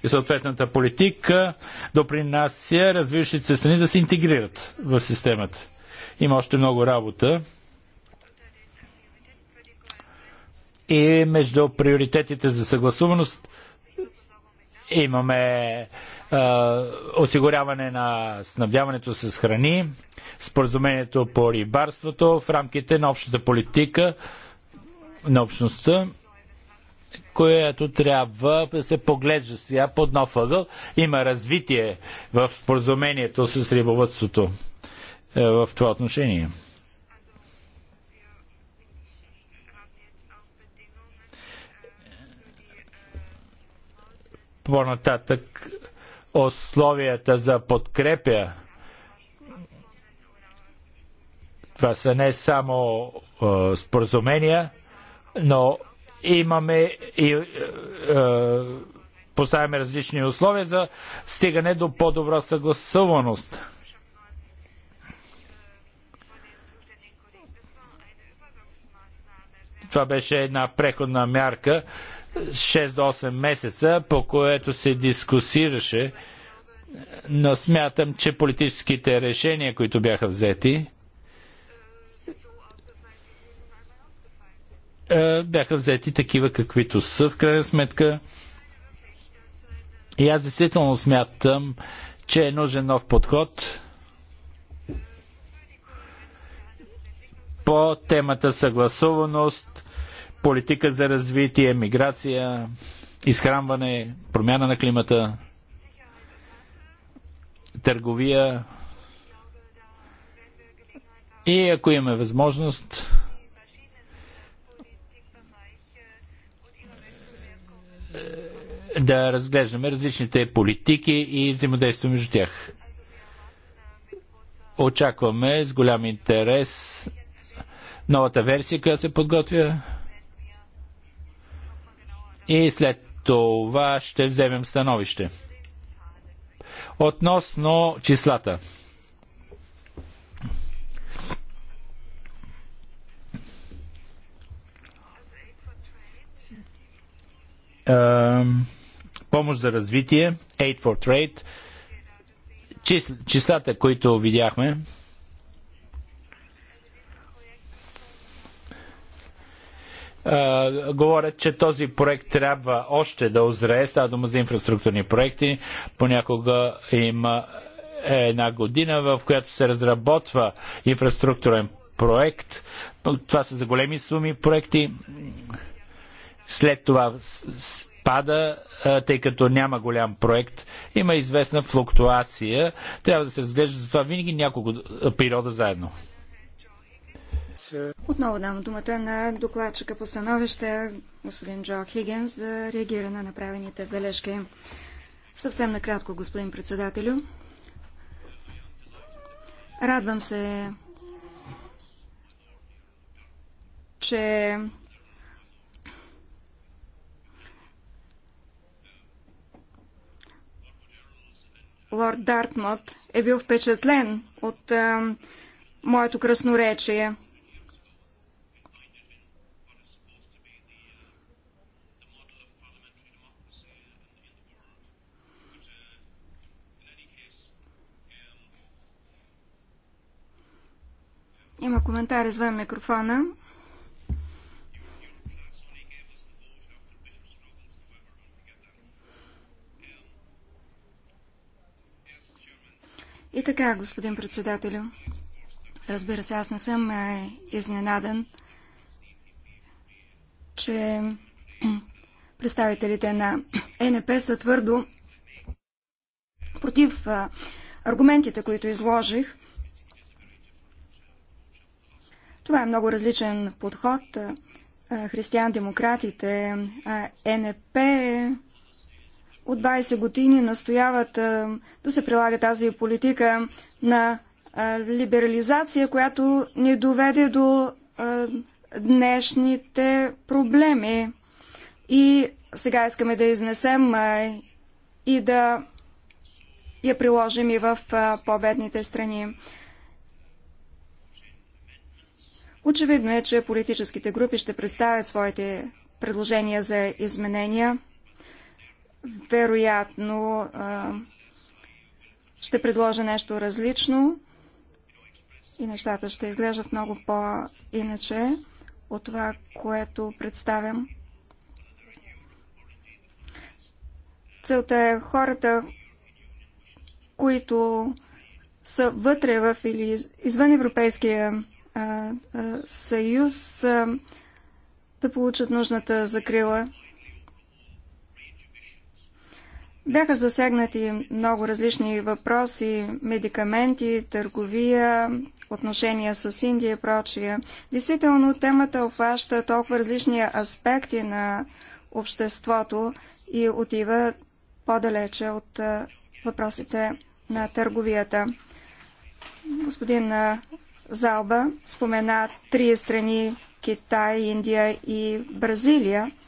и съответната политика допринася развиващите се страни да се интегрират в системата. Има още много работа. И между приоритетите за съгласуваност имаме а, осигуряване на снабдяването с храни, споразумението по рибарството в рамките на общата политика на общността което трябва да се поглежда сега под нов ъгъл. Има развитие в споразумението с рибовътството е, в това отношение. По-нататък условията за подкрепя това са не само е, споразумения, но имаме и е, е, поставяме различни условия за стигане до по-добра съгласуваност. Това беше една преходна мярка 6 до 8 месеца, по което се дискусираше, но смятам, че политическите решения, които бяха взети, е, бяха взети такива, каквито са, в крайна сметка. И аз действително смятам, че е нужен нов подход по темата съгласуваност, политика за развитие, миграция, изхранване, промяна на климата, търговия. И ако имаме възможност, да разглеждаме различните политики и взаимодействие между тях. Очакваме с голям интерес новата версия, която се подготвя. И след това ще вземем становище. Относно числата. Um помощ за развитие, Aid for Trade, чис, числата, които видяхме, говорят, че този проект трябва още да озрее. Става дума за инфраструктурни проекти. Понякога има една година, в която се разработва инфраструктурен проект. Това са за големи суми проекти. След това пада, тъй като няма голям проект. Има известна флуктуация. Трябва да се разглежда за това винаги няколко периода заедно. Отново дам думата на докладчика по становище, господин Джо Хигенс, за реагира на направените бележки. Съвсем накратко, господин председателю. Радвам се, че Лорд Дартмут е бил впечатлен от а, е, моето красноречие. Има коментар извън микрофона. И така, господин председателю, разбира се, аз не съм изненадан, че представителите на ЕНП са твърдо против аргументите, които изложих. Това е много различен подход. Християн-демократите, ЕНП от 20 години настояват да се прилага тази политика на либерализация, която ни доведе до днешните проблеми. И сега искаме да изнесем и да я приложим и в победните страни. Очевидно е, че политическите групи ще представят своите предложения за изменения вероятно ще предложа нещо различно и нещата ще изглеждат много по-иначе от това, което представям. Целта е хората, които са вътре в или извън Европейския съюз, да получат нужната закрила. Бяха засегнати много различни въпроси, медикаменти, търговия, отношения с Индия и Прочия. Действително, темата обхваща толкова различни аспекти на обществото и отива по-далече от въпросите на търговията. Господин Залба спомена три страни Китай, Индия и Бразилия –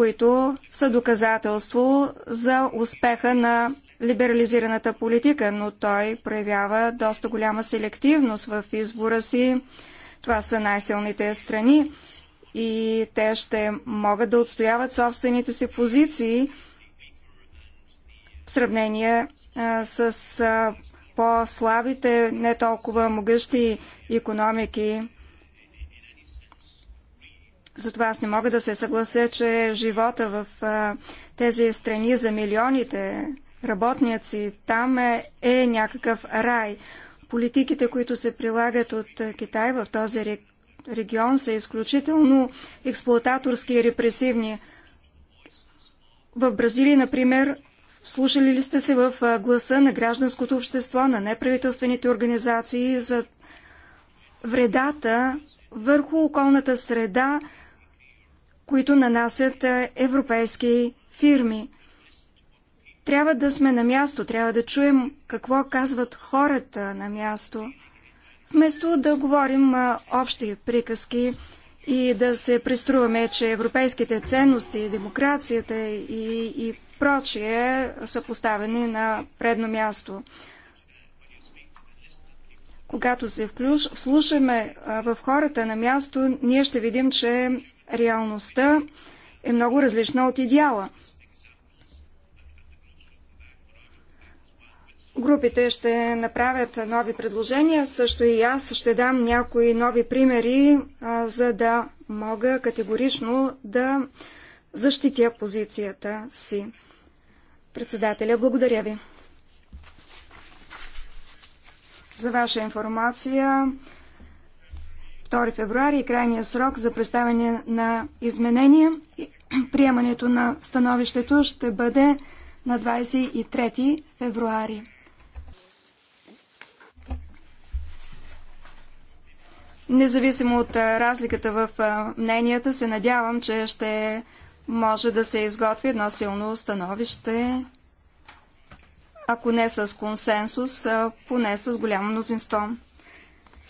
които са доказателство за успеха на либерализираната политика, но той проявява доста голяма селективност в избора си. Това са най-силните страни и те ще могат да отстояват собствените си позиции в сравнение с по-слабите, не толкова могъщи економики. Затова аз не мога да се съглася, че живота в тези страни за милионите работници там е, е някакъв рай. Политиките, които се прилагат от Китай в този регион са изключително експлуататорски и репресивни. В Бразилия, например, слушали ли сте се в гласа на гражданското общество, на неправителствените организации за вредата върху околната среда които нанасят европейски фирми. Трябва да сме на място, трябва да чуем какво казват хората на място, вместо да говорим общи приказки и да се преструваме, че европейските ценности, демокрацията и, и прочие са поставени на предно място. Когато се вслушаме в хората на място, ние ще видим, че реалността е много различна от идеала. Групите ще направят нови предложения, също и аз ще дам някои нови примери, а, за да мога категорично да защитя позицията си. Председателя, благодаря ви. За ваша информация, 2 февруари е крайният срок за представяне на изменения. Приемането на становището ще бъде на 23 февруари. Независимо от разликата в мненията, се надявам, че ще може да се изготви едно силно становище, ако не с консенсус, поне с голямо мнозинство.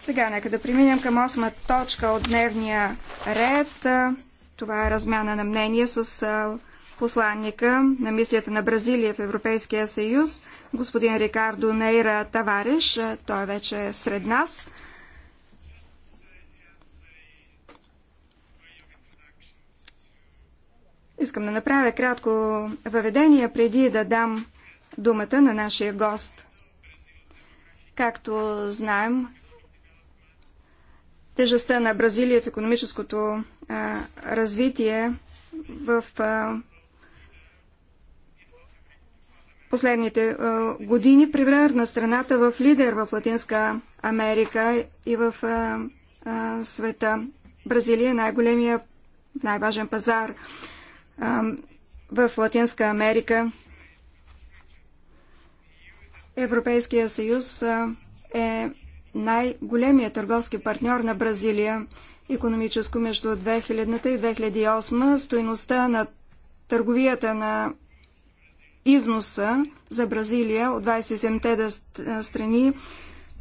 Сега нека да преминем към осма точка от дневния ред. Това е размяна на мнение с посланника на мисията на Бразилия в Европейския съюз, господин Рикардо Нейра Тавариш. Той вече е сред нас. Искам да направя кратко въведение преди да дам думата на нашия гост. Както знаем, тежестта на Бразилия в економическото а, развитие в а, последните а, години превърна страната в лидер в Латинска Америка и в а, а, света. Бразилия е най-големия, най-важен пазар а, в Латинска Америка. Европейския съюз а, е най-големия търговски партньор на Бразилия. Економическо между 2000 и 2008 стоеността на търговията на износа за Бразилия от 27-те страни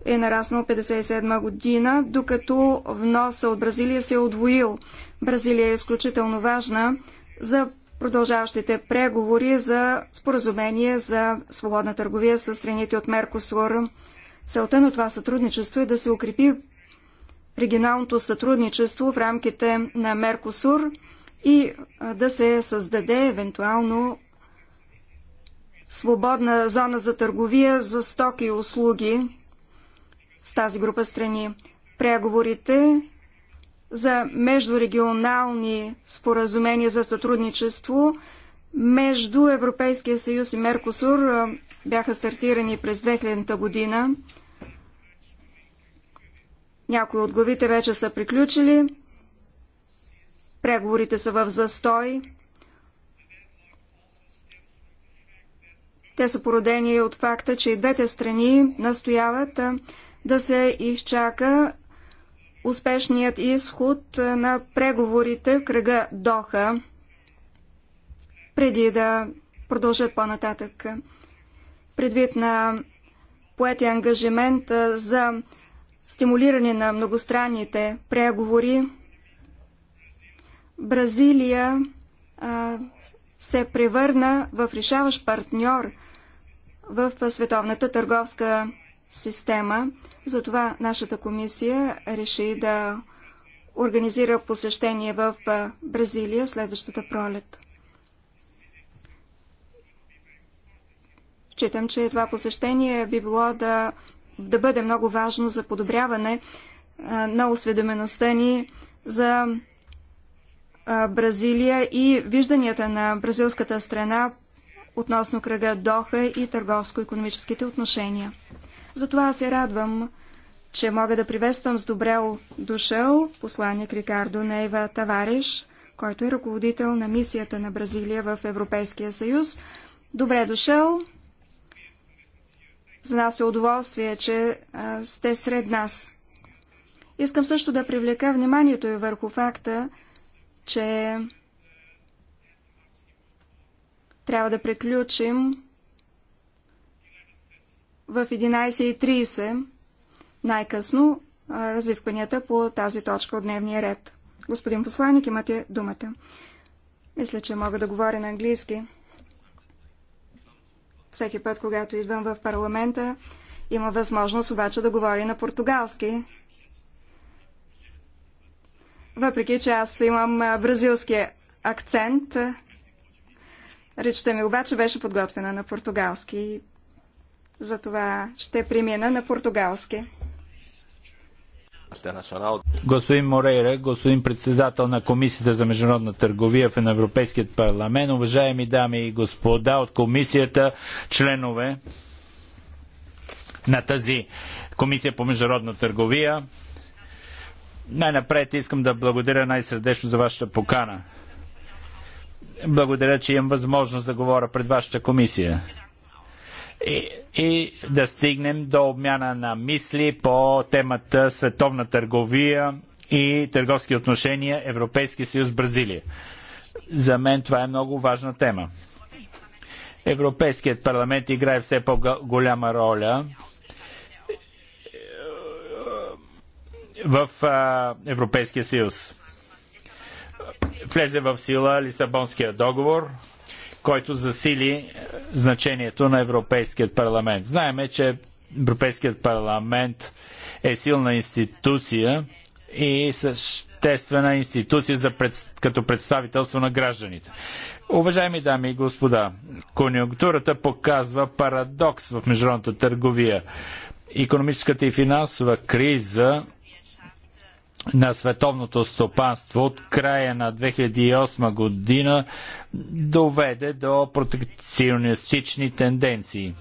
е нараснал 57 година, докато вноса от Бразилия се е отвоил. Бразилия е изключително важна за продължаващите преговори за споразумение за свободна търговия с страните от Меркосур. Целта на това сътрудничество е да се укрепи регионалното сътрудничество в рамките на Меркосур и да се създаде евентуално свободна зона за търговия за стоки и услуги с тази група страни. Преговорите за междурегионални споразумения за сътрудничество между Европейския съюз и Меркосур бяха стартирани през 2000 година. Някои от главите вече са приключили. Преговорите са в застой. Те са породени от факта, че и двете страни настояват да се изчака успешният изход на преговорите в кръга Доха, преди да продължат по-нататък предвид на поети ангажимент за стимулиране на многостранните преговори. Бразилия а, се превърна в решаващ партньор в световната търговска система. Затова нашата комисия реши да организира посещение в Бразилия следващата пролет. Считам, че това посещение би било да, да бъде много важно за подобряване на осведомеността ни за Бразилия и вижданията на бразилската страна относно кръга Доха и търговско-економическите отношения. Затова се радвам, че мога да приветствам с добре дошъл посланник Рикардо Нейва Тавариш, който е ръководител на мисията на Бразилия в Европейския съюз. Добре дошъл! За нас е удоволствие, че а, сте сред нас. Искам също да привлека вниманието и върху факта, че трябва да приключим в 11.30 най-късно разискванията по тази точка от дневния ред. Господин посланник, имате думата. Мисля, че мога да говоря на английски всеки път, когато идвам в парламента. Има възможност обаче да говори на португалски. Въпреки, че аз имам бразилски акцент, речта ми обаче беше подготвена на португалски. Затова ще премина на португалски. Господин Морейра, господин председател на Комисията за международна търговия в Европейският парламент, уважаеми дами и господа от Комисията, членове на тази Комисия по международна търговия, най-напред искам да благодаря най-сърдечно за вашата покана. Благодаря, че имам възможност да говоря пред вашата комисия и, да стигнем до обмяна на мисли по темата световна търговия и търговски отношения Европейски съюз Бразилия. За мен това е много важна тема. Европейският парламент играе все по-голяма роля в Европейския съюз. Влезе в сила Лисабонския договор – който засили е, значението на Европейският парламент. Знаеме, че Европейският парламент е силна институция и съществена институция за пред... като представителство на гражданите. Уважаеми дами и господа, конюнктурата показва парадокс в международната търговия. Економическата и финансова криза на световното стопанство от края на 2008 година доведе до протекционистични тенденции.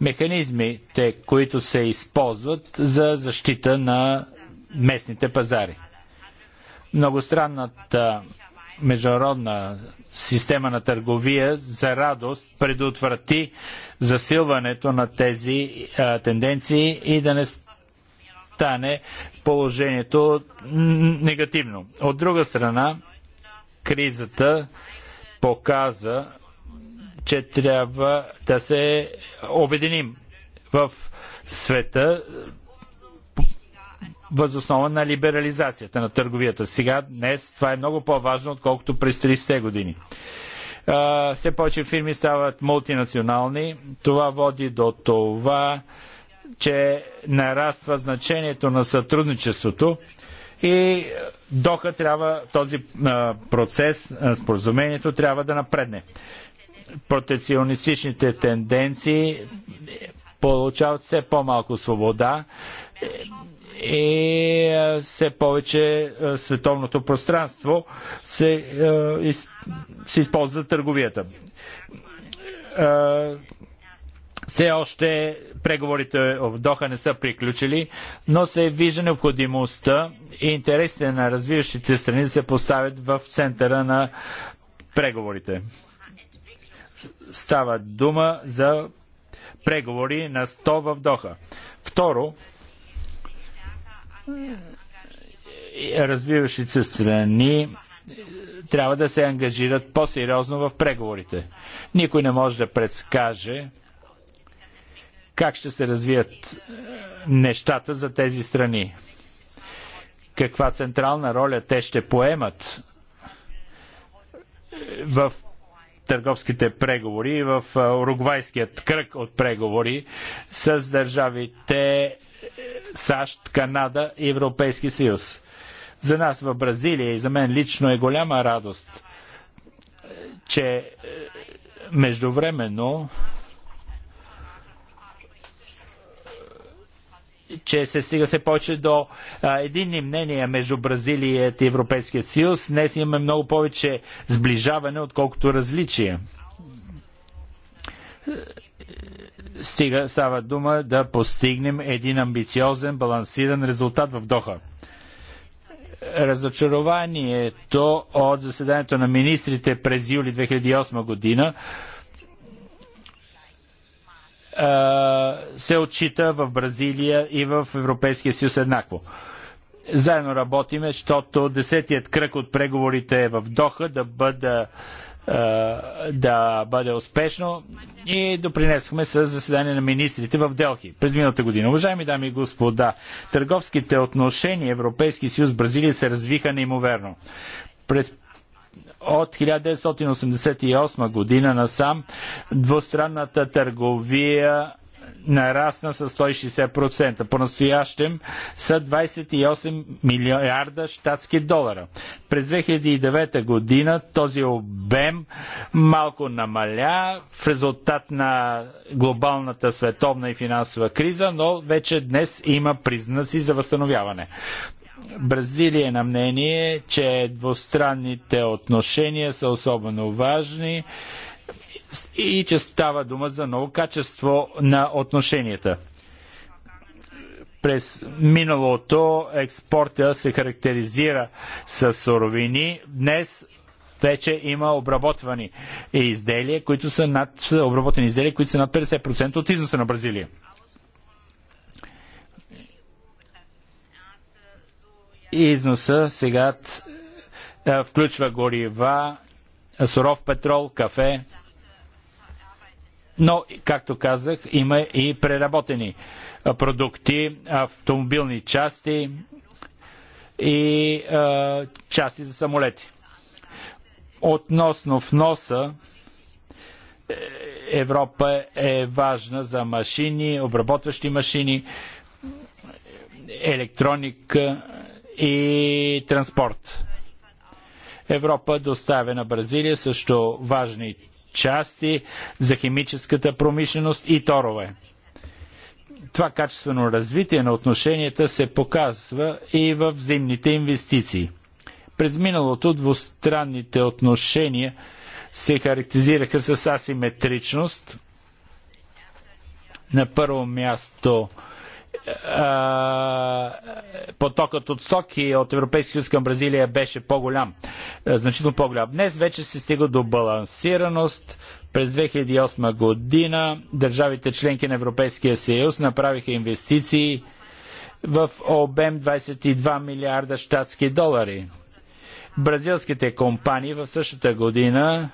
Механизмите, които се използват за защита на местните пазари. Многостранната международна система на търговия за радост предотврати засилването на тези а, тенденции и да не стане положението негативно. От друга страна, кризата показа, че трябва да се обединим в света възоснова на либерализацията на търговията. Сега, днес, това е много по-важно, отколкото през 30-те години. все повече фирми стават мултинационални. Това води до това, че нараства значението на сътрудничеството и Доха трябва този процес, споразумението трябва да напредне. Протекционистичните тенденции получават все по-малко свобода и все повече световното пространство се, се използва търговията все още преговорите в Доха не са приключили, но се вижда необходимостта и интересите на развиващите страни да се поставят в центъра на преговорите. Става дума за преговори на 100 в Доха. Второ, развиващите се страни трябва да се ангажират по-сериозно в преговорите. Никой не може да предскаже как ще се развият е, нещата за тези страни. Каква централна роля те ще поемат е, в търговските преговори в е, Уругвайският кръг от преговори с държавите САЩ, Канада и Европейски съюз. За нас в Бразилия и за мен лично е голяма радост, че междувременно че се стига се повече до а, единни мнения между Бразилия и Европейския съюз. Днес имаме много повече сближаване, отколкото различия. Стига, става дума да постигнем един амбициозен, балансиран резултат в Доха. Разочарованието от заседанието на министрите през юли 2008 година се отчита в Бразилия и в Европейския съюз еднакво. Заедно работиме, защото десетият кръг от преговорите е в Доха да бъде, да бъде успешно и допринесохме с заседание на министрите в Делхи през миналата година. Уважаеми дами и господа, търговските отношения Европейски съюз Бразилия се развиха неимоверно. През от 1988 година насам двустранната търговия нарасна с 160%. По-настоящем са 28 милиарда штатски долара. През 2009 година този обем малко намаля в резултат на глобалната световна и финансова криза, но вече днес има признаци за възстановяване. Бразилия е на мнение, че двустранните отношения са особено важни и че става дума за ново качество на отношенията. През миналото експорта се характеризира с суровини. Днес вече има обработвани изделия, които са над, обработени изделия, които са над 50% от износа на Бразилия. Износа сега включва горива, суров петрол, кафе, но, както казах, има и преработени продукти, автомобилни части и а, части за самолети. Относно вноса, е, Европа е важна за машини, обработващи машини, електроника, и транспорт. Европа доставя на Бразилия също важни части за химическата промишленост и торове. Това качествено развитие на отношенията се показва и в зимните инвестиции. През миналото двустранните отношения се характеризираха с асиметричност. На първо място – потокът от стоки от Европейския съюз към Бразилия беше по-голям, значително по-голям. Днес вече се стига до балансираност. През 2008 година държавите членки на Европейския съюз направиха инвестиции в обем 22 милиарда щатски долари. Бразилските компании в същата година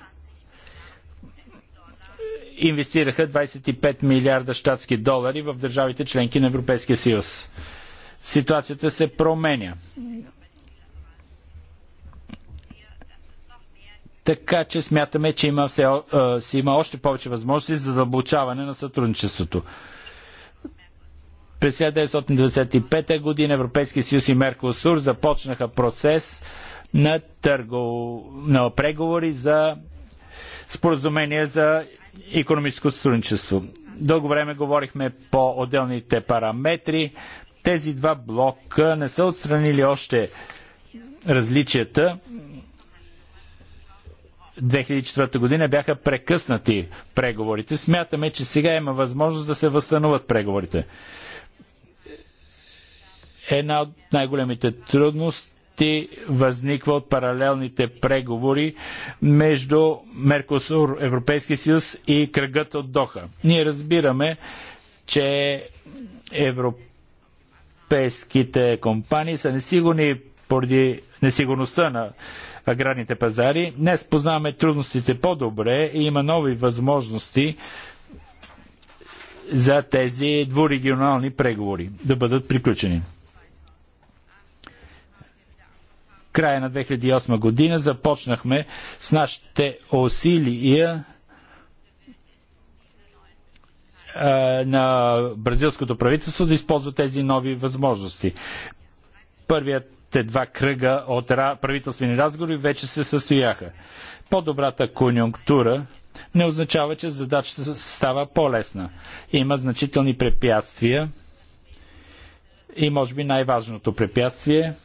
инвестираха 25 милиарда щатски долари в държавите членки на Европейския съюз. Ситуацията се променя. Така че смятаме, че има, все, а, си има още повече възможности за задълбочаване на сътрудничеството. През 1995 година Европейския съюз и Меркосур започнаха процес на, търгов... на преговори за споразумение за економическо сътрудничество. Дълго време говорихме по отделните параметри. Тези два блока не са отстранили още различията. 2004 година бяха прекъснати преговорите. Смятаме, че сега има възможност да се възстановят преговорите. Една от най-големите трудности ти възниква от паралелните преговори между Меркосур, Европейския съюз и кръгът от Доха. Ние разбираме, че европейските компании са несигурни поради несигурността на аграрните пазари. Днес познаваме трудностите по-добре и има нови възможности за тези двурегионални преговори да бъдат приключени. края на 2008 година започнахме с нашите усилия на бразилското правителство да използва тези нови възможности. Първият е два кръга от правителствени разговори вече се състояха. По-добрата конюнктура не означава, че задачата става по-лесна. Има значителни препятствия и може би най-важното препятствие –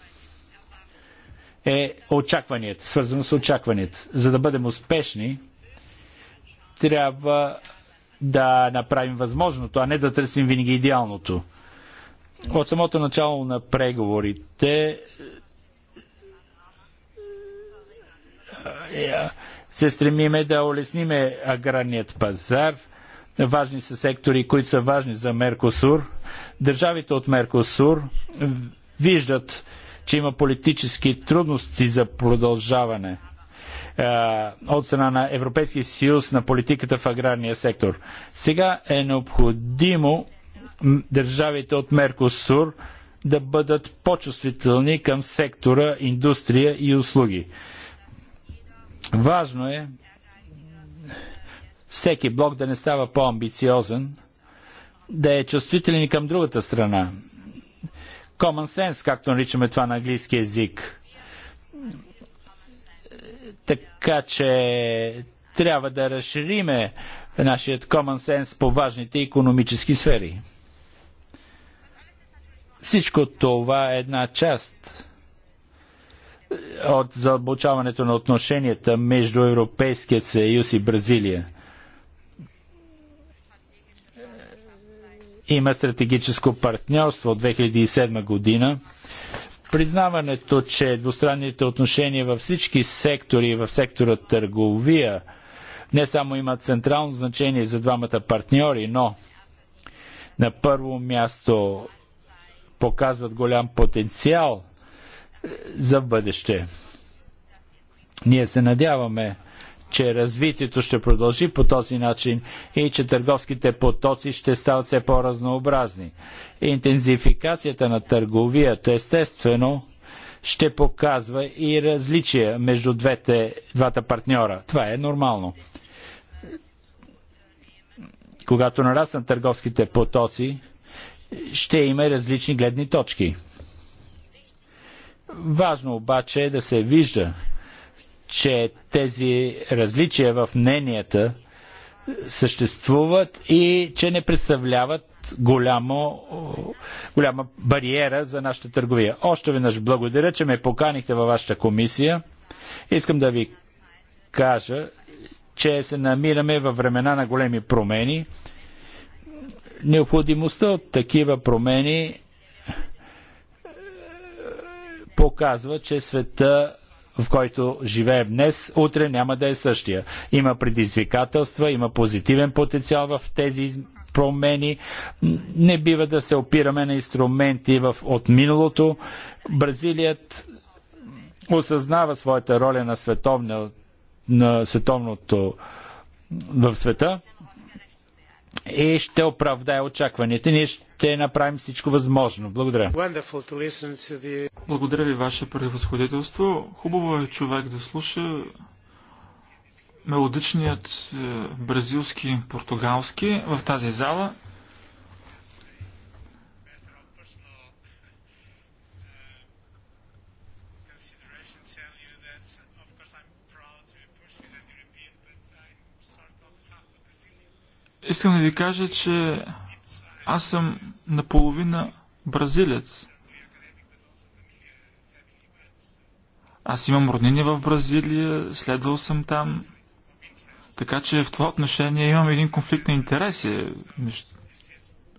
е очакванията, свързано с очакванията. За да бъдем успешни, трябва да направим възможното, а не да търсим винаги идеалното. От самото начало на преговорите е, се стремиме да улесниме аграрният пазар. Важни са сектори, които са важни за Меркосур. Държавите от Меркосур виждат че има политически трудности за продължаване от страна на Европейския съюз на политиката в аграрния сектор. Сега е необходимо държавите от Меркосур да бъдат по-чувствителни към сектора индустрия и услуги. Важно е всеки блок да не става по-амбициозен, да е чувствителен и към другата страна common sense, както наричаме това на английски язик. Така че трябва да разшириме нашият common sense по важните економически сфери. Всичко това е една част от задълбочаването на отношенията между Европейския съюз и Бразилия – има стратегическо партньорство от 2007 година. Признаването, че двустранните отношения във всички сектори, и в сектора търговия, не само имат централно значение за двамата партньори, но на първо място показват голям потенциал е, за бъдеще. Ние се надяваме че развитието ще продължи по този начин и че търговските потоци ще стават все по-разнообразни. Интензификацията на търговията естествено ще показва и различия между двете, двата партньора. Това е нормално. Когато нараснат търговските потоци, ще има и различни гледни точки. Важно обаче е да се вижда, че тези различия в мненията съществуват и че не представляват голямо, голяма бариера за нашата търговия. Още веднъж благодаря, че ме поканихте във вашата комисия. Искам да ви кажа, че се намираме във времена на големи промени. Необходимостта от такива промени показва, че света в който живеем днес, утре няма да е същия. Има предизвикателства, има позитивен потенциал в тези промени. Не бива да се опираме на инструменти в, от миналото. Бразилият осъзнава своята роля на, световно, на световното в света и ще оправдае очакванията. Ние ще направим всичко възможно. Благодаря. Благодаря ви, Ваше превъзходителство. Хубаво е човек да слуша мелодичният е, бразилски португалски в тази зала. Искам да ви кажа, че аз съм наполовина бразилец. Аз имам роднини в Бразилия, следвал съм там. Така че в това отношение имам един конфликт на интереси.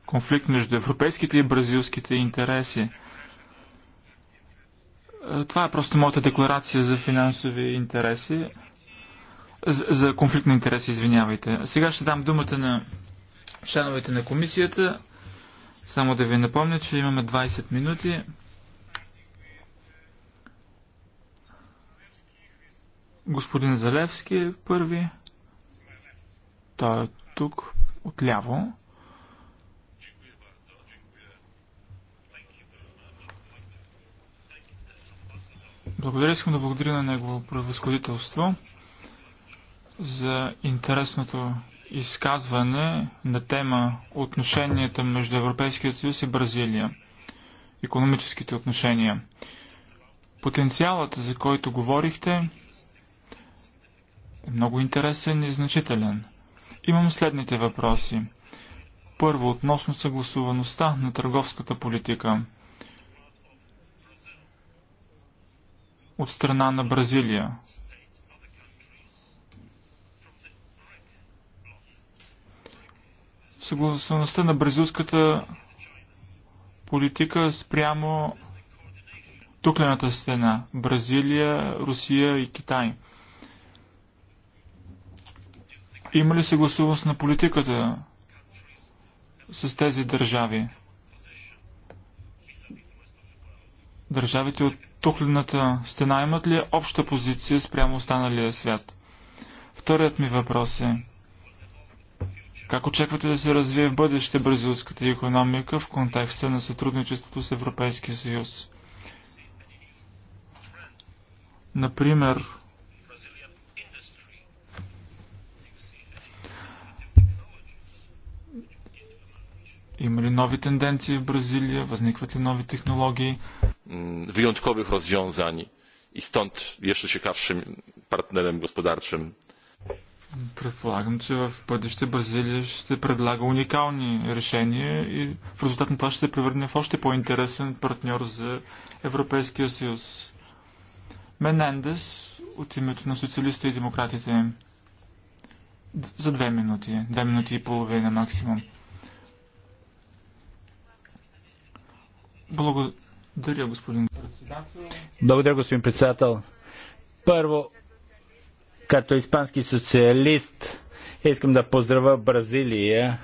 Конфликт между европейските и бразилските интереси. Е, това е просто моята декларация за финансови интереси. За, за конфликт на интереси, извинявайте. Сега ще дам думата на членовете на комисията. Само да ви напомня, че имаме 20 минути. Господин Залевски е първи. Той е тук, отляво. Благодаря, искам да благодаря на негово превъзходителство за интересното изказване на тема отношенията между Европейския съюз и Бразилия. Економическите отношения. Потенциалът, за който говорихте, е много интересен и значителен. Имам следните въпроси. Първо, относно съгласуваността на търговската политика от страна на Бразилия съгласността на бразилската политика спрямо туклената стена Бразилия, Русия и Китай. Има ли съгласуваност на политиката с тези държави? Държавите от тухлената стена имат ли обща позиция спрямо останалия свят? Вторият ми въпрос е как очаквате да се развие в бъдеще бразилската економика в контекста на сътрудничеството с Европейския съюз? Например, Има ли нови тенденции в Бразилия? Възникват ли нови технологии? Wyjątkowych rozwiązań и stąd jeszcze ciekawszym партнерем господарчим. Предполагам, че в бъдеще Бразилия ще предлага уникални решения и в резултат на това ще се превърне в още по-интересен партньор за Европейския съюз. Менендес от името на социалистите и демократите за две минути, две минути и половина максимум. Благодаря, господин председател. Благодаря, господин председател. Първо, като испански социалист искам да поздравя Бразилия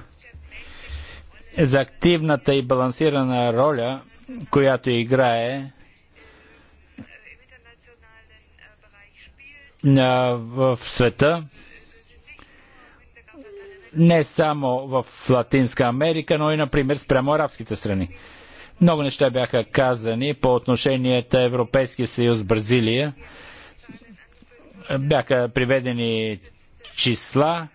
за активната и балансирана роля, която играе в света, не само в Латинска Америка, но и, например, спрямо арабските страни. Много неща бяха казани по отношенията Европейския съюз Бразилия бяха приведени числа,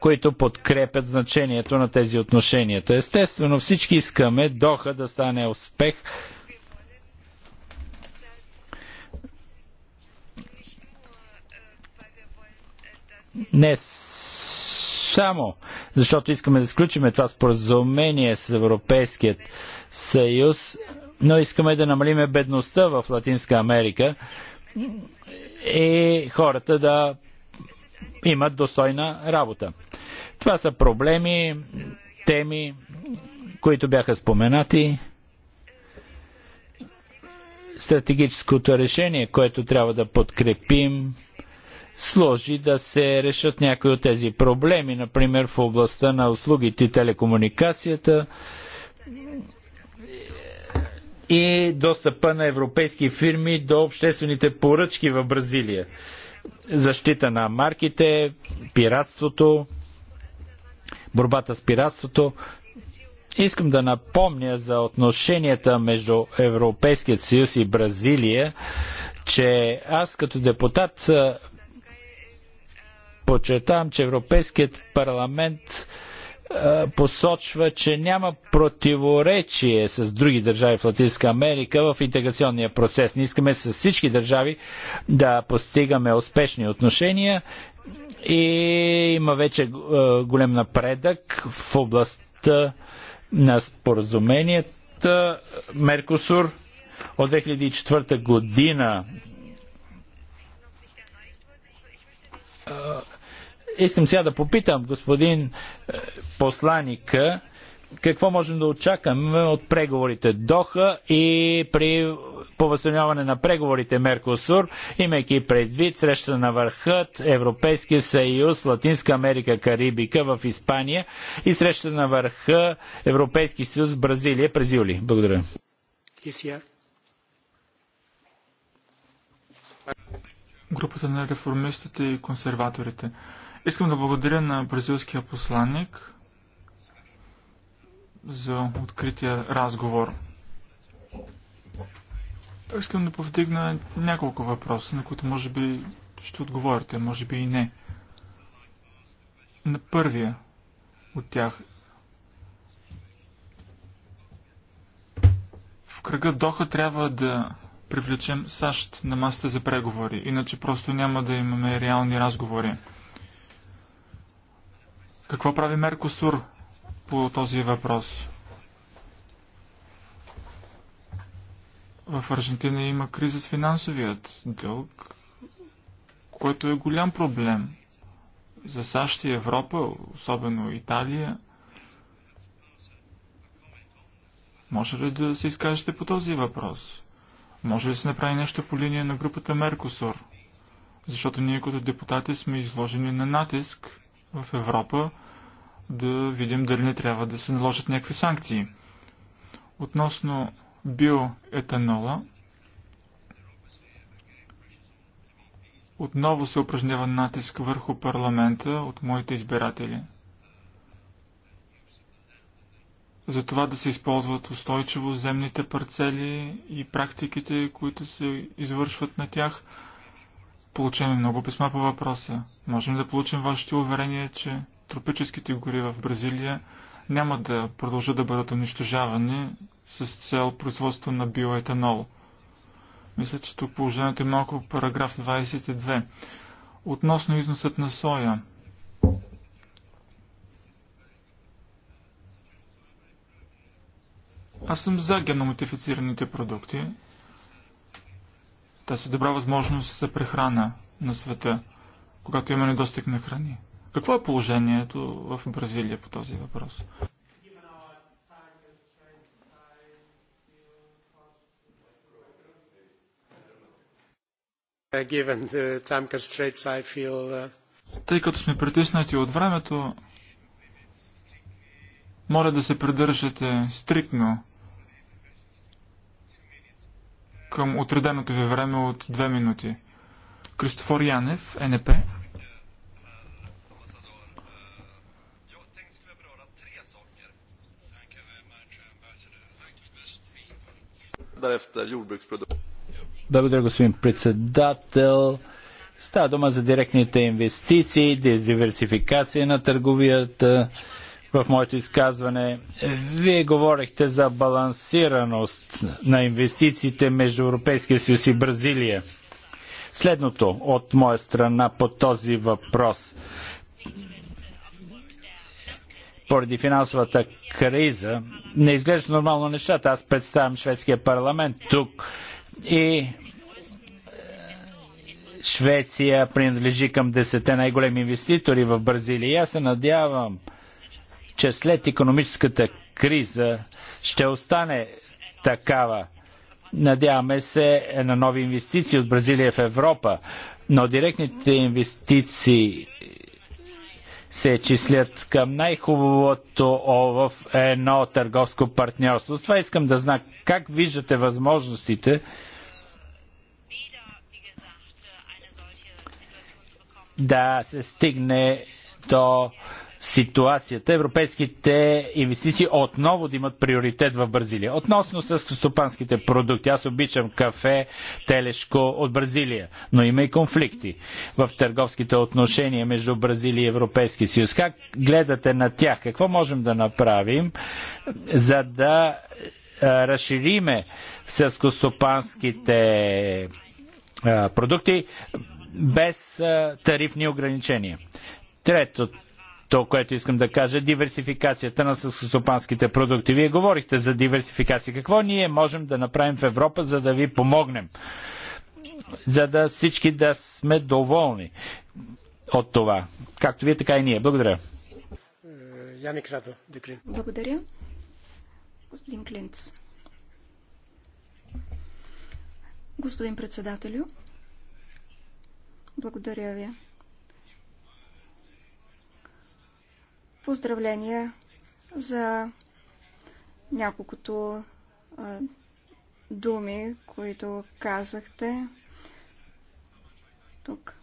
които подкрепят значението на тези отношенията. Естествено, всички искаме Доха да стане успех. Не само защото искаме да сключим това споразумение с Европейският съюз, но искаме да намалиме бедността в Латинска Америка и е хората да имат достойна работа. Това са проблеми, теми, които бяха споменати. Стратегическото решение, което трябва да подкрепим, сложи да се решат някои от тези проблеми, например в областта на услугите и телекомуникацията и достъпа на европейски фирми до обществените поръчки в Бразилия. Защита на марките, пиратството, борбата с пиратството. Искам да напомня за отношенията между Европейският съюз и Бразилия, че аз като депутат подчертавам, че Европейският парламент посочва, че няма противоречие с други държави в Латинска Америка в интеграционния процес. Не искаме с всички държави да постигаме успешни отношения и има вече голям напредък в областта на споразуменията Меркосур от 2004 година Искам сега да попитам господин е, посланика какво можем да очакваме от преговорите Доха и при повъзстановяване на преговорите Меркосур, имайки предвид среща на върхът Европейския съюз, Латинска Америка, Карибика в Испания и среща на върха Европейски съюз Бразилия през юли. Благодаря. Групата на реформистите и консерваторите. Искам да благодаря на бразилския посланник за открития разговор. Искам да повдигна няколко въпроса, на които може би ще отговорите, може би и не. На първия от тях. В кръга Доха трябва да привлечем САЩ на масата за преговори, иначе просто няма да имаме реални разговори. Какво прави Меркосур по този въпрос? В Аржентина има криза с финансовият дълг, който е голям проблем за САЩ и Европа, особено Италия. Може ли да се изкажете по този въпрос? Може ли да се направи нещо по линия на групата Меркосур? Защото ние като депутати сме изложени на натиск в Европа, да видим дали не трябва да се наложат някакви санкции. Относно биоетанола, отново се упражнява натиск върху парламента от моите избиратели. За това да се използват устойчиво земните парцели и практиките, които се извършват на тях – Получаваме много писма по въпроса. Можем да получим вашето уверение, че тропическите гори в Бразилия няма да продължат да бъдат унищожавани с цел производство на биоетанол. Мисля, че тук положението е малко параграф 22. Относно износът на соя. Аз съм за генномодифицираните продукти, си добра възможност за прехрана на света, когато има недостиг на храни. Какво е положението в Бразилия по този въпрос? Uh, uh, Тъй като сме притиснати от времето, моля да се придържате стриктно към отреденото ви време от 2 минути. Кристофор Янев, НП. Благодаря, господин председател. Става дума за директните инвестиции, диверсификация на търговията в моето изказване. Вие говорихте за балансираност на инвестициите между Европейския съюз и Бразилия. Следното от моя страна по този въпрос. Поради финансовата криза не изглежда нормално нещата. Аз представям шведския парламент тук и Швеция принадлежи към 10 най-големи инвеститори в Бразилия. Аз се надявам, че след економическата криза ще остане такава. Надяваме се на нови инвестиции от Бразилия в Европа, но директните инвестиции се числят към най-хубавото в едно търговско партньорство. С това искам да знам как виждате възможностите да се стигне до ситуацията, европейските инвестиции отново да имат приоритет в Бразилия. Относно с стопанските продукти, аз обичам кафе, телешко от Бразилия, но има и конфликти в търговските отношения между Бразилия и Европейския съюз. Как гледате на тях? Какво можем да направим, за да разшириме селскостопанските продукти без тарифни ограничения? Третото то, което искам да кажа, диверсификацията на съсопанските продукти. Вие говорихте за диверсификация. Какво ние можем да направим в Европа, за да ви помогнем? За да всички да сме доволни от това. Както вие, така и ние. Благодаря. Яник Радо, Благодаря. Господин Клинц. Господин председателю, благодаря ви. Поздравления за няколкото а, думи, които казахте тук.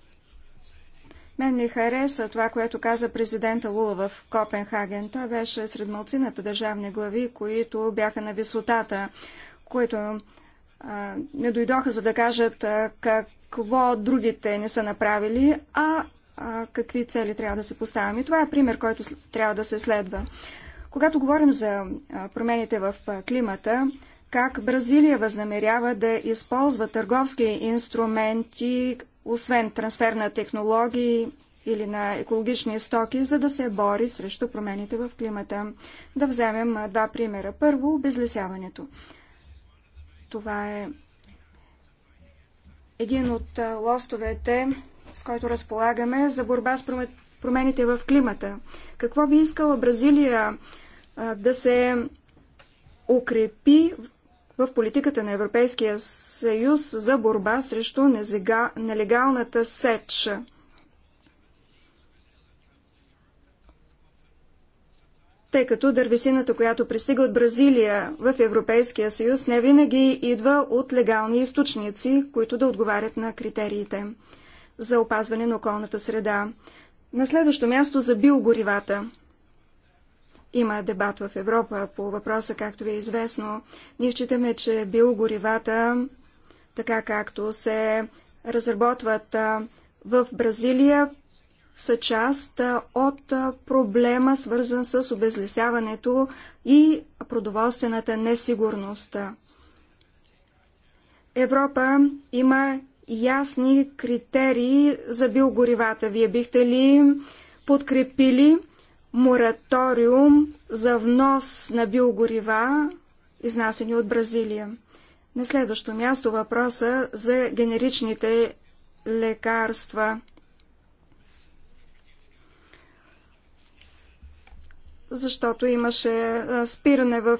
Мен ми хареса това, което каза президента Лула в Копенхаген. Той беше сред мълцината държавни глави, които бяха на висотата, които а, не дойдоха за да кажат а, какво другите не са направили, а какви цели трябва да се поставяме. Това е пример, който трябва да се следва. Когато говорим за промените в климата, как Бразилия възнамерява да използва търговски инструменти, освен трансфер на технологии или на екологични стоки, за да се бори срещу промените в климата. Да вземем два примера. Първо, обезлесяването. Това е един от лостовете с който разполагаме за борба с промените в климата. Какво би искала Бразилия да се укрепи в политиката на Европейския съюз за борба срещу нелегалната сеч? тъй като дървесината, която пристига от Бразилия в Европейския съюз, не винаги идва от легални източници, които да отговарят на критериите за опазване на околната среда. На следващо място за биогоривата. Има дебат в Европа по въпроса, както ви е известно. Ние считаме, че биогоривата, така както се разработват в Бразилия, са част от проблема, свързан с обезлесяването и продоволствената несигурност. Европа има ясни критерии за биогоривата. Вие бихте ли подкрепили мораториум за внос на биогорива, изнасени от Бразилия? На следващо място въпроса за генеричните лекарства. Защото имаше спиране в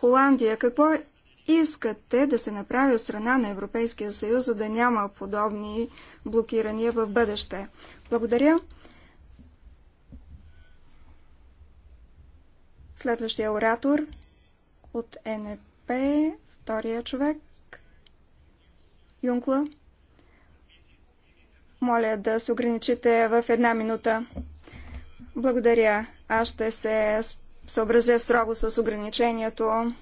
Холандия. Какво е искате да се направи от страна на Европейския съюз, за да няма подобни блокирания в бъдеще? Благодаря. Следващия оратор от НП, втория човек, Юнкла. Моля да се ограничите в една минута. Благодаря. Аз ще се съобразя строго с ограничението.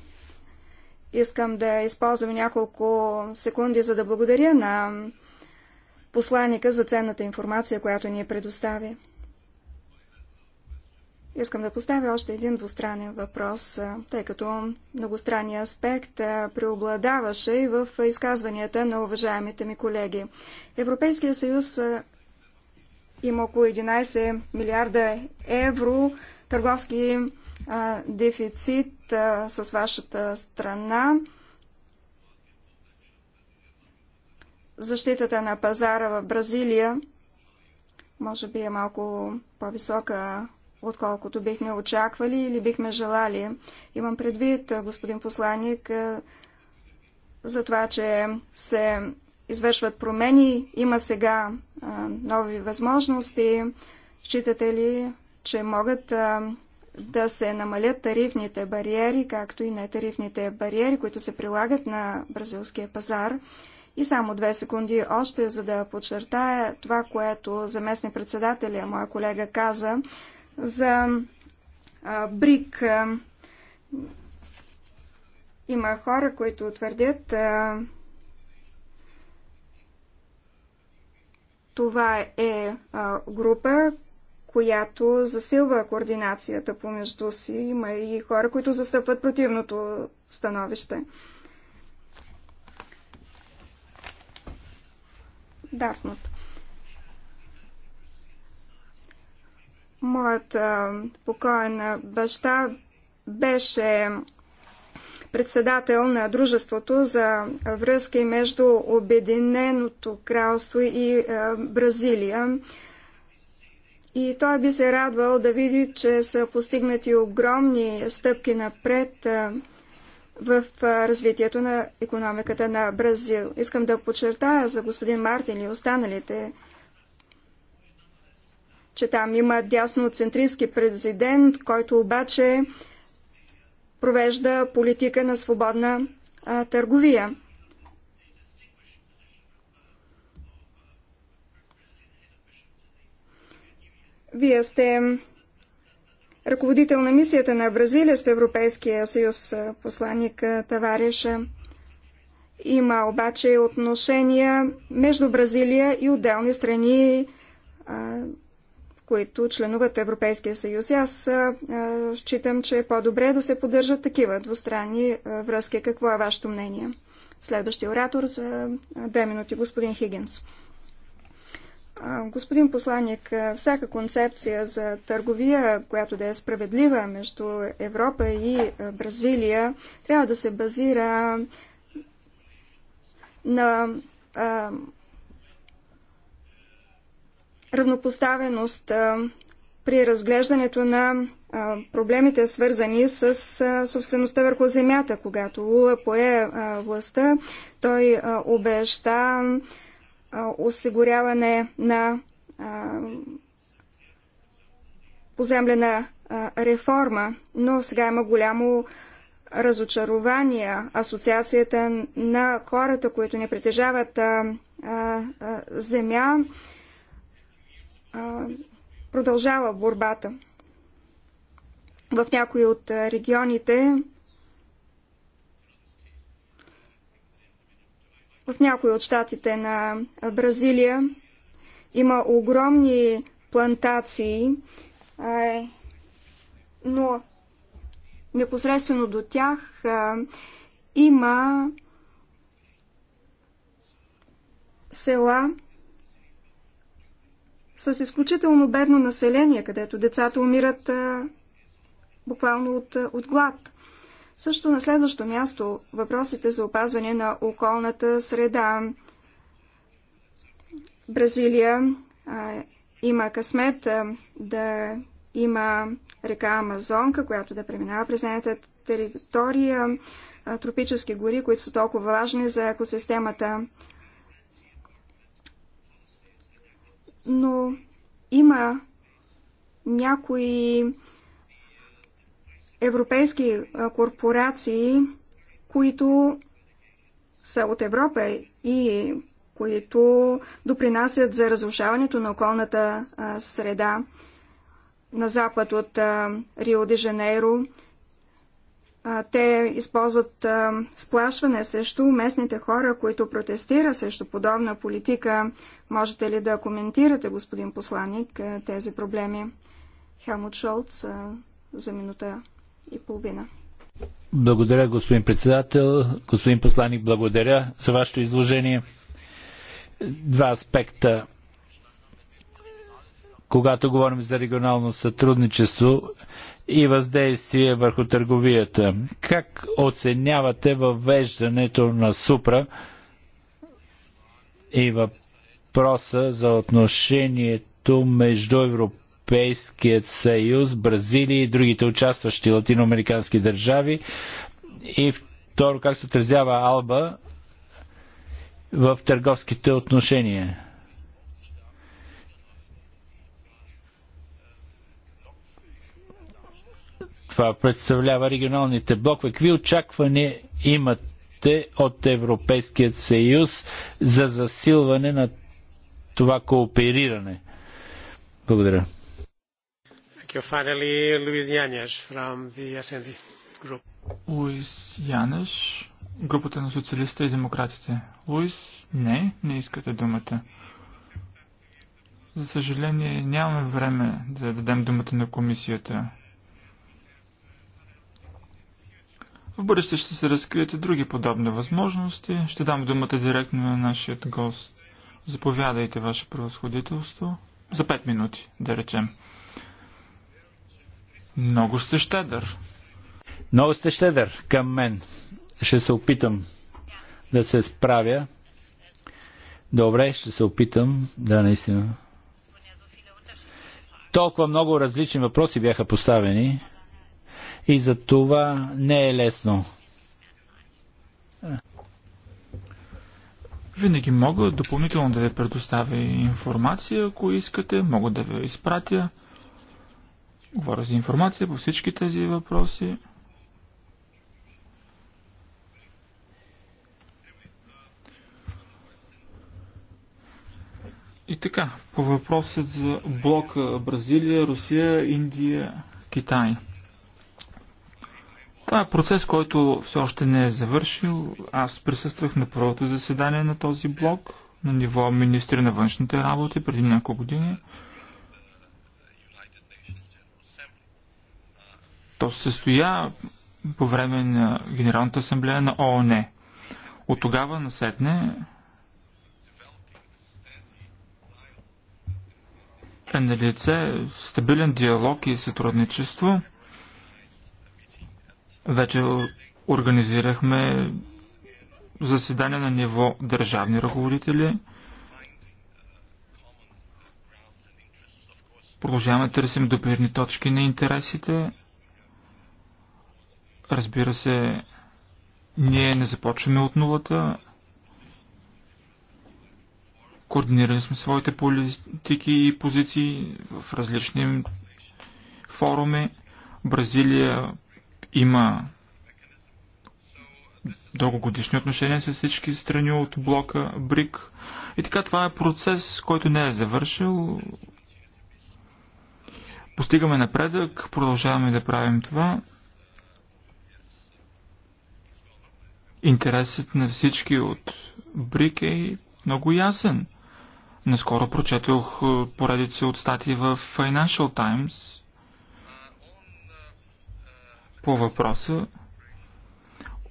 Искам да използвам няколко секунди, за да благодаря на посланика за ценната информация, която ни е предостави. Искам да поставя още един двустранен въпрос, тъй като многостранния аспект преобладаваше и в изказванията на уважаемите ми колеги. Европейския съюз има около 11 милиарда евро търговски дефицит с вашата страна, защитата на пазара в Бразилия може би е малко по-висока, отколкото бихме очаквали или бихме желали. Имам предвид, господин посланник, за това, че се извършват промени, има сега нови възможности. Считате ли, че могат да се намалят тарифните бариери, както и нетарифните бариери, които се прилагат на бразилския пазар. И само две секунди още, за да подчертая това, което заместник председателя, моя колега, каза за а, БРИК. Има хора, които твърдят, а, това е а, група, която засилва координацията помежду си. Има и хора, които застъпват противното становище. Дартмут. Моят покоен баща беше председател на Дружеството за връзки между Обединеното кралство и Бразилия. И той би се радвал да види, че са постигнати огромни стъпки напред в развитието на економиката на Бразил. Искам да подчертая за господин Мартин и останалите, че там има центристски президент, който обаче провежда политика на свободна а, търговия. Вие сте ръководител на мисията на Бразилия в Европейския съюз, посланник Тавареша. Има обаче отношения между Бразилия и отделни страни, които членуват в Европейския съюз. аз считам, че е по-добре да се поддържат такива двустранни връзки. Какво е вашето мнение? Следващия оратор за две минути, господин Хигинс. Господин посланник, всяка концепция за търговия, която да е справедлива между Европа и Бразилия, трябва да се базира на равнопоставеност при разглеждането на проблемите, свързани с собствеността върху земята. Когато Лула пое властта, той обеща осигуряване на поземлена реформа, но сега има голямо разочарование. Асоциацията на хората, които не притежават земя, продължава борбата. В някои от регионите В някои от щатите на Бразилия има огромни плантации, но непосредствено до тях има села с изключително бедно население, където децата умират буквално от, от глад. Също на следващо място въпросите за опазване на околната среда. Бразилия а, има късмет а, да има река Амазонка, която да преминава през нейната територия, а, тропически гори, които са толкова важни за екосистемата. Но има някои европейски корпорации, които са от Европа и които допринасят за разрушаването на околната среда на запад от Рио де Жанейро. Те използват сплашване срещу местните хора, които протестира срещу подобна политика. Можете ли да коментирате, господин посланник, тези проблеми? Хелмут Шолц за минута и половина. Благодаря, господин председател. Господин посланник, благодаря за вашето изложение. Два аспекта. Когато говорим за регионално сътрудничество и въздействие върху търговията, как оценявате въвеждането на Супра и въпроса за отношението между Европа Европейският съюз, Бразилия и другите участващи латиноамерикански държави. И второ, как се отразява Алба в търговските отношения. Това представлява регионалните блокове. Какви очаквания имате от Европейският съюз за засилване на това коопериране? Благодаря. Finally, Luis Yanes from the SND group. Луис Янеш, групата на социалиста и демократите. Луис, не, не искате думата. За съжаление, нямаме време да дадем думата на комисията. В бъдеще ще се разкрият други подобни възможности. Ще дам думата директно на нашия гост. Заповядайте, Ваше превъзходителство. За 5 минути, да речем. Много сте щедър. Много сте щедър към мен. Ще се опитам да се справя. Добре, ще се опитам. Да, наистина. Толкова много различни въпроси бяха поставени и за това не е лесно. Винаги мога допълнително да ви предоставя информация, ако искате. Мога да ви изпратя. Говоря за информация по всички тези въпроси. И така, по въпросът за блока Бразилия, Русия, Индия, Китай. Това е процес, който все още не е завършил. Аз присъствах на първото заседание на този блок на ниво министри на външните работи преди няколко години. То се състоя по време на Генералната асамблея на ООН. От тогава насетне е на лице стабилен диалог и сътрудничество. Вече организирахме заседания на ниво държавни ръководители. Продължаваме да търсим допирни точки на интересите. Разбира се, ние не започваме от нулата. Координирали сме своите политики и позиции в различни форуми. Бразилия има дългогодишни отношения с всички страни от блока БРИК. И така това е процес, който не е завършил. Постигаме напредък, продължаваме да правим това. Интересът на всички от БРИК е много ясен. Наскоро прочетох е, поредица от статии в Financial Times по въпроса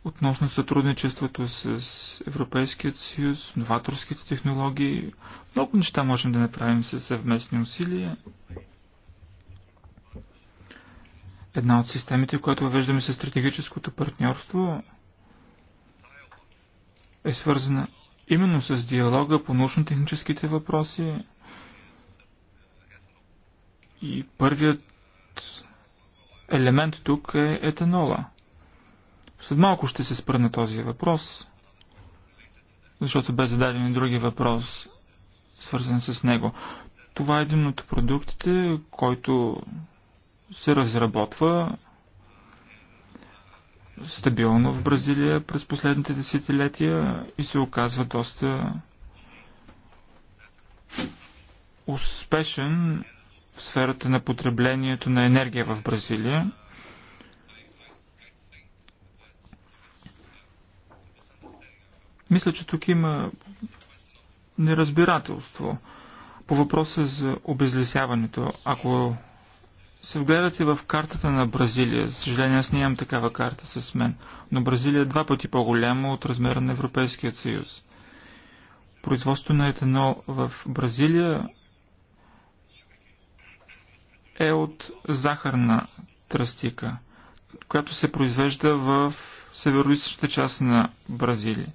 относно сътрудничеството с Европейският съюз, новаторските технологии. Много неща можем да направим със съвместни усилия. Една от системите, която въвеждаме със стратегическото партньорство – е свързана именно с диалога по научно-техническите въпроси и първият елемент тук е етанола. След малко ще се спра на този въпрос, защото бе зададен и други въпрос, свързан с него. Това е един от продуктите, който се разработва стабилно в Бразилия през последните десетилетия и се оказва доста успешен в сферата на потреблението на енергия в Бразилия. Мисля, че тук има неразбирателство по въпроса за обезлесяването. Ако се вгледате в картата на Бразилия, за съжаление аз нямам такава карта с мен, но Бразилия е два пъти по-голяма от размера на Европейския съюз. Производството на етанол в Бразилия е от захарна тръстика, която се произвежда в северо част на Бразилия.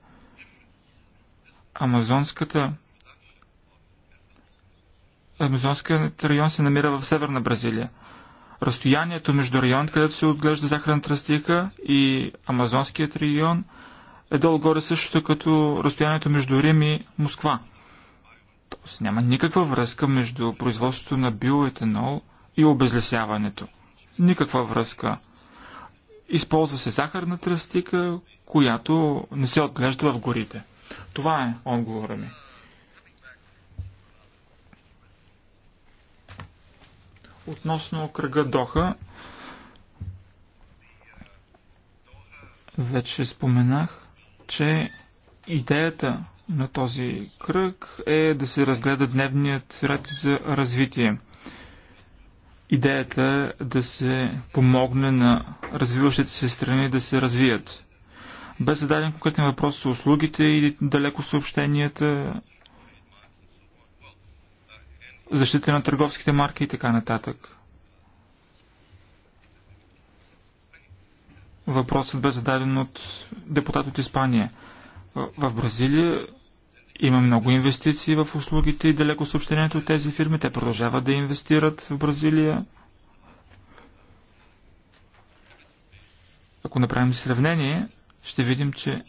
Амазонската Амазонският район се намира в северна Бразилия, разстоянието между район, където се отглежда захарната тръстика и Амазонският регион е долу-горе същото като разстоянието между Рим и Москва. Тоест няма никаква връзка между производството на биоетанол и обезлесяването. Никаква връзка. Използва се захарна тръстика, която не се отглежда в горите. Това е отговора ми. Относно кръга Доха, вече споменах, че идеята на този кръг е да се разгледа дневният ред за развитие. Идеята е да се помогне на развиващите се страни да се развият. Без зададен конкретен въпрос са услугите и далеко съобщенията, защита на търговските марки и така нататък. Въпросът бе зададен от депутат от Испания. В Бразилия има много инвестиции в услугите и далеко съобщението от тези фирми. Те продължават да инвестират в Бразилия. Ако направим сравнение, ще видим, че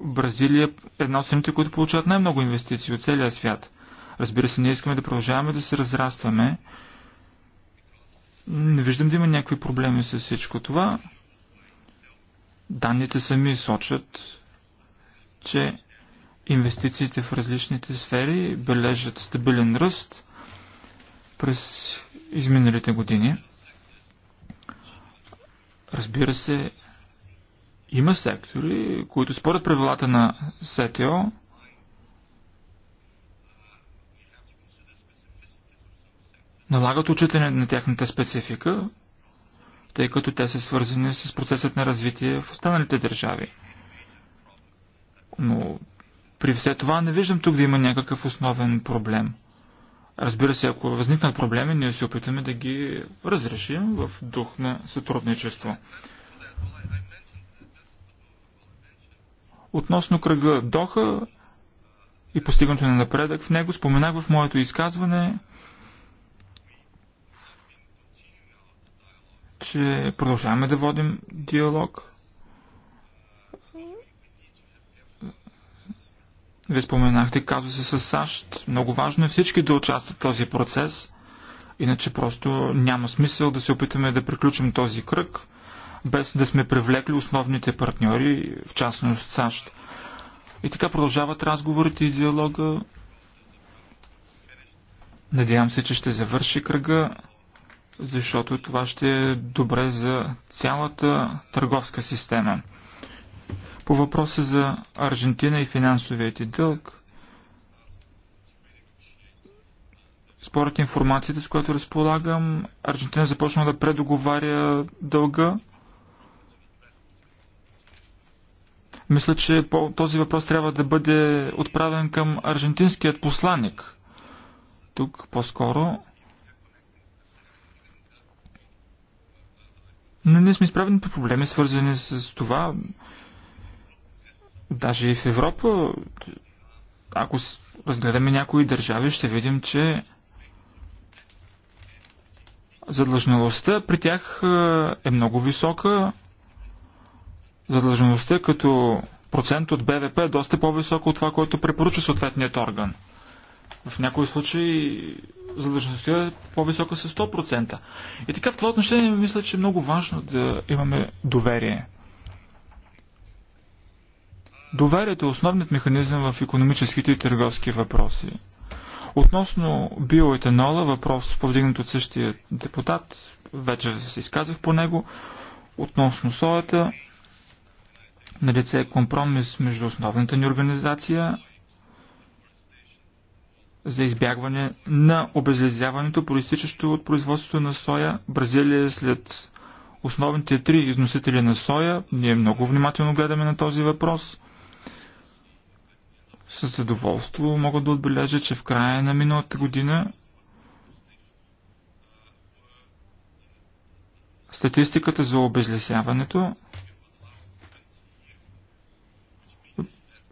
Бразилия е една от страните, които получават най-много инвестиции от целия свят. Разбира се, ние искаме да продължаваме да се разрастваме. Не виждам да има някакви проблеми с всичко това. Данните сами сочат, че инвестициите в различните сфери бележат стабилен ръст през изминалите години. Разбира се, има сектори, които според правилата на СТО налагат отчитане на тяхната специфика, тъй като те са свързани с процесът на развитие в останалите държави. Но при все това не виждам тук да има някакъв основен проблем. Разбира се, ако възникнат проблеми, ние се опитаме да ги разрешим в дух на сътрудничество. Относно кръга Доха и постигането на напредък в него, споменах в моето изказване, че продължаваме да водим диалог. Вие споменахте казуса с САЩ. Много важно е всички да участват в този процес, иначе просто няма смисъл да се опитваме да приключим този кръг, без да сме привлекли основните партньори, в частност САЩ. И така продължават разговорите и диалога. Надявам се, че ще завърши кръга защото това ще е добре за цялата търговска система. По въпроса за Аржентина и финансовият дълг, според информацията, с която разполагам, Аржентина започна да предоговаря дълга. Мисля, че този въпрос трябва да бъде отправен към аржентинският посланник. Тук по-скоро но ние сме изправени по проблеми, свързани с това. Даже и в Европа, ако разгледаме някои държави, ще видим, че задлъжнелостта при тях е, е много висока. Задлъжнелостта като процент от БВП е доста по-висока от това, което препоръча съответният орган. В някои случаи задължеността е по-висока с 100%. И така в това отношение мисля, че е много важно да имаме доверие. Доверието е основният механизъм в економическите и търговски въпроси. Относно биоетанола, въпрос повдигнат от същия депутат, вече се изказах по него, относно соята, на лице е компромис между основната ни организация за избягване на обезлезяването, проистичащо от производството на соя. Бразилия е след основните три износители на соя. Ние много внимателно гледаме на този въпрос. С задоволство мога да отбележа, че в края на миналата година статистиката за обезлесяването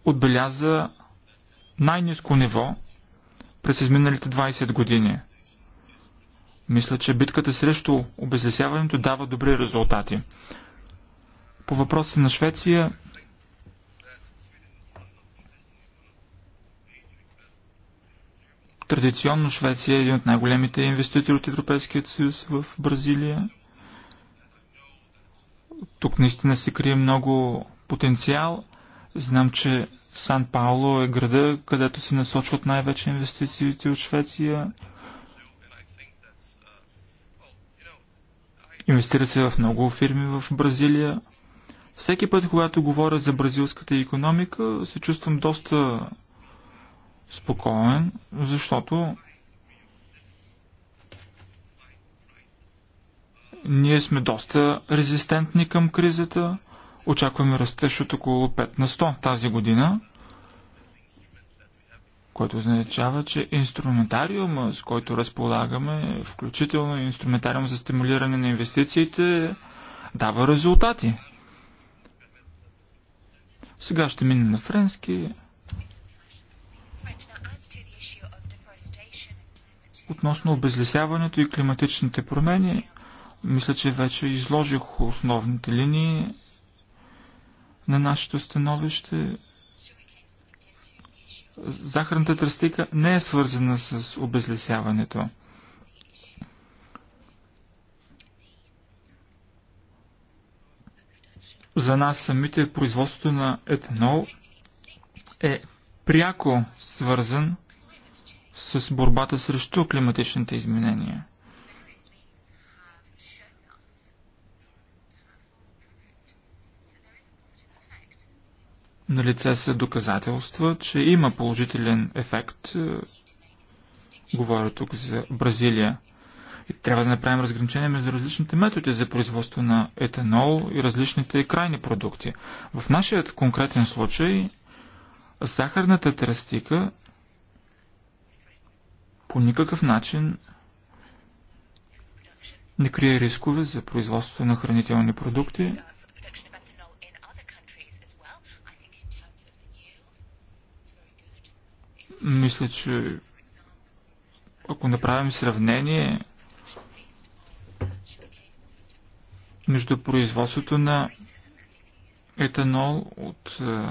отбеляза най-низко ниво през изминалите 20 години. Мисля, че битката срещу обезлесяването дава добри резултати. По въпроса на Швеция, традиционно Швеция е един от най-големите инвеститори от Европейския съюз в Бразилия. Тук наистина се крие много потенциал. Знам, че Сан Пауло е града, където се насочват най-вече инвестициите от Швеция. Инвестира се в много фирми в Бразилия. Всеки път, когато говоря за бразилската економика, се чувствам доста спокоен, защото ние сме доста резистентни към кризата. Очакваме растеж от около 5 на 100 тази година, което означава, че инструментариума, с който разполагаме, включително инструментариум за стимулиране на инвестициите, дава резултати. Сега ще минем на френски. Относно обезлесяването и климатичните промени, мисля, че вече изложих основните линии на нашето становище, захарната тръстика не е свързана с обезлесяването. За нас самите производството на етанол е пряко свързан с борбата срещу климатичните изменения. На лице са доказателства, че има положителен ефект. Е, говоря тук за Бразилия. И трябва да направим разграничение между различните методи за производство на етанол и различните крайни продукти. В нашия конкретен случай сахарната тръстика по никакъв начин не крие рискове за производството на хранителни продукти Мисля, че ако направим сравнение между производството на етанол от е,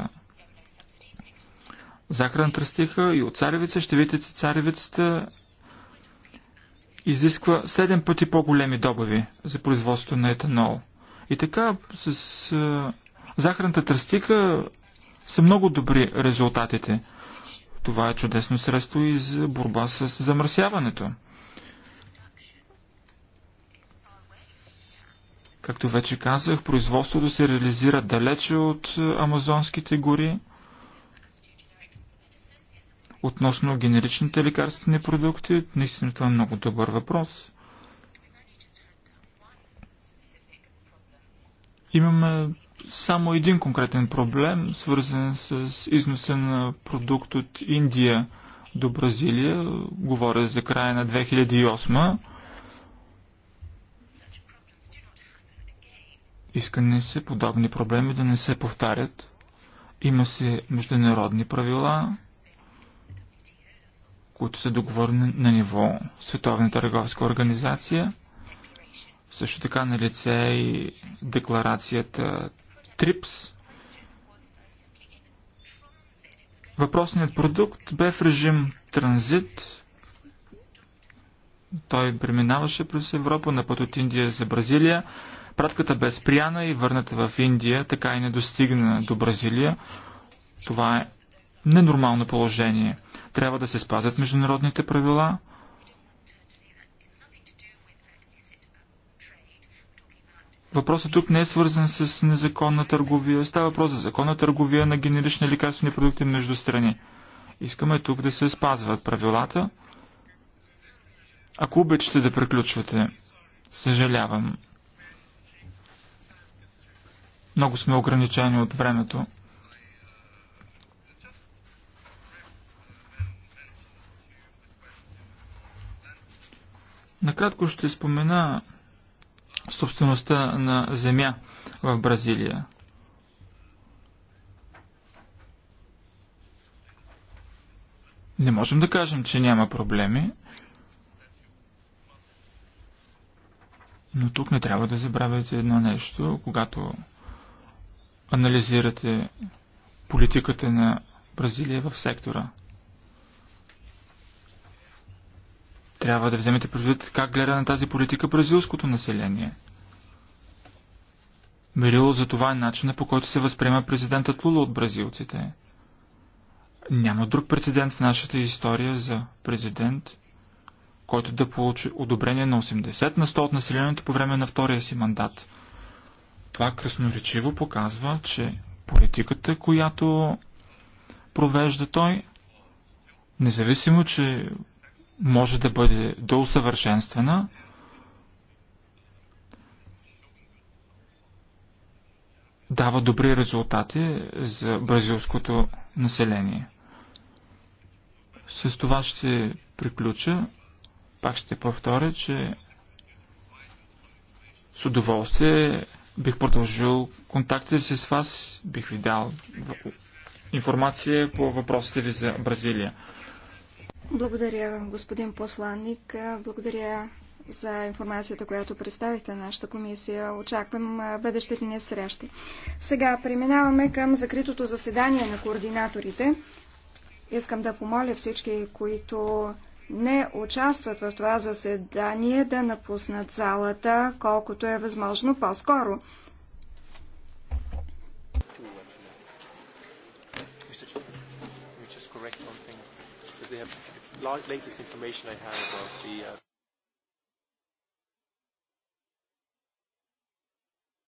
захарна тръстиха и от царевица, ще видите, че царевицата изисква 7 пъти по-големи добави за производството на етанол. И така с е, захарната тръстиха са много добри резултатите. Това е чудесно средство и за борба с замърсяването. Както вече казах, производството се реализира далече от амазонските гори. Относно генеричните лекарствени продукти, наистина това е много добър въпрос. Имаме само един конкретен проблем, свързан с износа на продукт от Индия до Бразилия. Говоря за края на 2008. Искане се подобни проблеми да не се повтарят. Има се международни правила, които са договорени на ниво Световна търговска организация. Също така на лице е и декларацията TRIPS. Въпросният продукт бе в режим транзит. Той преминаваше през Европа на път от Индия за Бразилия. Пратката бе спряна и върната в Индия, така и не достигна до Бразилия. Това е ненормално положение. Трябва да се спазят международните правила. Въпросът тук не е свързан с незаконна търговия. Става въпрос за законна търговия на генерични лекарствени продукти между страни. Искаме тук да се спазват правилата. Ако обичате да приключвате, съжалявам. Много сме ограничени от времето. Накратко ще спомена собствеността на земя в Бразилия. Не можем да кажем, че няма проблеми, но тук не трябва да забравяте едно нещо, когато анализирате политиката на Бразилия в сектора – Трябва да вземете предвид как гледа на тази политика бразилското население. Мерило за това е начина по който се възприема президентът Лула от бразилците. Няма друг прецедент в нашата история за президент, който да получи одобрение на 80 на 100 от населението по време на втория си мандат. Това красноречиво показва, че политиката, която провежда той, независимо, че може да бъде доусъвършенствана. Дава добри резултати за бразилското население. С това ще приключа. Пак ще повторя, че с удоволствие бих продължил контактите с вас, бих ви дал информация по въпросите ви за Бразилия. Благодаря, господин посланник. Благодаря за информацията, която представихте на нашата комисия. Очаквам бъдещите ни срещи. Сега преминаваме към закритото заседание на координаторите. Искам да помоля всички, които не участват в това заседание, да напуснат залата, колкото е възможно по-скоро. latest information I have of the